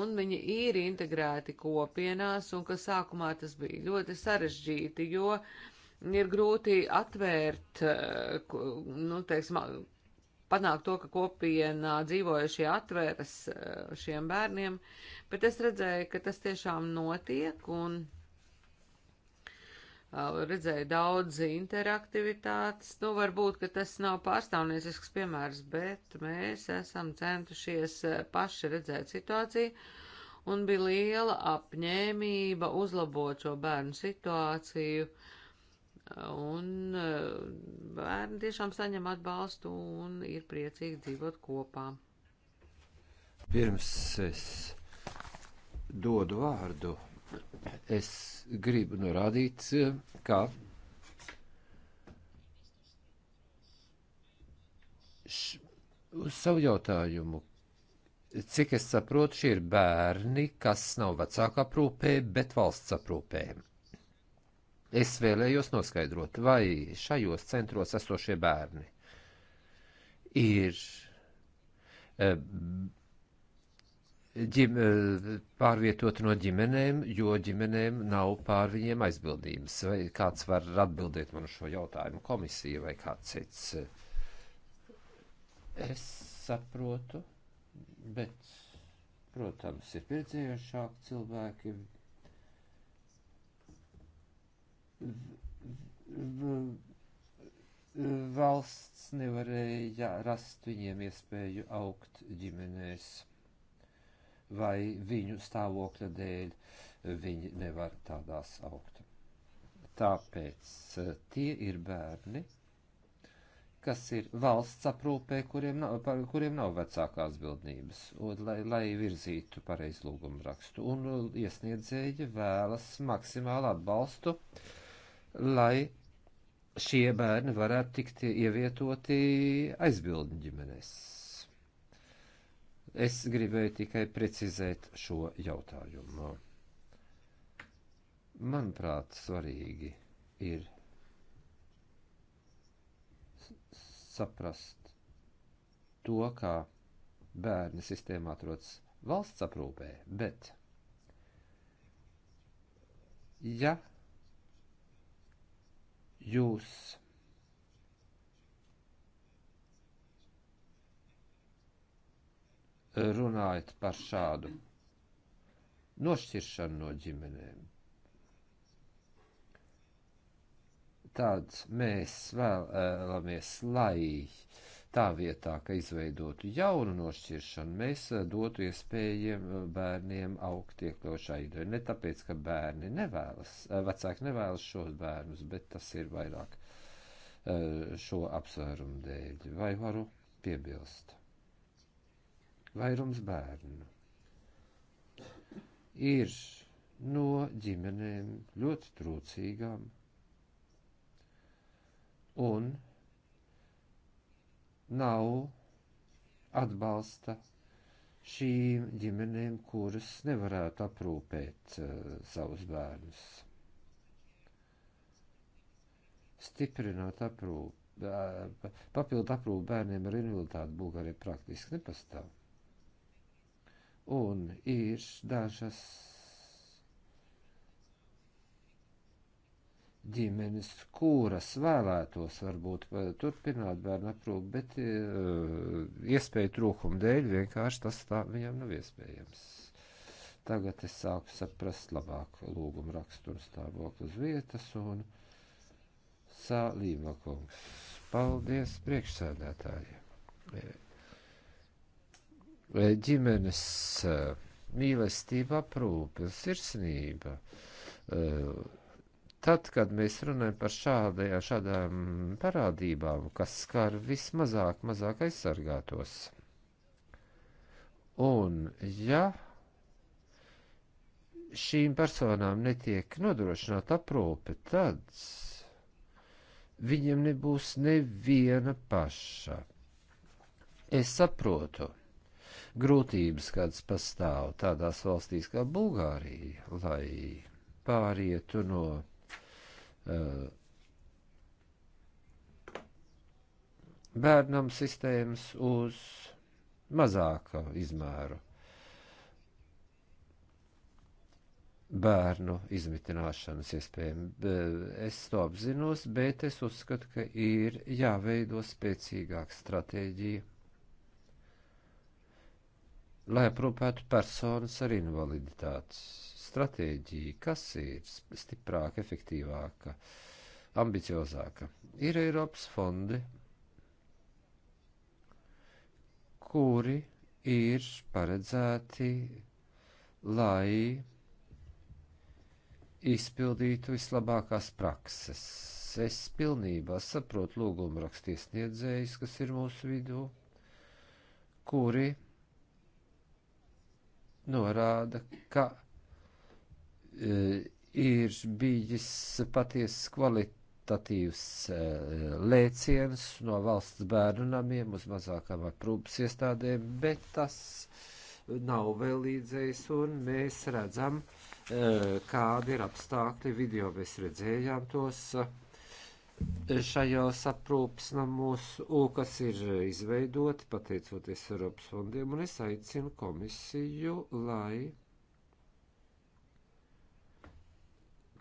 un viņi ir integrēti kopienās, un ka sākumā tas bija ļoti sarežģīti, jo ir grūti atvērt, eh, nu, teiksim, panākt to, ka kopienā dzīvojušie atveras eh, šiem bērniem, bet es redzēju, ka tas tiešām notiek un eh, redzēju daudz interaktivitātes. Nu, varbūt, ka tas nav pārstāvniecisks piemērs, bet mēs esam centušies eh, paši redzēt situāciju un bija liela apņēmība uzlabot šo bērnu situāciju Un eh, bērni tiešām saņem atbalstu un ir priecīgi dzīvot kopā. Pirms es dodu vārdu, es gribu norādīt, ka š, uz savu jautājumu, cik es saprotu, šie ir bērni, kas nav vecāka aprūpē, bet valsts aprūpē. Es vēlējos noskaidrot, vai šajos centros esošie bērni ir e, ģim, e, pārvietot no ģimenēm, jo ģimenēm nav pār viņiem aizbildības. Vai kāds var atbildēt man uz šo jautājumu komisija vai kāds cits? Es saprotu, bet, protams, ir pieredzējušāki cilvēki, valsts nevarēja rast viņiem iespēju augt ģimenēs vai viņu stāvokļa dēļ viņi nevar tādās augt. Tāpēc eh, tie ir bērni, kas ir valsts aprūpē, kuriem nav, par, kuriem nav vecākās bildnības, un, lai, lai virzītu pareiz lūgumu rakstu, un eh, iesniedzēji vēlas maksimālu atbalstu uh, lai šie bērni varētu tikt ievietoti aizbildņu ģimenēs. Es gribēju tikai precizēt šo jautājumu. Manuprāt, svarīgi ir saprast to, kā bērni sistēmā atrodas valsts aprūpē, bet ja jūs runājat par šādu nošķiršanu no ģimenēm. Tāds mēs vēlamies, lai uh, Tā vietā, ka izveidotu jaunu nošķiršanu, mēs eh, dotu iespējiem eh, bērniem augt iekļaušā ideja. Ne tāpēc, ka bērni nevēlas, eh, vecāki nevēlas šos bērnus, bet tas ir vairāk šo apsvērumu dēļ. Vai varu piebilst? Vairums bērnu ir no ģimenēm ļoti trūcīgām un nav atbalsta šīm ģimenēm, kuras nevarētu aprūpēt uh, savus bērnus. Stiprināt aprūpi, uh, eh, papildu aprūpi bērniem ar invaliditāti Bulgārija praktiski nepastāv. Un ir dažas ģimenes, kuras vēlētos varbūt turpināt bērnu aprūpi, bet e, iespēju trūkuma dēļ vienkārši tas tā viņam nav iespējams. Tagad es sāku saprast labāk lūgumu rakstu un stāvokli uz vietas un sālīma kungs. Paldies priekšsēdētāji. E, ģimenes e, mīlestība aprūpe, sirsnība. Uh, Tad, kad mēs runājam par šādajā, šādām parādībām, kas skar vismazāk, mazāk aizsargātos. Un, ja šīm personām netiek nodrošināta aprūpe, tad viņiem nebūs neviena paša. Es saprotu grūtības, kādas pastāv tādās valstīs kā Bulgārija, lai pārietu no bērnam sistēmas uz mazāka izmēru bērnu izmitināšanas iespējami. Es to apzinos, bet es uzskatu, ka ir jāveido spēcīgāka stratēģija, lai aprūpētu personas ar invaliditātes stratēģija, kas ir stiprāka, efektīvāka, ambiciozāka. Ir Eiropas fondi, kuri ir paredzēti, lai izpildītu vislabākās prakses. Es pilnībā saprotu lūgumu rakstiesniedzējus, kas ir mūsu vidū, kuri norāda, ka Eh, ir bijis patiesi kvalitatīvs eh, lēciens no valsts bērnu namiem uz mazākām aprūpas iestādēm, bet tas nav vēl līdzējis, un mēs redzam, eh, kādi ir apstākļi video, mēs redzējām tos šajos aprūpas namos, kas ir izveidoti pateicoties Eiropas fondiem, un es aicinu komisiju, lai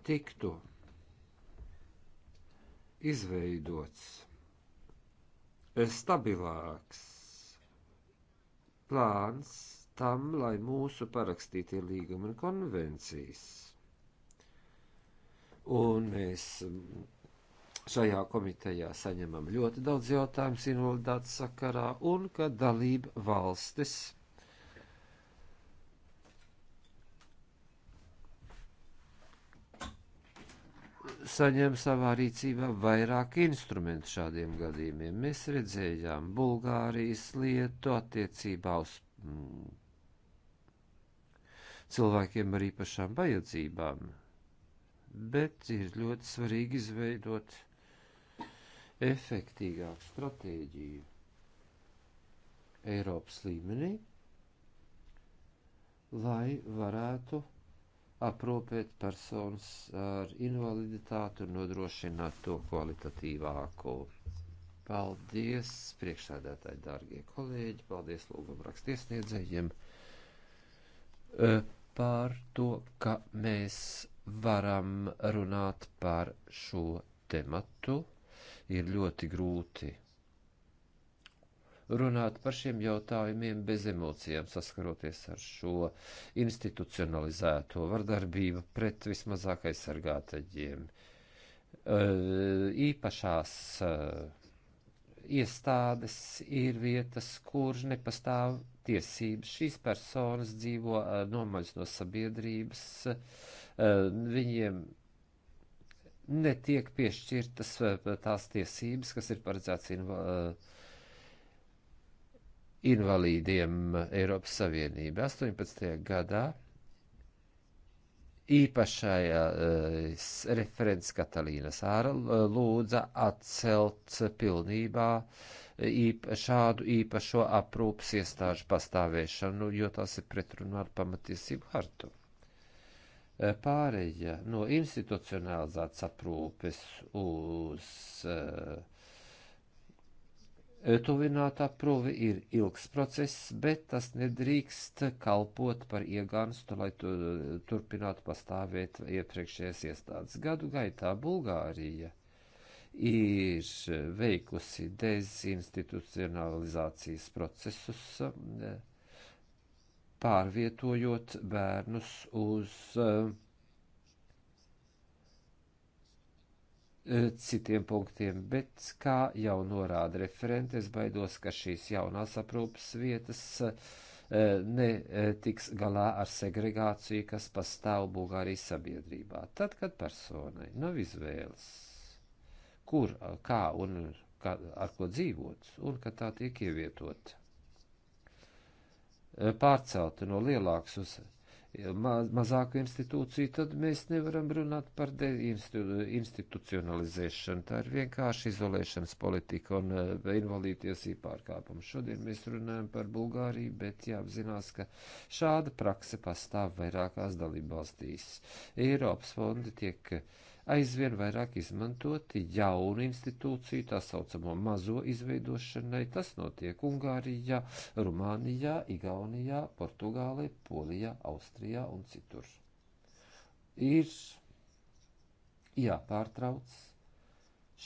tiktu izveidots stabilāks plāns tam, lai mūsu parakstītie līgumi un konvencijas. Un mēs šajā komitejā saņemam ļoti daudz jautājumu invaliditātes sakarā, un ka dalība valstis saņem savā rīcībā vairāk instrumentu šādiem gadījumiem. Mēs redzējām Bulgārijas lietu attiecībā uz mm, cilvēkiem ar īpašām vajadzībām, bet ir ļoti svarīgi izveidot efektīgāku stratēģiju Eiropas līmenī, lai varētu aprūpēt personas ar invaliditāti un nodrošināt to kvalitatīvāku. Paldies, priekšsēdētāji, dārgie kolēģi, paldies lūgumu rakstiesniedzējiem e, par to, ka mēs varam runāt par šo tematu. Ir ļoti grūti runāt par šiem jautājumiem bez emocijām, saskaroties ar šo institucionalizēto vardarbību pret vismazāk aizsargātaģiem. Eh, īpašās eh, iestādes ir vietas, kur nepastāv tiesības. Šīs personas dzīvo eh, nomaļas no sabiedrības, viņiem netiek piešķirtas tās tiesības, kas ir paredzēts invalīdiem invalīdiem eh, Eiropas Savienība 18. gadā īpašais eh, referents Katalīna Sāra eh, lūdza atcelt pilnībā īp, šādu īpašo aprūpas iestāžu pastāvēšanu, jo tas ir pretrunā ar pamatiesību hartu. Pāreja no institucionalizētas aprūpes uz uh, Tuvinātā pruvi ir ilgs process, bet tas nedrīkst kalpot par iegānstu, lai tu, turpinātu pastāvēt iepriekšējās iestādes. Gadu gaitā Bulgārija ir veikusi dezinstitucionalizācijas procesus, pārvietojot bērnus uz uh, E, citiem punktiem, bet, kā jau norāda referente, es baidos, ka šīs jaunās aprūpas vietas e, netiks e, galā ar segregāciju, kas pastāv Bulgārijas sabiedrībā. Tad, kad personai nav izvēles, kur, kā un kā, ar ko dzīvot, un kad tā tiek ievietota, pārcelta no lielākas uz maz, mazāku institūciju, tad mēs nevaram runāt par deinstitucionalizēšanu. Tā ir vienkārši izolēšanas politika un uh, eh, invalīdu tiesību pārkāpuma. Šodien mēs runājam par Bulgāriju, bet jāapzinās, ka šāda prakse pastāv vairākās dalībvalstīs. Eiropas fondi tiek uh, aizvien vairāk izmantoti jaunu institūciju, tā saucamo mazo izveidošanai. Tas notiek Ungārijā, Rumānijā, Igaunijā, Portugālē, Polijā, Austrijā un citur. Ir jāpārtrauc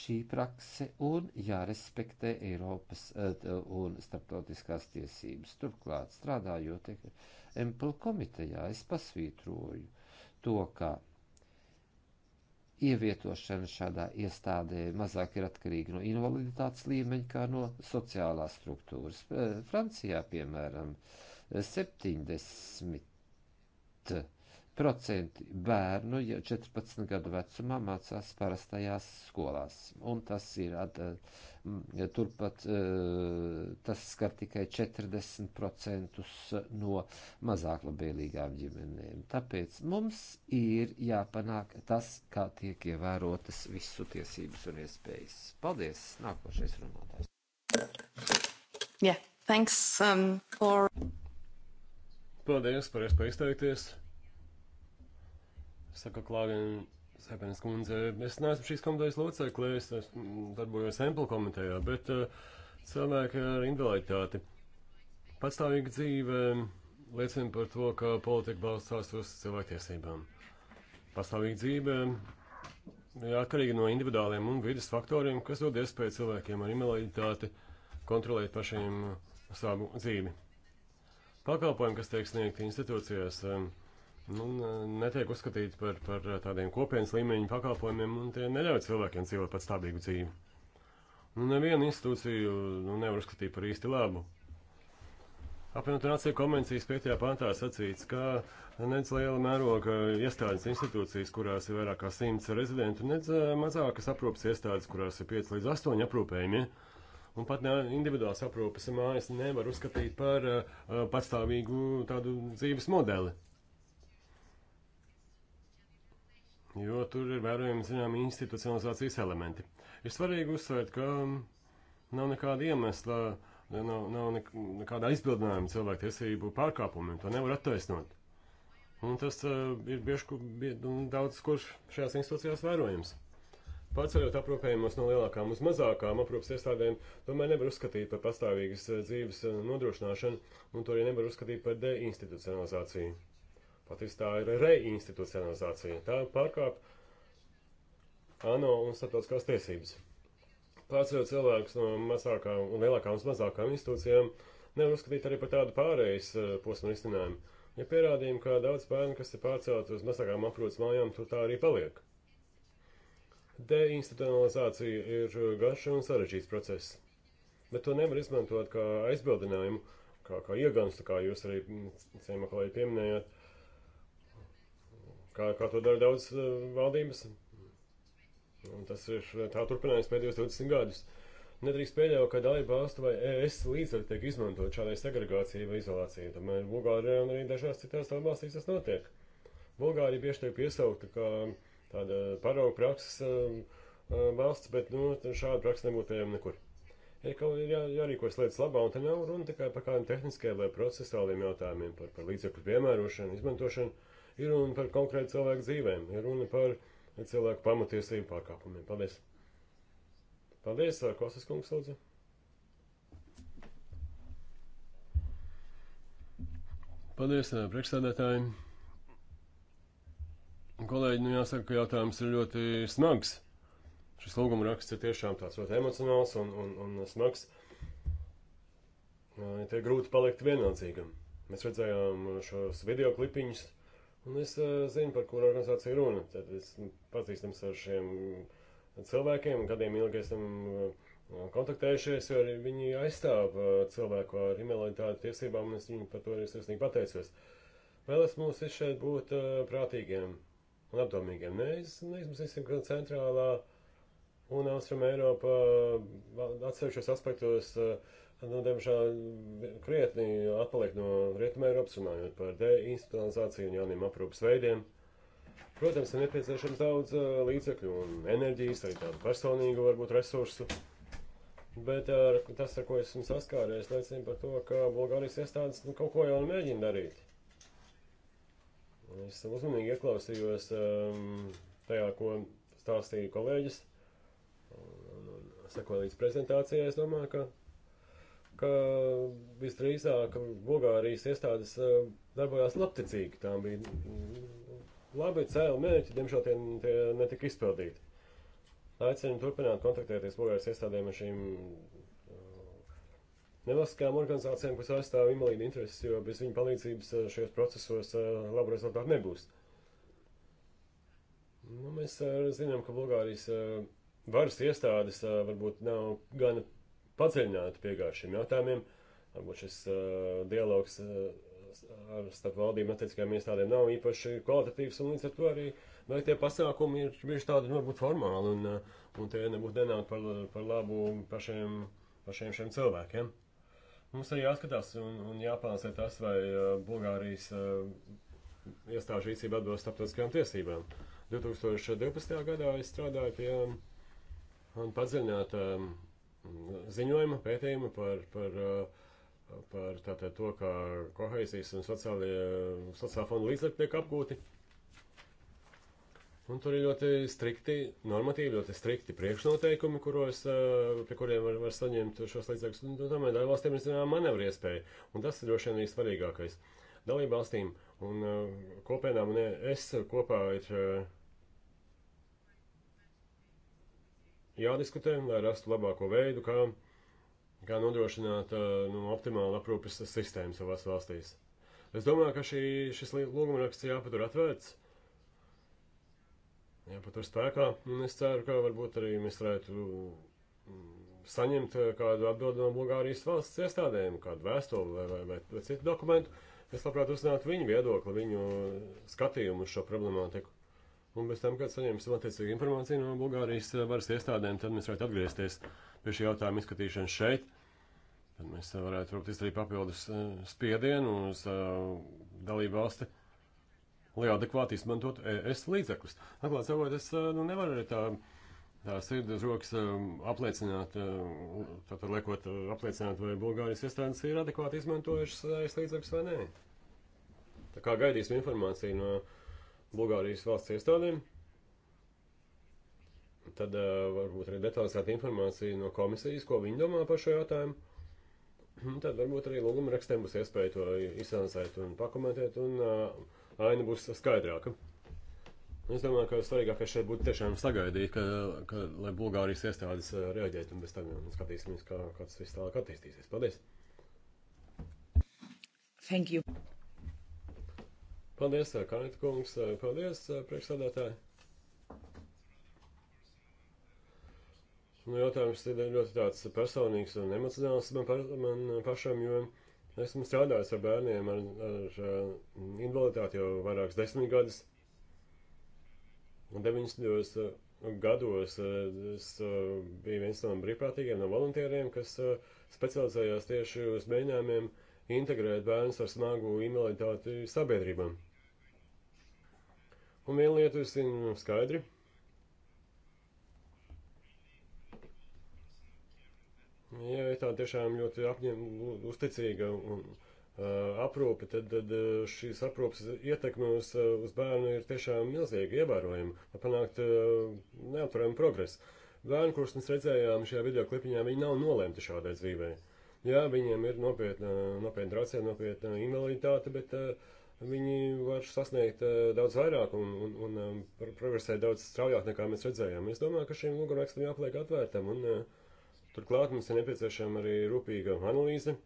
šī prakse un jārespektē Eiropas eh, un starptautiskās tiesības. Turklāt, strādājot Empel komitejā, es pasvītroju to, ka ievietošana šādā iestādē mazāk ir atkarīga no invaliditātes līmeņa kā no sociālās struktūras. Francijā, piemēram, 70 procenti bērnu jau 14 gadu vecumā mācās parastajās skolās, un tas ir at, Turpat e, tas skar tikai 40% no mazāk labvēlīgām ģimenēm. Tāpēc mums ir jāpanāk tas, kā tiek ievērotas visu tiesības un iespējas. Paldies! Nākošais runātājs. Yeah, thanks, um, for... Paldies par iespēju izteikties. Saka Klāgen Sēpēnes kundze, es neesmu šīs komitejas locekle, es darbojos Emplu komitejā, bet eh, cilvēki ar invaliditāti. Patstāvīga dzīve liecina par to, ka politika balstās uz cilvēktiesībām. Pastāvīga dzīve ir atkarīga no individuāliem un vidas faktoriem, kas dod iespēju cilvēkiem ar invaliditāti kontrolēt pašiem eh, savu dzīvi. Pakalpojumi, kas tiek sniegti institūcijās, um, nu, netiek uzskatīti par, par tādiem kopienas līmeņa pakalpojumiem, un tie neļauj cilvēkiem dzīvot pat stabīgu dzīvi. Nu, nevienu institūciju nu, nevar uzskatīt par īsti labu. Apvienotā nācija konvencijas 5. pantā sacīts, ka nedz liela mēroga iestādes institūcijas, kurās ir vairāk kā simts rezidentu, nedz eh, mazākas aprūpas iestādes, kurās ir 5 līdz 8 aprūpējumi. Un pat ne, individuāls aprūpas mājas nevar uzskatīt par uh, patstāvīgu tādu dzīves modeli. jo tur ir vērojami zinām institucionalizācijas elementi. Ir svarīgi uzsvērt, ka nav nekāda iemesla, nav, nav nek nekāda aizbildinājuma cilvēktiesību pārkāpumiem, to nevar attaisnot. Un tas uh, ir bieži bie, nu, daudz, kurš šajās institūcijās vērojams. Pārceļot aprūpējumus no lielākām uz mazākām aprūpas iestādēm, tomēr nevar uzskatīt par pastāvīgas uh, dzīves uh, nodrošināšanu, un to arī nevar uzskatīt par deinstitucionalizāciju. Patiesi tā ir reinstitucionalizācija. Tā pārkāp ANO un starptautiskās tiesības. Pārceļot cilvēkus no mazākām un lielākām uz mazākām institūcijām, nevar uzskatīt arī par tādu pārējais eh, posmu risinājumu. Ja pierādījumi, kā daudz bērnu, kas ir pārcelti uz mazākām aprūpas mājām, tur tā arī paliek. Deinstitucionalizācija ir garš un sarežģīts process, bet to nevar izmantot kā aizbildinājumu, kā, kā ieganstu, kā jūs arī, mm, ciemā kolēģi, pieminējāt kā, kā to dara daudz eh, valdības. Un tas ir tā turpinājums pēdējos 20 gadus. Nedrīkst pieļaut, ka dalība valstu vai ES līdzekļi tiek izmantot šādai segregācijai vai izolācijai. Tomēr Bulgārijā un arī dažās citās valstīs tas notiek. Bulgārija bieži tiek piesaukta kā tāda parauga prakses eh, eh, valsts, bet nu, šāda praksa nebūtu pieejama nekur ir kaut kā jā, jārīkojas lietas labā, un te nav runa tikai par kādiem tehniskiem vai procesuāliem jautājumiem, par, par līdzekļu piemērošanu, izmantošanu, ir runa par konkrētu cilvēku dzīvēm, ir runa par cilvēku pamatiesību pārkāpumiem. Paldies! Paldies, Kosas kungs, lūdzu! Paldies priekšsēdētājiem! Kolēģi, nu jāsaka, ka jautājums ir ļoti smags. Šis lūguma raksts ir tiešām tāds ļoti emocionāls un, un, un smags. Te ir grūti palikt vienaldzīgam. Mēs redzējām šos video klipiņus, Un es uh, zinu, par kuru organizāciju runa. Tad es nu, pazīstams ar šiem cilvēkiem, gadiem ilgi esam uh, kontaktējušies, jo viņi aizstāv uh, cilvēku ar invaliditāti tiesībām, un es viņiem par to arī sirsnīgi pateicos. Vēlas mums ir šeit būt uh, prātīgiem un apdomīgiem. Mēs neizmasīsim, ka centrālā un austruma Eiropa atsevišķos aspektos uh, nu, diemžēl, krietni atpaliek no Rietumē Eiropas, runājot par deinstitucionalizāciju un jauniem aprūpas veidiem. Protams, ir nepieciešams daudz uh, līdzekļu un enerģijas, arī tādu personīgu, varbūt, resursu. Bet ar, tas, ar ko esmu saskāries, liecina par to, ka Bulgārijas iestādes nu, kaut ko jau mēģina darīt. Es uzmanīgi ieklausījos um, tajā, ko stāstīja kolēģis, un, un, un sekoju līdz prezentācijai. Es domāju, ka ka visdrīzāk Bulgārijas iestādes eh, darbojās labticīgi. Tām bija labi cēli mērķi, diemžēl tie, tie netika izpildīti. Aicinu turpināt kontaktēties Bulgārijas iestādēm ar šīm eh, nevalstiskajām organizācijām, kas aizstāv invalīdu intereses, jo bez viņu palīdzības eh, šajos procesos labu rezultātu nebūs. Nu, mēs zinām, ka Bulgārijas varas iestādes varbūt nav gana padziļināti piegājuši šiem jautājumiem. Varbūt šis uh, dialogs uh, ar starp valdību attiecīgajām iestādēm nav īpaši kvalitatīvs, un līdz ar to arī vai tie pasākumi ir bijuši tādi, varbūt formāli, un, uh, un tie nebūtu nenāk par, par labu pašiem, pašiem šiem cilvēkiem. Mums arī jāskatās un, un jāpalansē tas, vai uh, Bulgārijas uh, iestāžu rīcība atbilst starptautiskajām tiesībām. 2012. gadā es strādāju pie um, padziļinātām um, ziņojuma, pētījuma par, par, uh, par tātad to, kā kohēzijas un sociālie, sociālā fonda līdzekļi tiek apgūti. Un tur ir ļoti strikti normatīvi, ļoti strikti priekšnoteikumi, kuros, uh, pie kuriem var, var saņemt šos līdzekļus. Un tomēr dalībvalstīm ir zināma manevra iespēja. Un tas ir droši vien arī svarīgākais. Dalībvalstīm un uh, kopienām un es kopā ir jādiskutē, lai rastu labāko veidu, kā, kā nodrošināt nu, optimālu aprūpes sistēmu savās valstīs. Es domāju, ka šī, šis lūgumraksts jāpatur atvērts, jāpatur spēkā, un es ceru, ka varbūt arī mēs varētu mm, saņemt kādu atbildi no Bulgārijas valsts iestādēm, kādu vēstuli vai, vai, vai, vai citu dokumentu. Es labprāt uzzinātu viņu viedokli, viņu skatījumu uz šo problemātiku. Un pēc tam, kad saņemsim attiecīgu informāciju no Bulgārijas eh, varas iestādēm, tad mēs varētu atgriezties pie šī jautājuma izskatīšanas šeit. Tad mēs eh, varētu varbūt izdarīt papildus eh, spiedienu uz dalību valsti, lai adekvāti izmantotu ES līdzekļus. Atklāt sakot, es nu, nevaru arī tā, tā sirds rokas apliecināt, tātad liekot apliecināt, vai Bulgārijas iestādes ir adekvāti izmantojušas ES līdzekļus vai nē. Tā kā gaidīsim informāciju no. Bulgārijas valsts iestādēm. Tad uh, varbūt arī detalizēta informācija no komisijas, ko viņi domā par šo jautājumu. Un tad varbūt arī lūguma rakstiem būs iespēja to izanalizēt un pakomentēt, un uh, aina būs skaidrāka. Es domāju, ka svarīgākais šeit būtu tiešām sagaidīt, ka, ka lai Bulgārijas iestādes eh, reaģētu un bez tam skatīsimies, kā, kāds viss tālāk attīstīsies. Paldies! Thank you. Paldies, eh, Kanita kungs, eh, paldies, eh, priekšsādātāji. Nu, jautājums ir ļoti tāds personīgs un emocionāls man, par, man pašam, jo esmu strādājis ar bērniem ar, ar invaliditāti jau vairākas desmit gadus. Un 90. gados es biju viens no brīvprātīgiem, no volontieriem, kas specializējās tieši uz mēģinājumiem uh, integrēt bērnus ar smagu invaliditāti sabiedrībām. Un viena lieta ir zin, skaidri. Ja ir tā tiešām ļoti apņem, uzticīga un uh, aprūpe, tad, tad uh, šīs aprūpes ietekme uz, uh, uz bērnu ir tiešām milzīga, ievērojama, lai panākt uh, neapturamu progresu. Bērni, kurus mēs redzējām šajā video klipiņā, viņi nav nolemti šādai dzīvei. Uh, Jā, viņiem ir nopietna, nopietna traucē, nopietna invaliditāte, bet uh, viņi var sasniegt uh, daudz vairāk un, un, un um, progresēt daudz straujāk nekā mēs redzējām. Es domāju, ka šim lūgumrakstam jāpaliek atvērtam un uh, turklāt mums ir nepieciešama arī rūpīga analīze.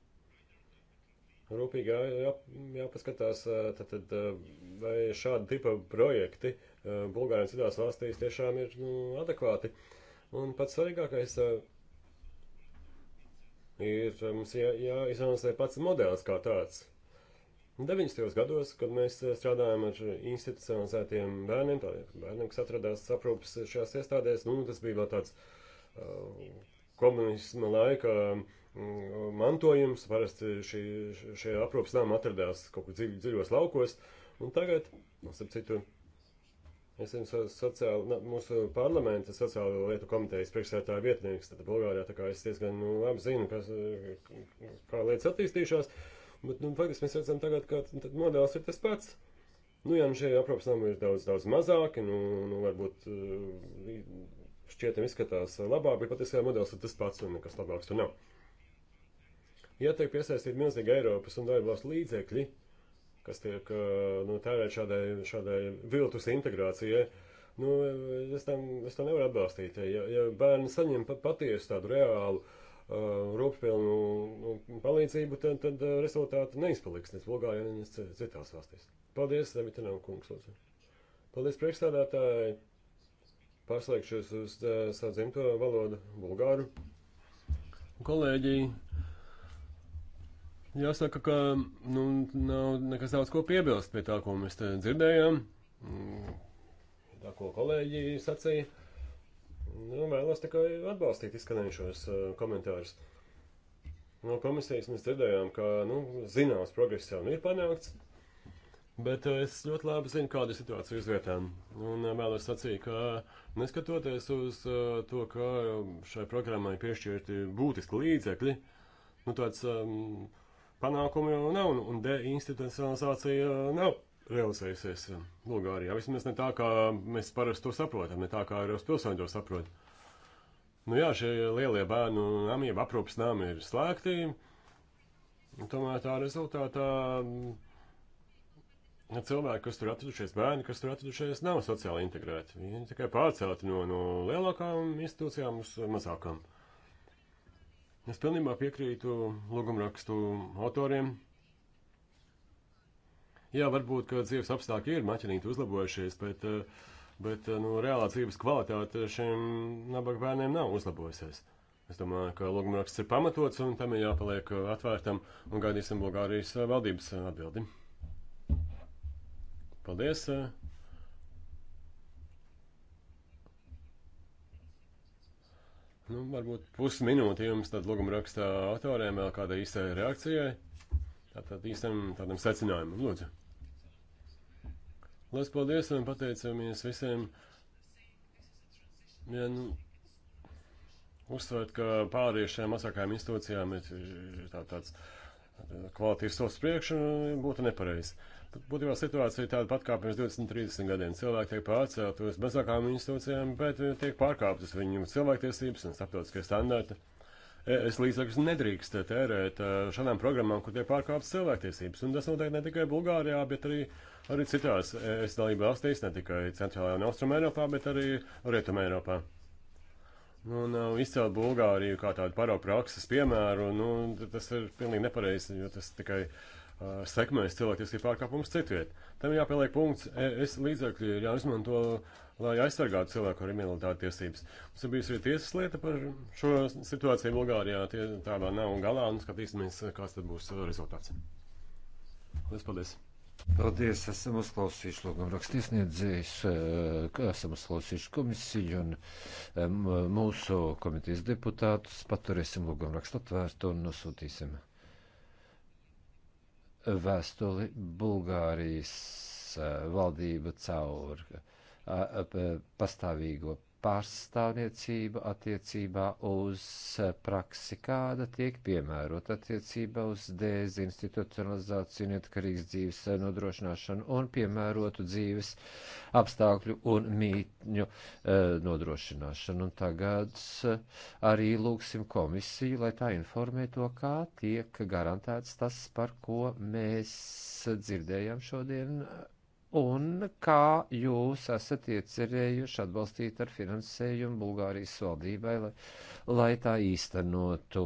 Rūpīgi jā, jāpaskatās, tad, tad, vai šāda tipa projekti Bulgārijā un citās valstīs tiešām ir nu, adekvāti. Un pats svarīgākais ir um, mums jā, jāizanalizē pats modelis kā tāds. 90. gados, kad mēs eh, strādājām ar institucionalizētiem bērniem, tādiem bērniem, kas atradās aprūpas šajās iestādēs, nu, tas bija vēl tāds uh, komunisma laika mm, mantojums, parasti šī, šie aprūpas nām atradās kaut kur dziļ, dziļos laukos, un tagad, mums nu, ap citu, uh, Es esmu sociāli, na, mūsu parlamenta sociālo lietu komitejas priekšsētāja vietnieks, tad Bulgārijā, tā kā es diezgan nu, labi zinu, kas, kā lietas attīstīšās, bet, nu, faktiski mēs redzam tagad, ka tad modelis ir tas pats. Nu, jā, nu šie aprūpas nami ir daudz, daudz mazāki, nu, nu varbūt uh, šķietam izskatās labāk, bet patiesībā modelis ir tas pats un nekas labāks tur nav. Ja tiek piesaistīti milzīgi Eiropas un darbās līdzekļi, uh, kas tiek nu, tērēt šādai, šādai viltus integrācijai. Nu, es, tam, es to nevaru atbalstīt. Ja, ja bērni saņem pat patiesu tādu reālu uh, rūpspilnu nu, palīdzību, tad, tad rezultāti neizpaliks ne Bulgārijā, ne citās valstīs. Paldies, Demitinam kungs. Lūdzu. Paldies, priekšstādātāji. Pārslēgšos uz uh, savu dzimto valodu, bulgāru. Kolēģi, Jāsaka, ka nu, nav nekas daudz ko piebilst pie tā, ko mēs te dzirdējām, mm, tā, ko kolēģi sacīja. Nu, vēlos tikai atbalstīt izskanējušos uh, komentārus. No komisijas mēs dzirdējām, ka nu, zināms progress jau nu ir panākts, bet uh, es ļoti labi zinu, kāda ir situācija uz vietām. Un uh, vēlos sacīt, ka neskatoties uz uh, to, ka šai programmai piešķirti būtiski līdzekļi, nu, tāds um, panākumi nav, nu, un deinstitucionalizācija uh, nav realizējusies uh, Bulgārijā. Vismaz ne tā, kā mēs parasti to saprotam, ne tā, kā Eiropas pilsoņi to saprot. Nu jā, šie lielie bērnu nami, jeb aprūpas nami ir slēgti, tomēr tā rezultātā mm, cilvēki, kas tur atradušies, bērni, kas tur atradušies, nav sociāli integrēti. Viņi tikai pārcelti no, no lielākām institūcijām uz mazākām. Uh, Es pilnībā piekrītu lūgumrakstu autoriem. Jā, varbūt, ka dzīves apstākļi ir maķinīti uzlabojušies, bet, eh, bet eh, nu, reālā dzīves kvalitāte šiem nabaga bērniem nav uzlabojusies. Es domāju, ka lūgumraksts ir pamatots un tam ir jāpaliek eh, atvērtam un gaidīsim Bulgārijas valdības atbildi. Paldies! Nu, varbūt pusminūte jums tad lūguma rakstā autoriem vēl kādai īstai reakcijai. Tātad īstam tādam secinājumam, lūdzu. Lielas paldies un pateicamies visiem. Ja, nu, uzsvērt, ka pārējie šajām mazākajām institūcijām ir tā, tāds kvalitīvs sots priekš, būtu nepareizi. Būtībā situācija ir tāda pat kā pirms 20, 30 gadiem. Cilvēki tiek pārcelti uz mazākām institūcijām, bet eh, tiek pārkāptas viņu cilvēktiesības un starptautiskie standarti. E-, es līdzekļus nedrīkst tērēt eh, šādām programmām, kur tiek pārkāptas cilvēktiesības. Un tas notiek ne tikai Bulgārijā, bet arī, arī citās es dalību valstīs, ne tikai Centrālajā un Austrum Eiropā, bet arī Rietum Eiropā. Un uh, izcelt Bulgāriju kā tādu paraugu prakses piemēru, nu, tas ir pilnīgi nepareizi, jo tas tikai uh, Uh, sekmēs cilvēktiesību pārkāpumus citviet. Tam jāpieliek punkts, es līdzekļi ir jāizmanto, lai aizsargātu cilvēku ar invaliditāti tiesības. Mums ir bijusi arī tiesas lieta par šo situāciju Bulgārijā, tie tādā nav un galā, un skatīsimies, kāds tad būs uh, rezultāts. Lies paldies! Paldies, esam uzklausījuši lūgumu rakstiesniedzējus, uh, esam uzklausījuši komisiju un um, mūsu komitejas deputātus. Paturēsim lūgumu rakstu atvērtu un nosūtīsim vēstuli Bulgārijas eh, valdība caur eh, eh, pastāvīgo pārstāvniecība attiecībā uz praksi, kāda tiek piemērota attiecībā uz dezinstitucionalizāciju, neatkarīgas dzīves nodrošināšanu un piemērotu dzīves apstākļu un mītņu e, nodrošināšanu. Un tagad eh, arī lūgsim komisiju, lai tā informē to, kā tiek garantēts tas, par ko mēs dzirdējām šodien un kā jūs esat iecerējuši atbalstīt ar finansējumu Bulgārijas valdībai, lai, lai tā īstenotu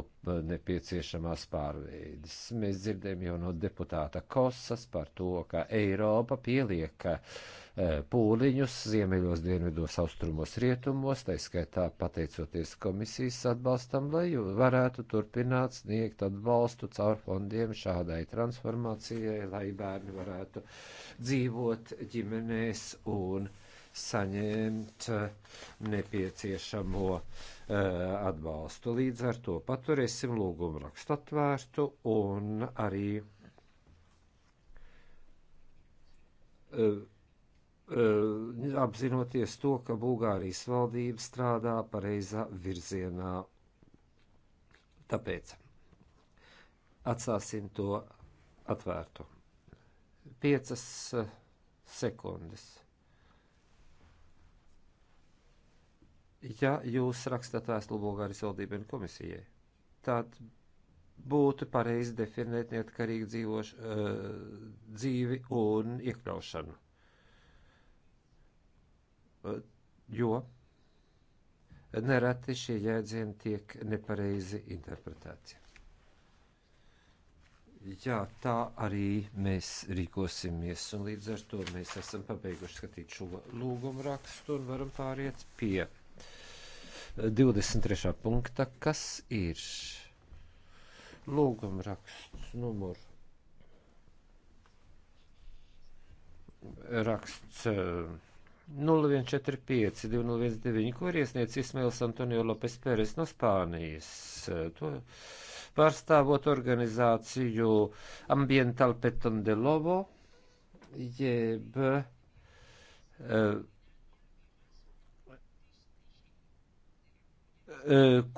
nepieciešamās pārveides. Mēs dzirdējam jau no deputāta Kosas par to, ka Eiropa pielieka uh, Eh, pūliņus ziemeļos, dienvidos, austrumos, rietumos, tā skaitā pateicoties komisijas atbalstam, lai varētu turpināt sniegt atbalstu caur fondiem šādai transformācijai, lai bērni varētu dzīvot ģimenēs un saņemt eh, nepieciešamo uh, atbalstu. Līdz ar to paturēsim lūgumu rakstu atvērtu un arī uh, apzinoties to, ka Bulgārijas valdība strādā pareizā virzienā. Tāpēc atstāsim to atvērtu. Piecas sekundes. Ja jūs rakstat vēstuli Bulgārijas valdībai un komisijai, tad būtu pareizi definēt neatkarīgi dzīvošu uh, dzīvi un iekļaušanu jo nereti šie jēdzieni tiek nepareizi interpretēti. Jā, tā arī mēs rīkosimies, un līdz ar to mēs esam pabeiguši skatīt šo lūgumu rakstu un varam pāriet pie 23. punkta, kas ir lūgumu raksts numur. Raksts. Uh, 0145, 2019, ko ir iesniedz Ismails Antonio Lopes Pēres no Spānijas. To pārstāvot organizāciju Ambiental Peton de Lobo, jeb uh,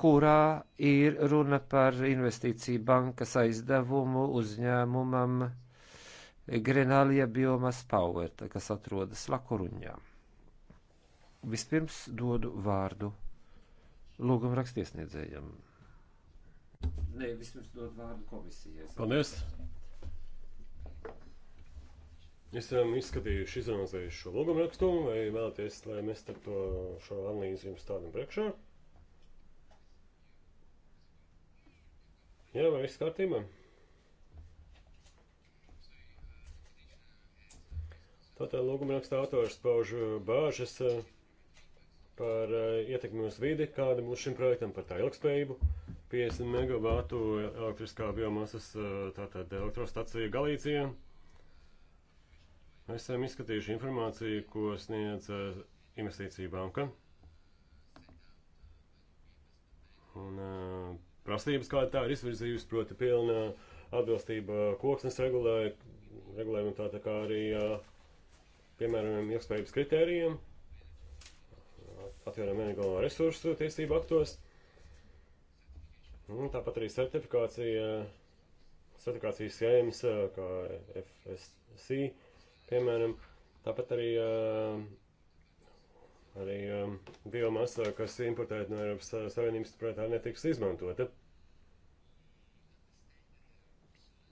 kurā ir runa par investīciju bankas aizdevumu uzņēmumam Grenalija Biomas Power, kas atrodas Lakoruņā. Vispirms dodu vārdu lūgumu rakstiesniedzējiem. Nē, vispirms dodu vārdu komisijai. Paldies! Esam izskatījuši, izanalizējuši šo lūgumu rakstu, vai vēlaties, lai mēs tad to šo analīzi jums stādam priekšā? Jā, vai viss kārtībā? Tātad lūguma raksta autors pauž bāžas. Uh, par eh, ietekmi uz vidi, kāda būs šim projektam, par tā ilgspējību. 50 megavātu elektriskā biomasas eh, tātad elektrostacija Galīcijā. Esam izskatījuši informāciju, ko sniedz eh, investīcija banka. Un prasības, kāda tā ir izvirzījusi, proti pilna atbilstība koksnes regulē, regulējumam, tā, tā kā arī piemēram ilgspējības kritērijiem atjaunām energo resursu tiesību aktos. Un nu, tāpat arī certifikācija, certifikācijas schēmas, eh, kā FSC, piemēram, tāpat arī, eh, arī eh, biomasa, kas importēta no Eiropas Savienības, pretā netiks izmantota.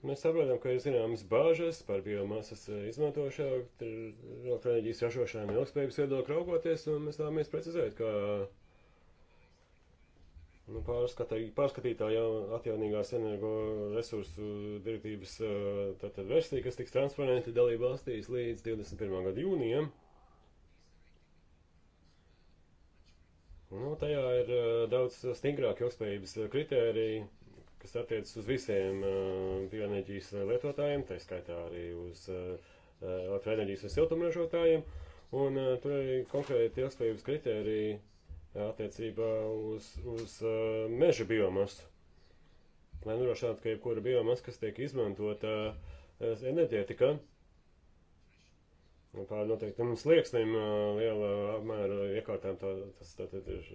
Mēs saprotam, ka ir zināmas bāžas par biomasas eh, izmantošanu, elektroenerģijas ražošanām un ilgspējības viedokļu raugoties, un mēs vēlamies precizēt, ka nu, pārskatītā jau atjaunīgās energoresursu direktīvas eh, tātad versija, kas tiks transparenti dalība valstīs līdz 21. gada jūnijam. Nu, tajā ir eh, daudz stingrāk ilgspējības kritērija kas attiecas uz visiem uh, bioenerģijas uh, lietotājiem, tā skaitā arī uz uh, elektroenerģijas un siltumražotājiem. Un tur arī konkrēti ilgspējības kritēriji attiecībā uz, uz meža biomasu. Lai nodrošinātu, ka jebkura biomasa, kas tiek izmantota enerģētikā, nu, pār noteiktam slieksnim liela apmēra iekārtām, tā, tas tātad ir,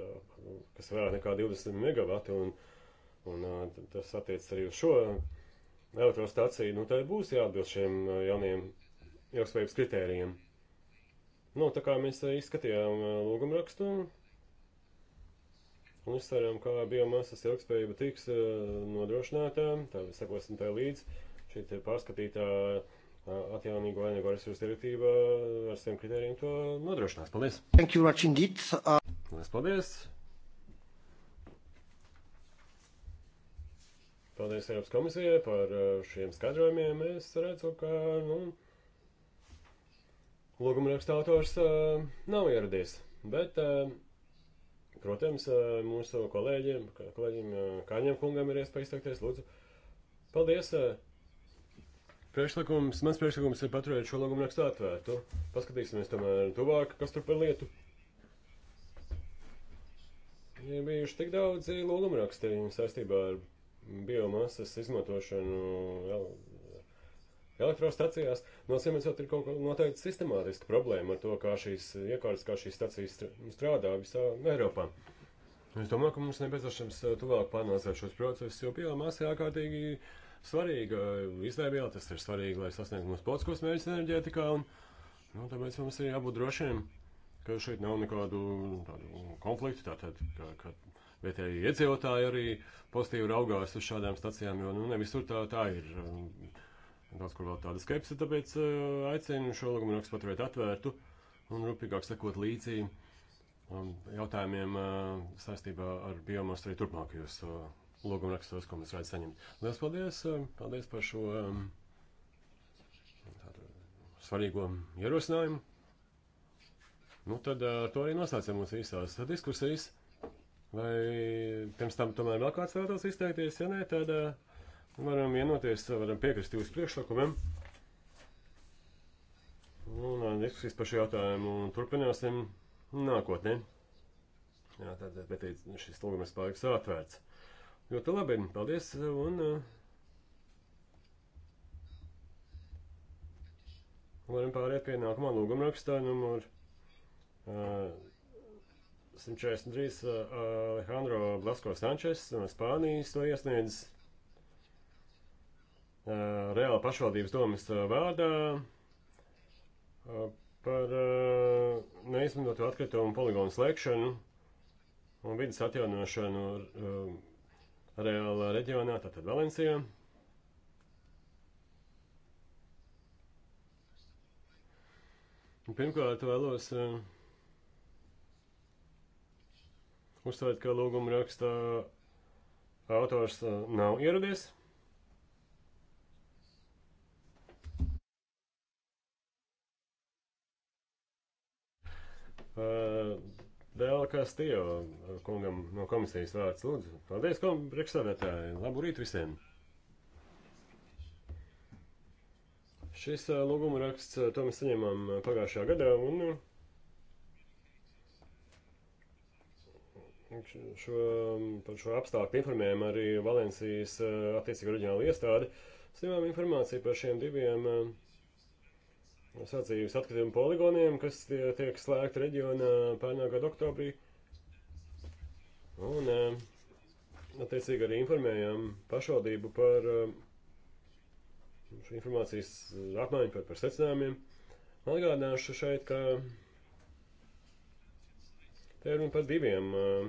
kas vairāk nekā 20 megavati. Un, Un tas attiec arī uz šo elektrostaciju. Nu, tai būs jāatbilst šiem jauniem ilgspējības kritērijiem. Nu, tā kā mēs izskatījām lūgumrakstu un uzsveram, kā biomasas ilgspējība tiks nodrošinātā, tā sekosim tā līdz šī pārskatītā atjaunīgo energoresursu direktīva ar saviem kritērijiem to nodrošinās. Paldies! Thank you much indeed! Uh... Paldies! paldies. Paldies Eiropas komisijai par uh, šiem skatrojumiem. Es redzu, ka, nu, lūguma raksta autors uh, nav ieradies. Bet, uh, protams, uh, mūsu kolēģiem, kolēģim uh, Kaņam kungam ir iespēja izteikties. Lūdzu, paldies! Uh, Priekšlikums, mans priekšlikums ir paturēt šo lūgumu rakstu atvērtu. Paskatīsimies tomēr tuvāk, kas tur par lietu. Ir bijuši tik daudzi lūgumu raksti saistībā ar biomasas izmantošanu elektrostacijās, no Siemens jau ir kaut kā noteikti sistemātiska problēma ar to, kā šīs iekārtas, kā šīs stacijas strādā visā Eiropā. Es domāju, ka mums nepieciešams eh, tuvāk panākt šos procesus, jo biomasa ir ārkārtīgi svarīga izdevējā, tas ir svarīgi, lai sasniegtu mūsu politiskos mērķus enerģētikā, un nu, tāpēc mums ir jābūt drošiem, ka šeit nav nekādu tādu konfliktu, tātad, ka, ka vietēji iedzīvotāji arī pozitīvi raugās uz šādām stacijām, jo nu, nevis tur tā, tā ir. Um, daudz kur vēl tāda skepse, tāpēc uh, aicinu šo lūgumu rakstu paturēt atvērtu un rūpīgāk sekot līdzi um, jautājumiem uh, saistībā ar biomasu arī turpmākajos uh, lūgumu rakstos, ko mēs varētu saņemt. Lielas paldies! Um, paldies par šo tādu, svarīgo ierosinājumu! Nu, tad ar to arī noslēdzam mūsu īsās diskusijas. Vai pirms tam tomēr vēl kāds vēlētos izteikties? Ja nē, tad uh, varam vienoties, varam piekrist jūsu priekšlikumiem. Un uh, diskusijas par šo jautājumu turpināsim nākotnē. Jā, tad, eh, bet šis lūgums paliks atvērts. Ļoti labi, paldies un uh, varam pāriet pie nākamā lūguma rakstā numur. Uh, 143 eh, Alejandro Blasko Sančes no Spānijas to iesniedz eh, Reāla pašvaldības domas eh, vārdā par neizmantotu atkritumu poligonu slēgšanu un vidas atjaunošanu Reāla reģionā, tātad Valencijā. Pirmkārt, vēlos uh, uzsvērt, ka lūguma raksta autors uh, nav ieradies. Uh, Dēl Kastījo uh, kungam no komisijas vārds lūdzu. Paldies, kom priekšsādētāji. Labu rītu visiem. Šis lūguma raksts to mēs saņēmām pagājušajā gadā un. Šo, par šo apstākļu informējām arī Valencijas eh, attiecīgo reģionālu iestādi. Saņēmām informāciju par šiem diviem eh, sacījumus atkritumu poligoniem, kas tie, tiek slēgti reģionā pērnā gada oktobrī. Un eh, attiecīgi arī informējām pašvaldību par šo informācijas apmaiņu par, par secinājumiem. Atgādināšu šeit, ka Te ir runa par diviem uh,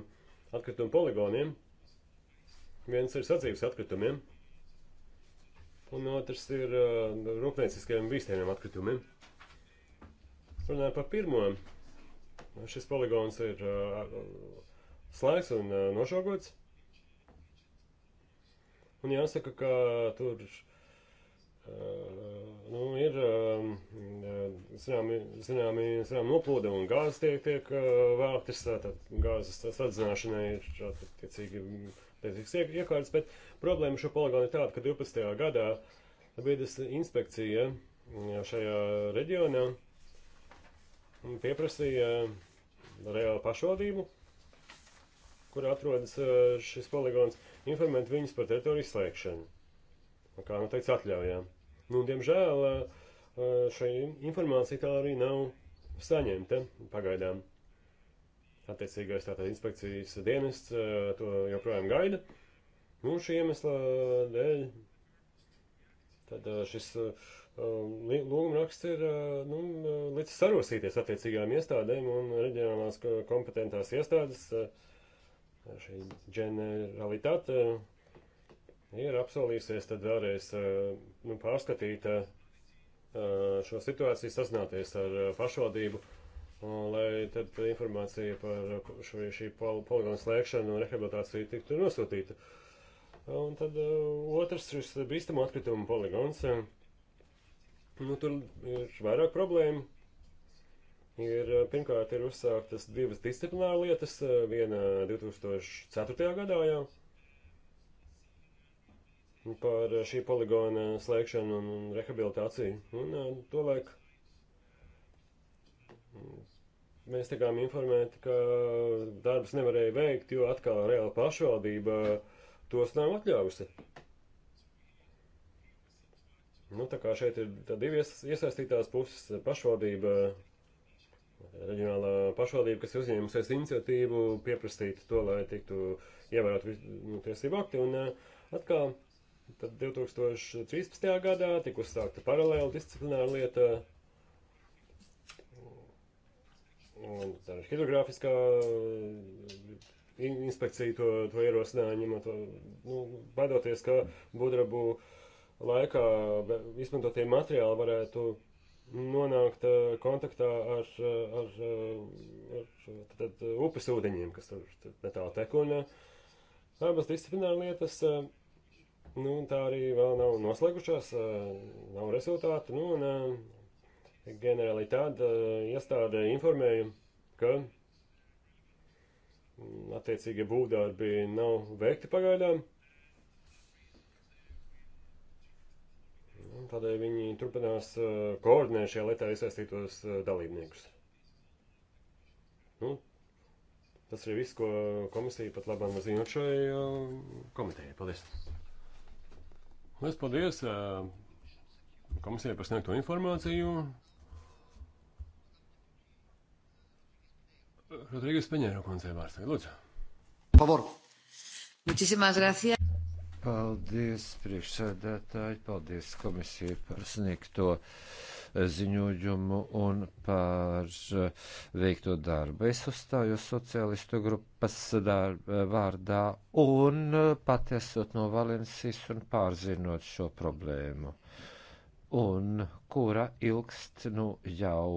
atkritumu poligoniem. Viens ir sadzīves atkritumiem, un otrs ir uh, rūpnieciskajiem bīstamiem atkritumiem. Runājot par pirmo, šis poligons ir uh, slēgts un uh, nošogots. Un jāsaka, ka tur ir Eh, nu, ir eh, zināmi, zināmi, zināmi noplūde un gāzes tiek, tiek eh, vāktas, tātad gāzes sadzināšanai ir attiecīgi iekārtas, bet problēma šo poligonu ir tāda, ka 12. gadā Biedas inspekcija šajā reģionā pieprasīja reāli pašvaldību, kur atrodas šis poligons, informēt viņus par teritoriju slēgšanu kā noteikts nu atļaujām. Nu, diemžēl šī informācija tā arī nav saņemta pagaidām. Attiecīgais tātad inspekcijas dienests to joprojām gaida. Nu, šī iemesla dēļ tad šis lūguma raksts ir nu, līdz sarosīties attiecīgām iestādēm un reģionālās kompetentās iestādes. Šī ģeneralitāte ir apsolījusies tad vēlreiz eh, nu, pārskatīt eh, eh, šo situāciju, sazināties ar pašvaldību, lai tad informācija par šo, šī poligonu slēgšanu un rehabilitāciju tiktu nosūtīta. Un tad otrs šis bīstamo atkritumu poligons. Nu, tur ir vairāk problēmu. Ir, pirmkārt, ir uzsāktas divas disciplināra lietas. Viena 2004. gadā jau par šī poligona slēgšanu un rehabilitāciju. Un to vajag. Mēs tikām informēti, ka darbs nevarēja veikt, jo atkal reāla pašvaldība tos nav atļāvusi. Nu, tā kā šeit ir divi iesaistītās puses - pašvaldība, reģionālā pašvaldība, kas ir uzņēmusies iniciatīvu pieprasīt to, lai tiktu ievērot nu, tiesību akti. Un atkal Tad 2013. gadā tika uzsākta paralēla disciplināra lieta. Un tā ir hidrogrāfiskā inspekcija to, to ierosināja, ņemot, nu, baidoties, ka būdrabu laikā izmantotie materiāli varētu nonākt eh, kontaktā ar, eh, ar, ar, eh, ar tad, upes ūdeņiem, kas tur netālu tek. Un abas disciplināra lietas Nu, tā arī vēl nav noslēgušās, nav rezultātu. Nu, un ģenerāli tāda iestāde informēja, ka mm, attiecīgie būvdarbi nav veikti pagaidām. Tādēļ viņi turpinās koordinēt šajā lietā iesaistītos dalībniekus. Nu, tas ir viss, ko komisija pat labāk var zināt šai komitejai. Paldies! Mēs paldies komisijai par sniegto informāciju. Rodrīgas Peņēra kundze vārds. Lūdzu. Favor. Muchísimas gracias. Paldies priekšsēdētāji, paldies komisijai par sniegto. Uh, ziņojumu un par eh, veikto darbu. Es uzstājos sociālistu grupas darba, eh, vārdā un eh, pat esot no Valencijas un pārzinot šo problēmu, un kura ilgst nu jau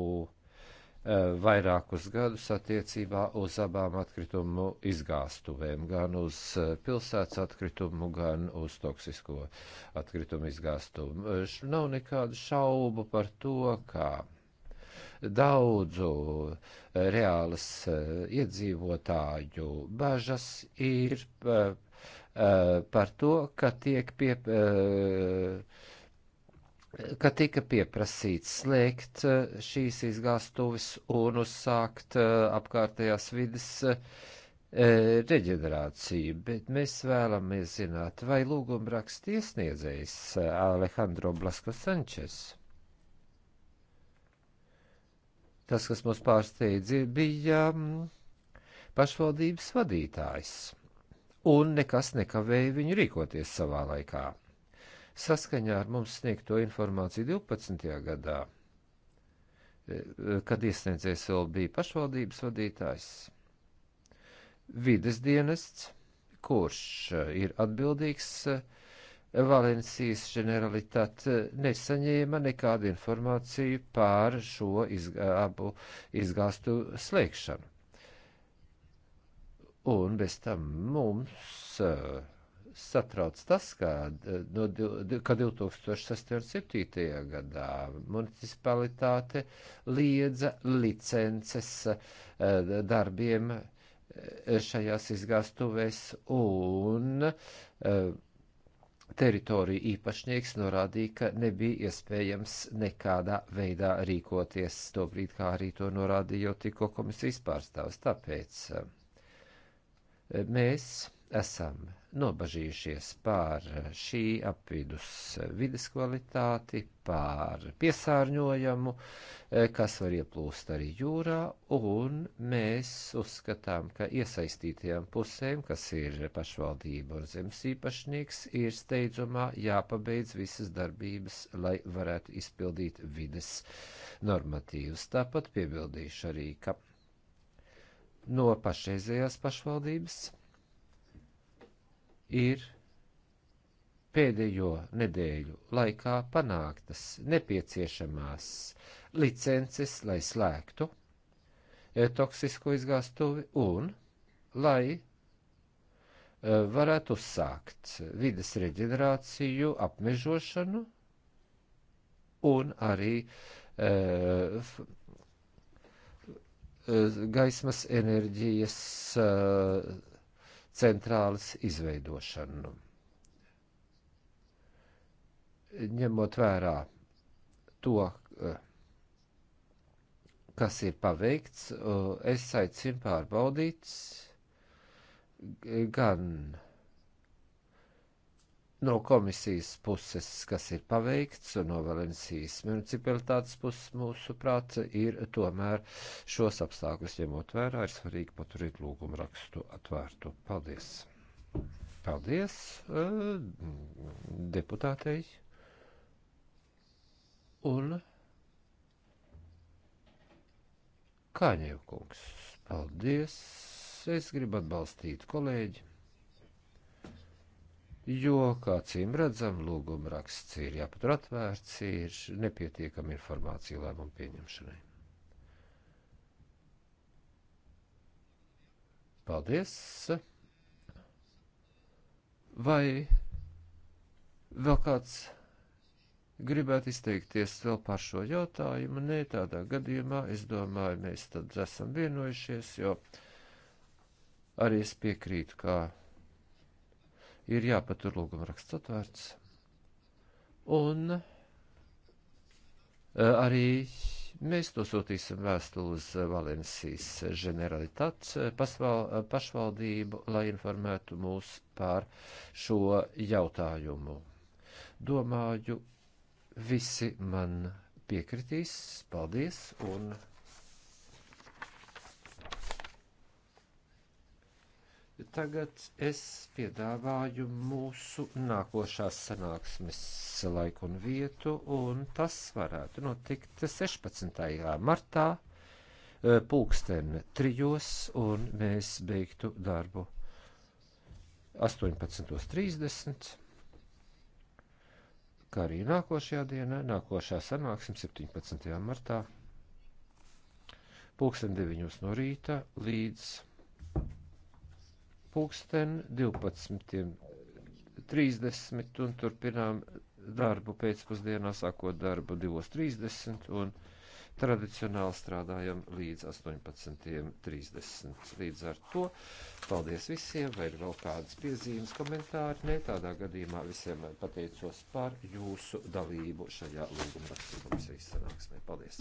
Eh, vairākus gadus attiecībā uz abām atkritumu izgāstuvēm, gan uz eh, pilsētas atkritumu, gan uz toksisko atkritumu izgāstuvu. Eh, nav nekādu šaubu par to, ka daudzu reālas iedzīvotāju bažas ir par to, ka tiek pie ka tika pieprasīts slēgt eh, šīs izgāstuves un uzsākt eh, apkārtējās vidas eh, reģenerāciju, bet mēs vēlamies zināt, vai lūgumraksta iesniedzējs Alejandro Blasko Sančes. Tas, kas mūs pārsteidz, bija mm, pašvaldības vadītājs, un nekas nekavēja viņu rīkoties savā laikā. Saskaņā ar mums sniegto informāciju 12. gadā, eh, kad iesniedzējs vēl bija pašvaldības vadītājs, vides dienests, kurš eh, ir atbildīgs eh, Valencijas ģeneralitāte nesaņēma nekādu informāciju pār šo izgābu, izgāstu slēgšanu. Un bez tam mums uh, satrauc tas, ka eh, no, ka 2007. gadā municipalitāte liedza licences eh, darbiem eh, šajās izgāstuvēs un teritoriju īpašnieks norādīja, ka nebija iespējams nekādā veidā rīkoties tobrīd, kā arī to norādīja jau tikko komisijas pārstāvs. Tāpēc mēs esam nobažījušies pār šī apvidus vides kvalitāti, pār piesārņojumu, eh, kas var ieplūst arī jūrā, un mēs uzskatām, ka iesaistītajām pusēm, kas ir pašvaldība un zemes īpašnieks, ir steidzumā jāpabeidz visas darbības, lai varētu izpildīt vides normatīvus. Tāpat piebildīšu arī, ka no pašreizējās pašvaldības ir pēdējo nedēļu laikā panāktas nepieciešamās licences, lai slēgtu e, toksisko izgāstuvi un lai e, varētu uzsākt vides reģenerāciju, apmežošanu un arī uh, gaismas enerģijas uh, centrālas izveidošanu. Ņemot vērā to, eh, kas ir paveikts, eh, es aicinu pārbaudīt eh, gan no komisijas puses, kas ir paveikts, un no Valencijas municipalitātes puses, mūsuprāt, ir tomēr šos apstākļus ņemot vērā, ir svarīgi paturēt lūgumu rakstu atvērtu. Paldies! Paldies eh, deputātei! Un Kāņēvkungs, paldies! Es gribu atbalstīt kolēģi jo, kā cīm redzam, lūguma raksts ir jāpatur atvērts, ir nepietiekama informācija lēmumu pieņemšanai. Paldies! Vai vēl kāds gribētu izteikties vēl par šo jautājumu? Nē, tādā gadījumā es domāju, mēs tad esam vienojušies, jo arī es piekrītu, kā. Ka ir jāpatur lūguma raksts atvērts. Un eh, arī mēs to sūtīsim vēstuli uz eh, Valencijas ģeneralitātes eh, pašvaldību, lai informētu mūs par šo jautājumu. Domāju, visi man piekritīs. Paldies! Un Tagad es piedāvāju mūsu nākošās sanāksmes laiku un vietu, un tas varētu notikt 16. martā, e, pulksten trijos, un mēs beigtu darbu 18.30. Kā arī nākošajā dienā, nākošā sanāksme 17. martā, pulksten 9. no rīta līdz pulksten 12.30 un turpinām darbu pēcpusdienā, sākot darbu 2.30 un tradicionāli strādājam līdz 18.30. Līdz ar to paldies visiem, vai ir vēl kādas piezīmes, komentāri, ne tādā gadījumā visiem pateicos par jūsu dalību šajā lūguma rakstu komisijas sanāksmē. Paldies!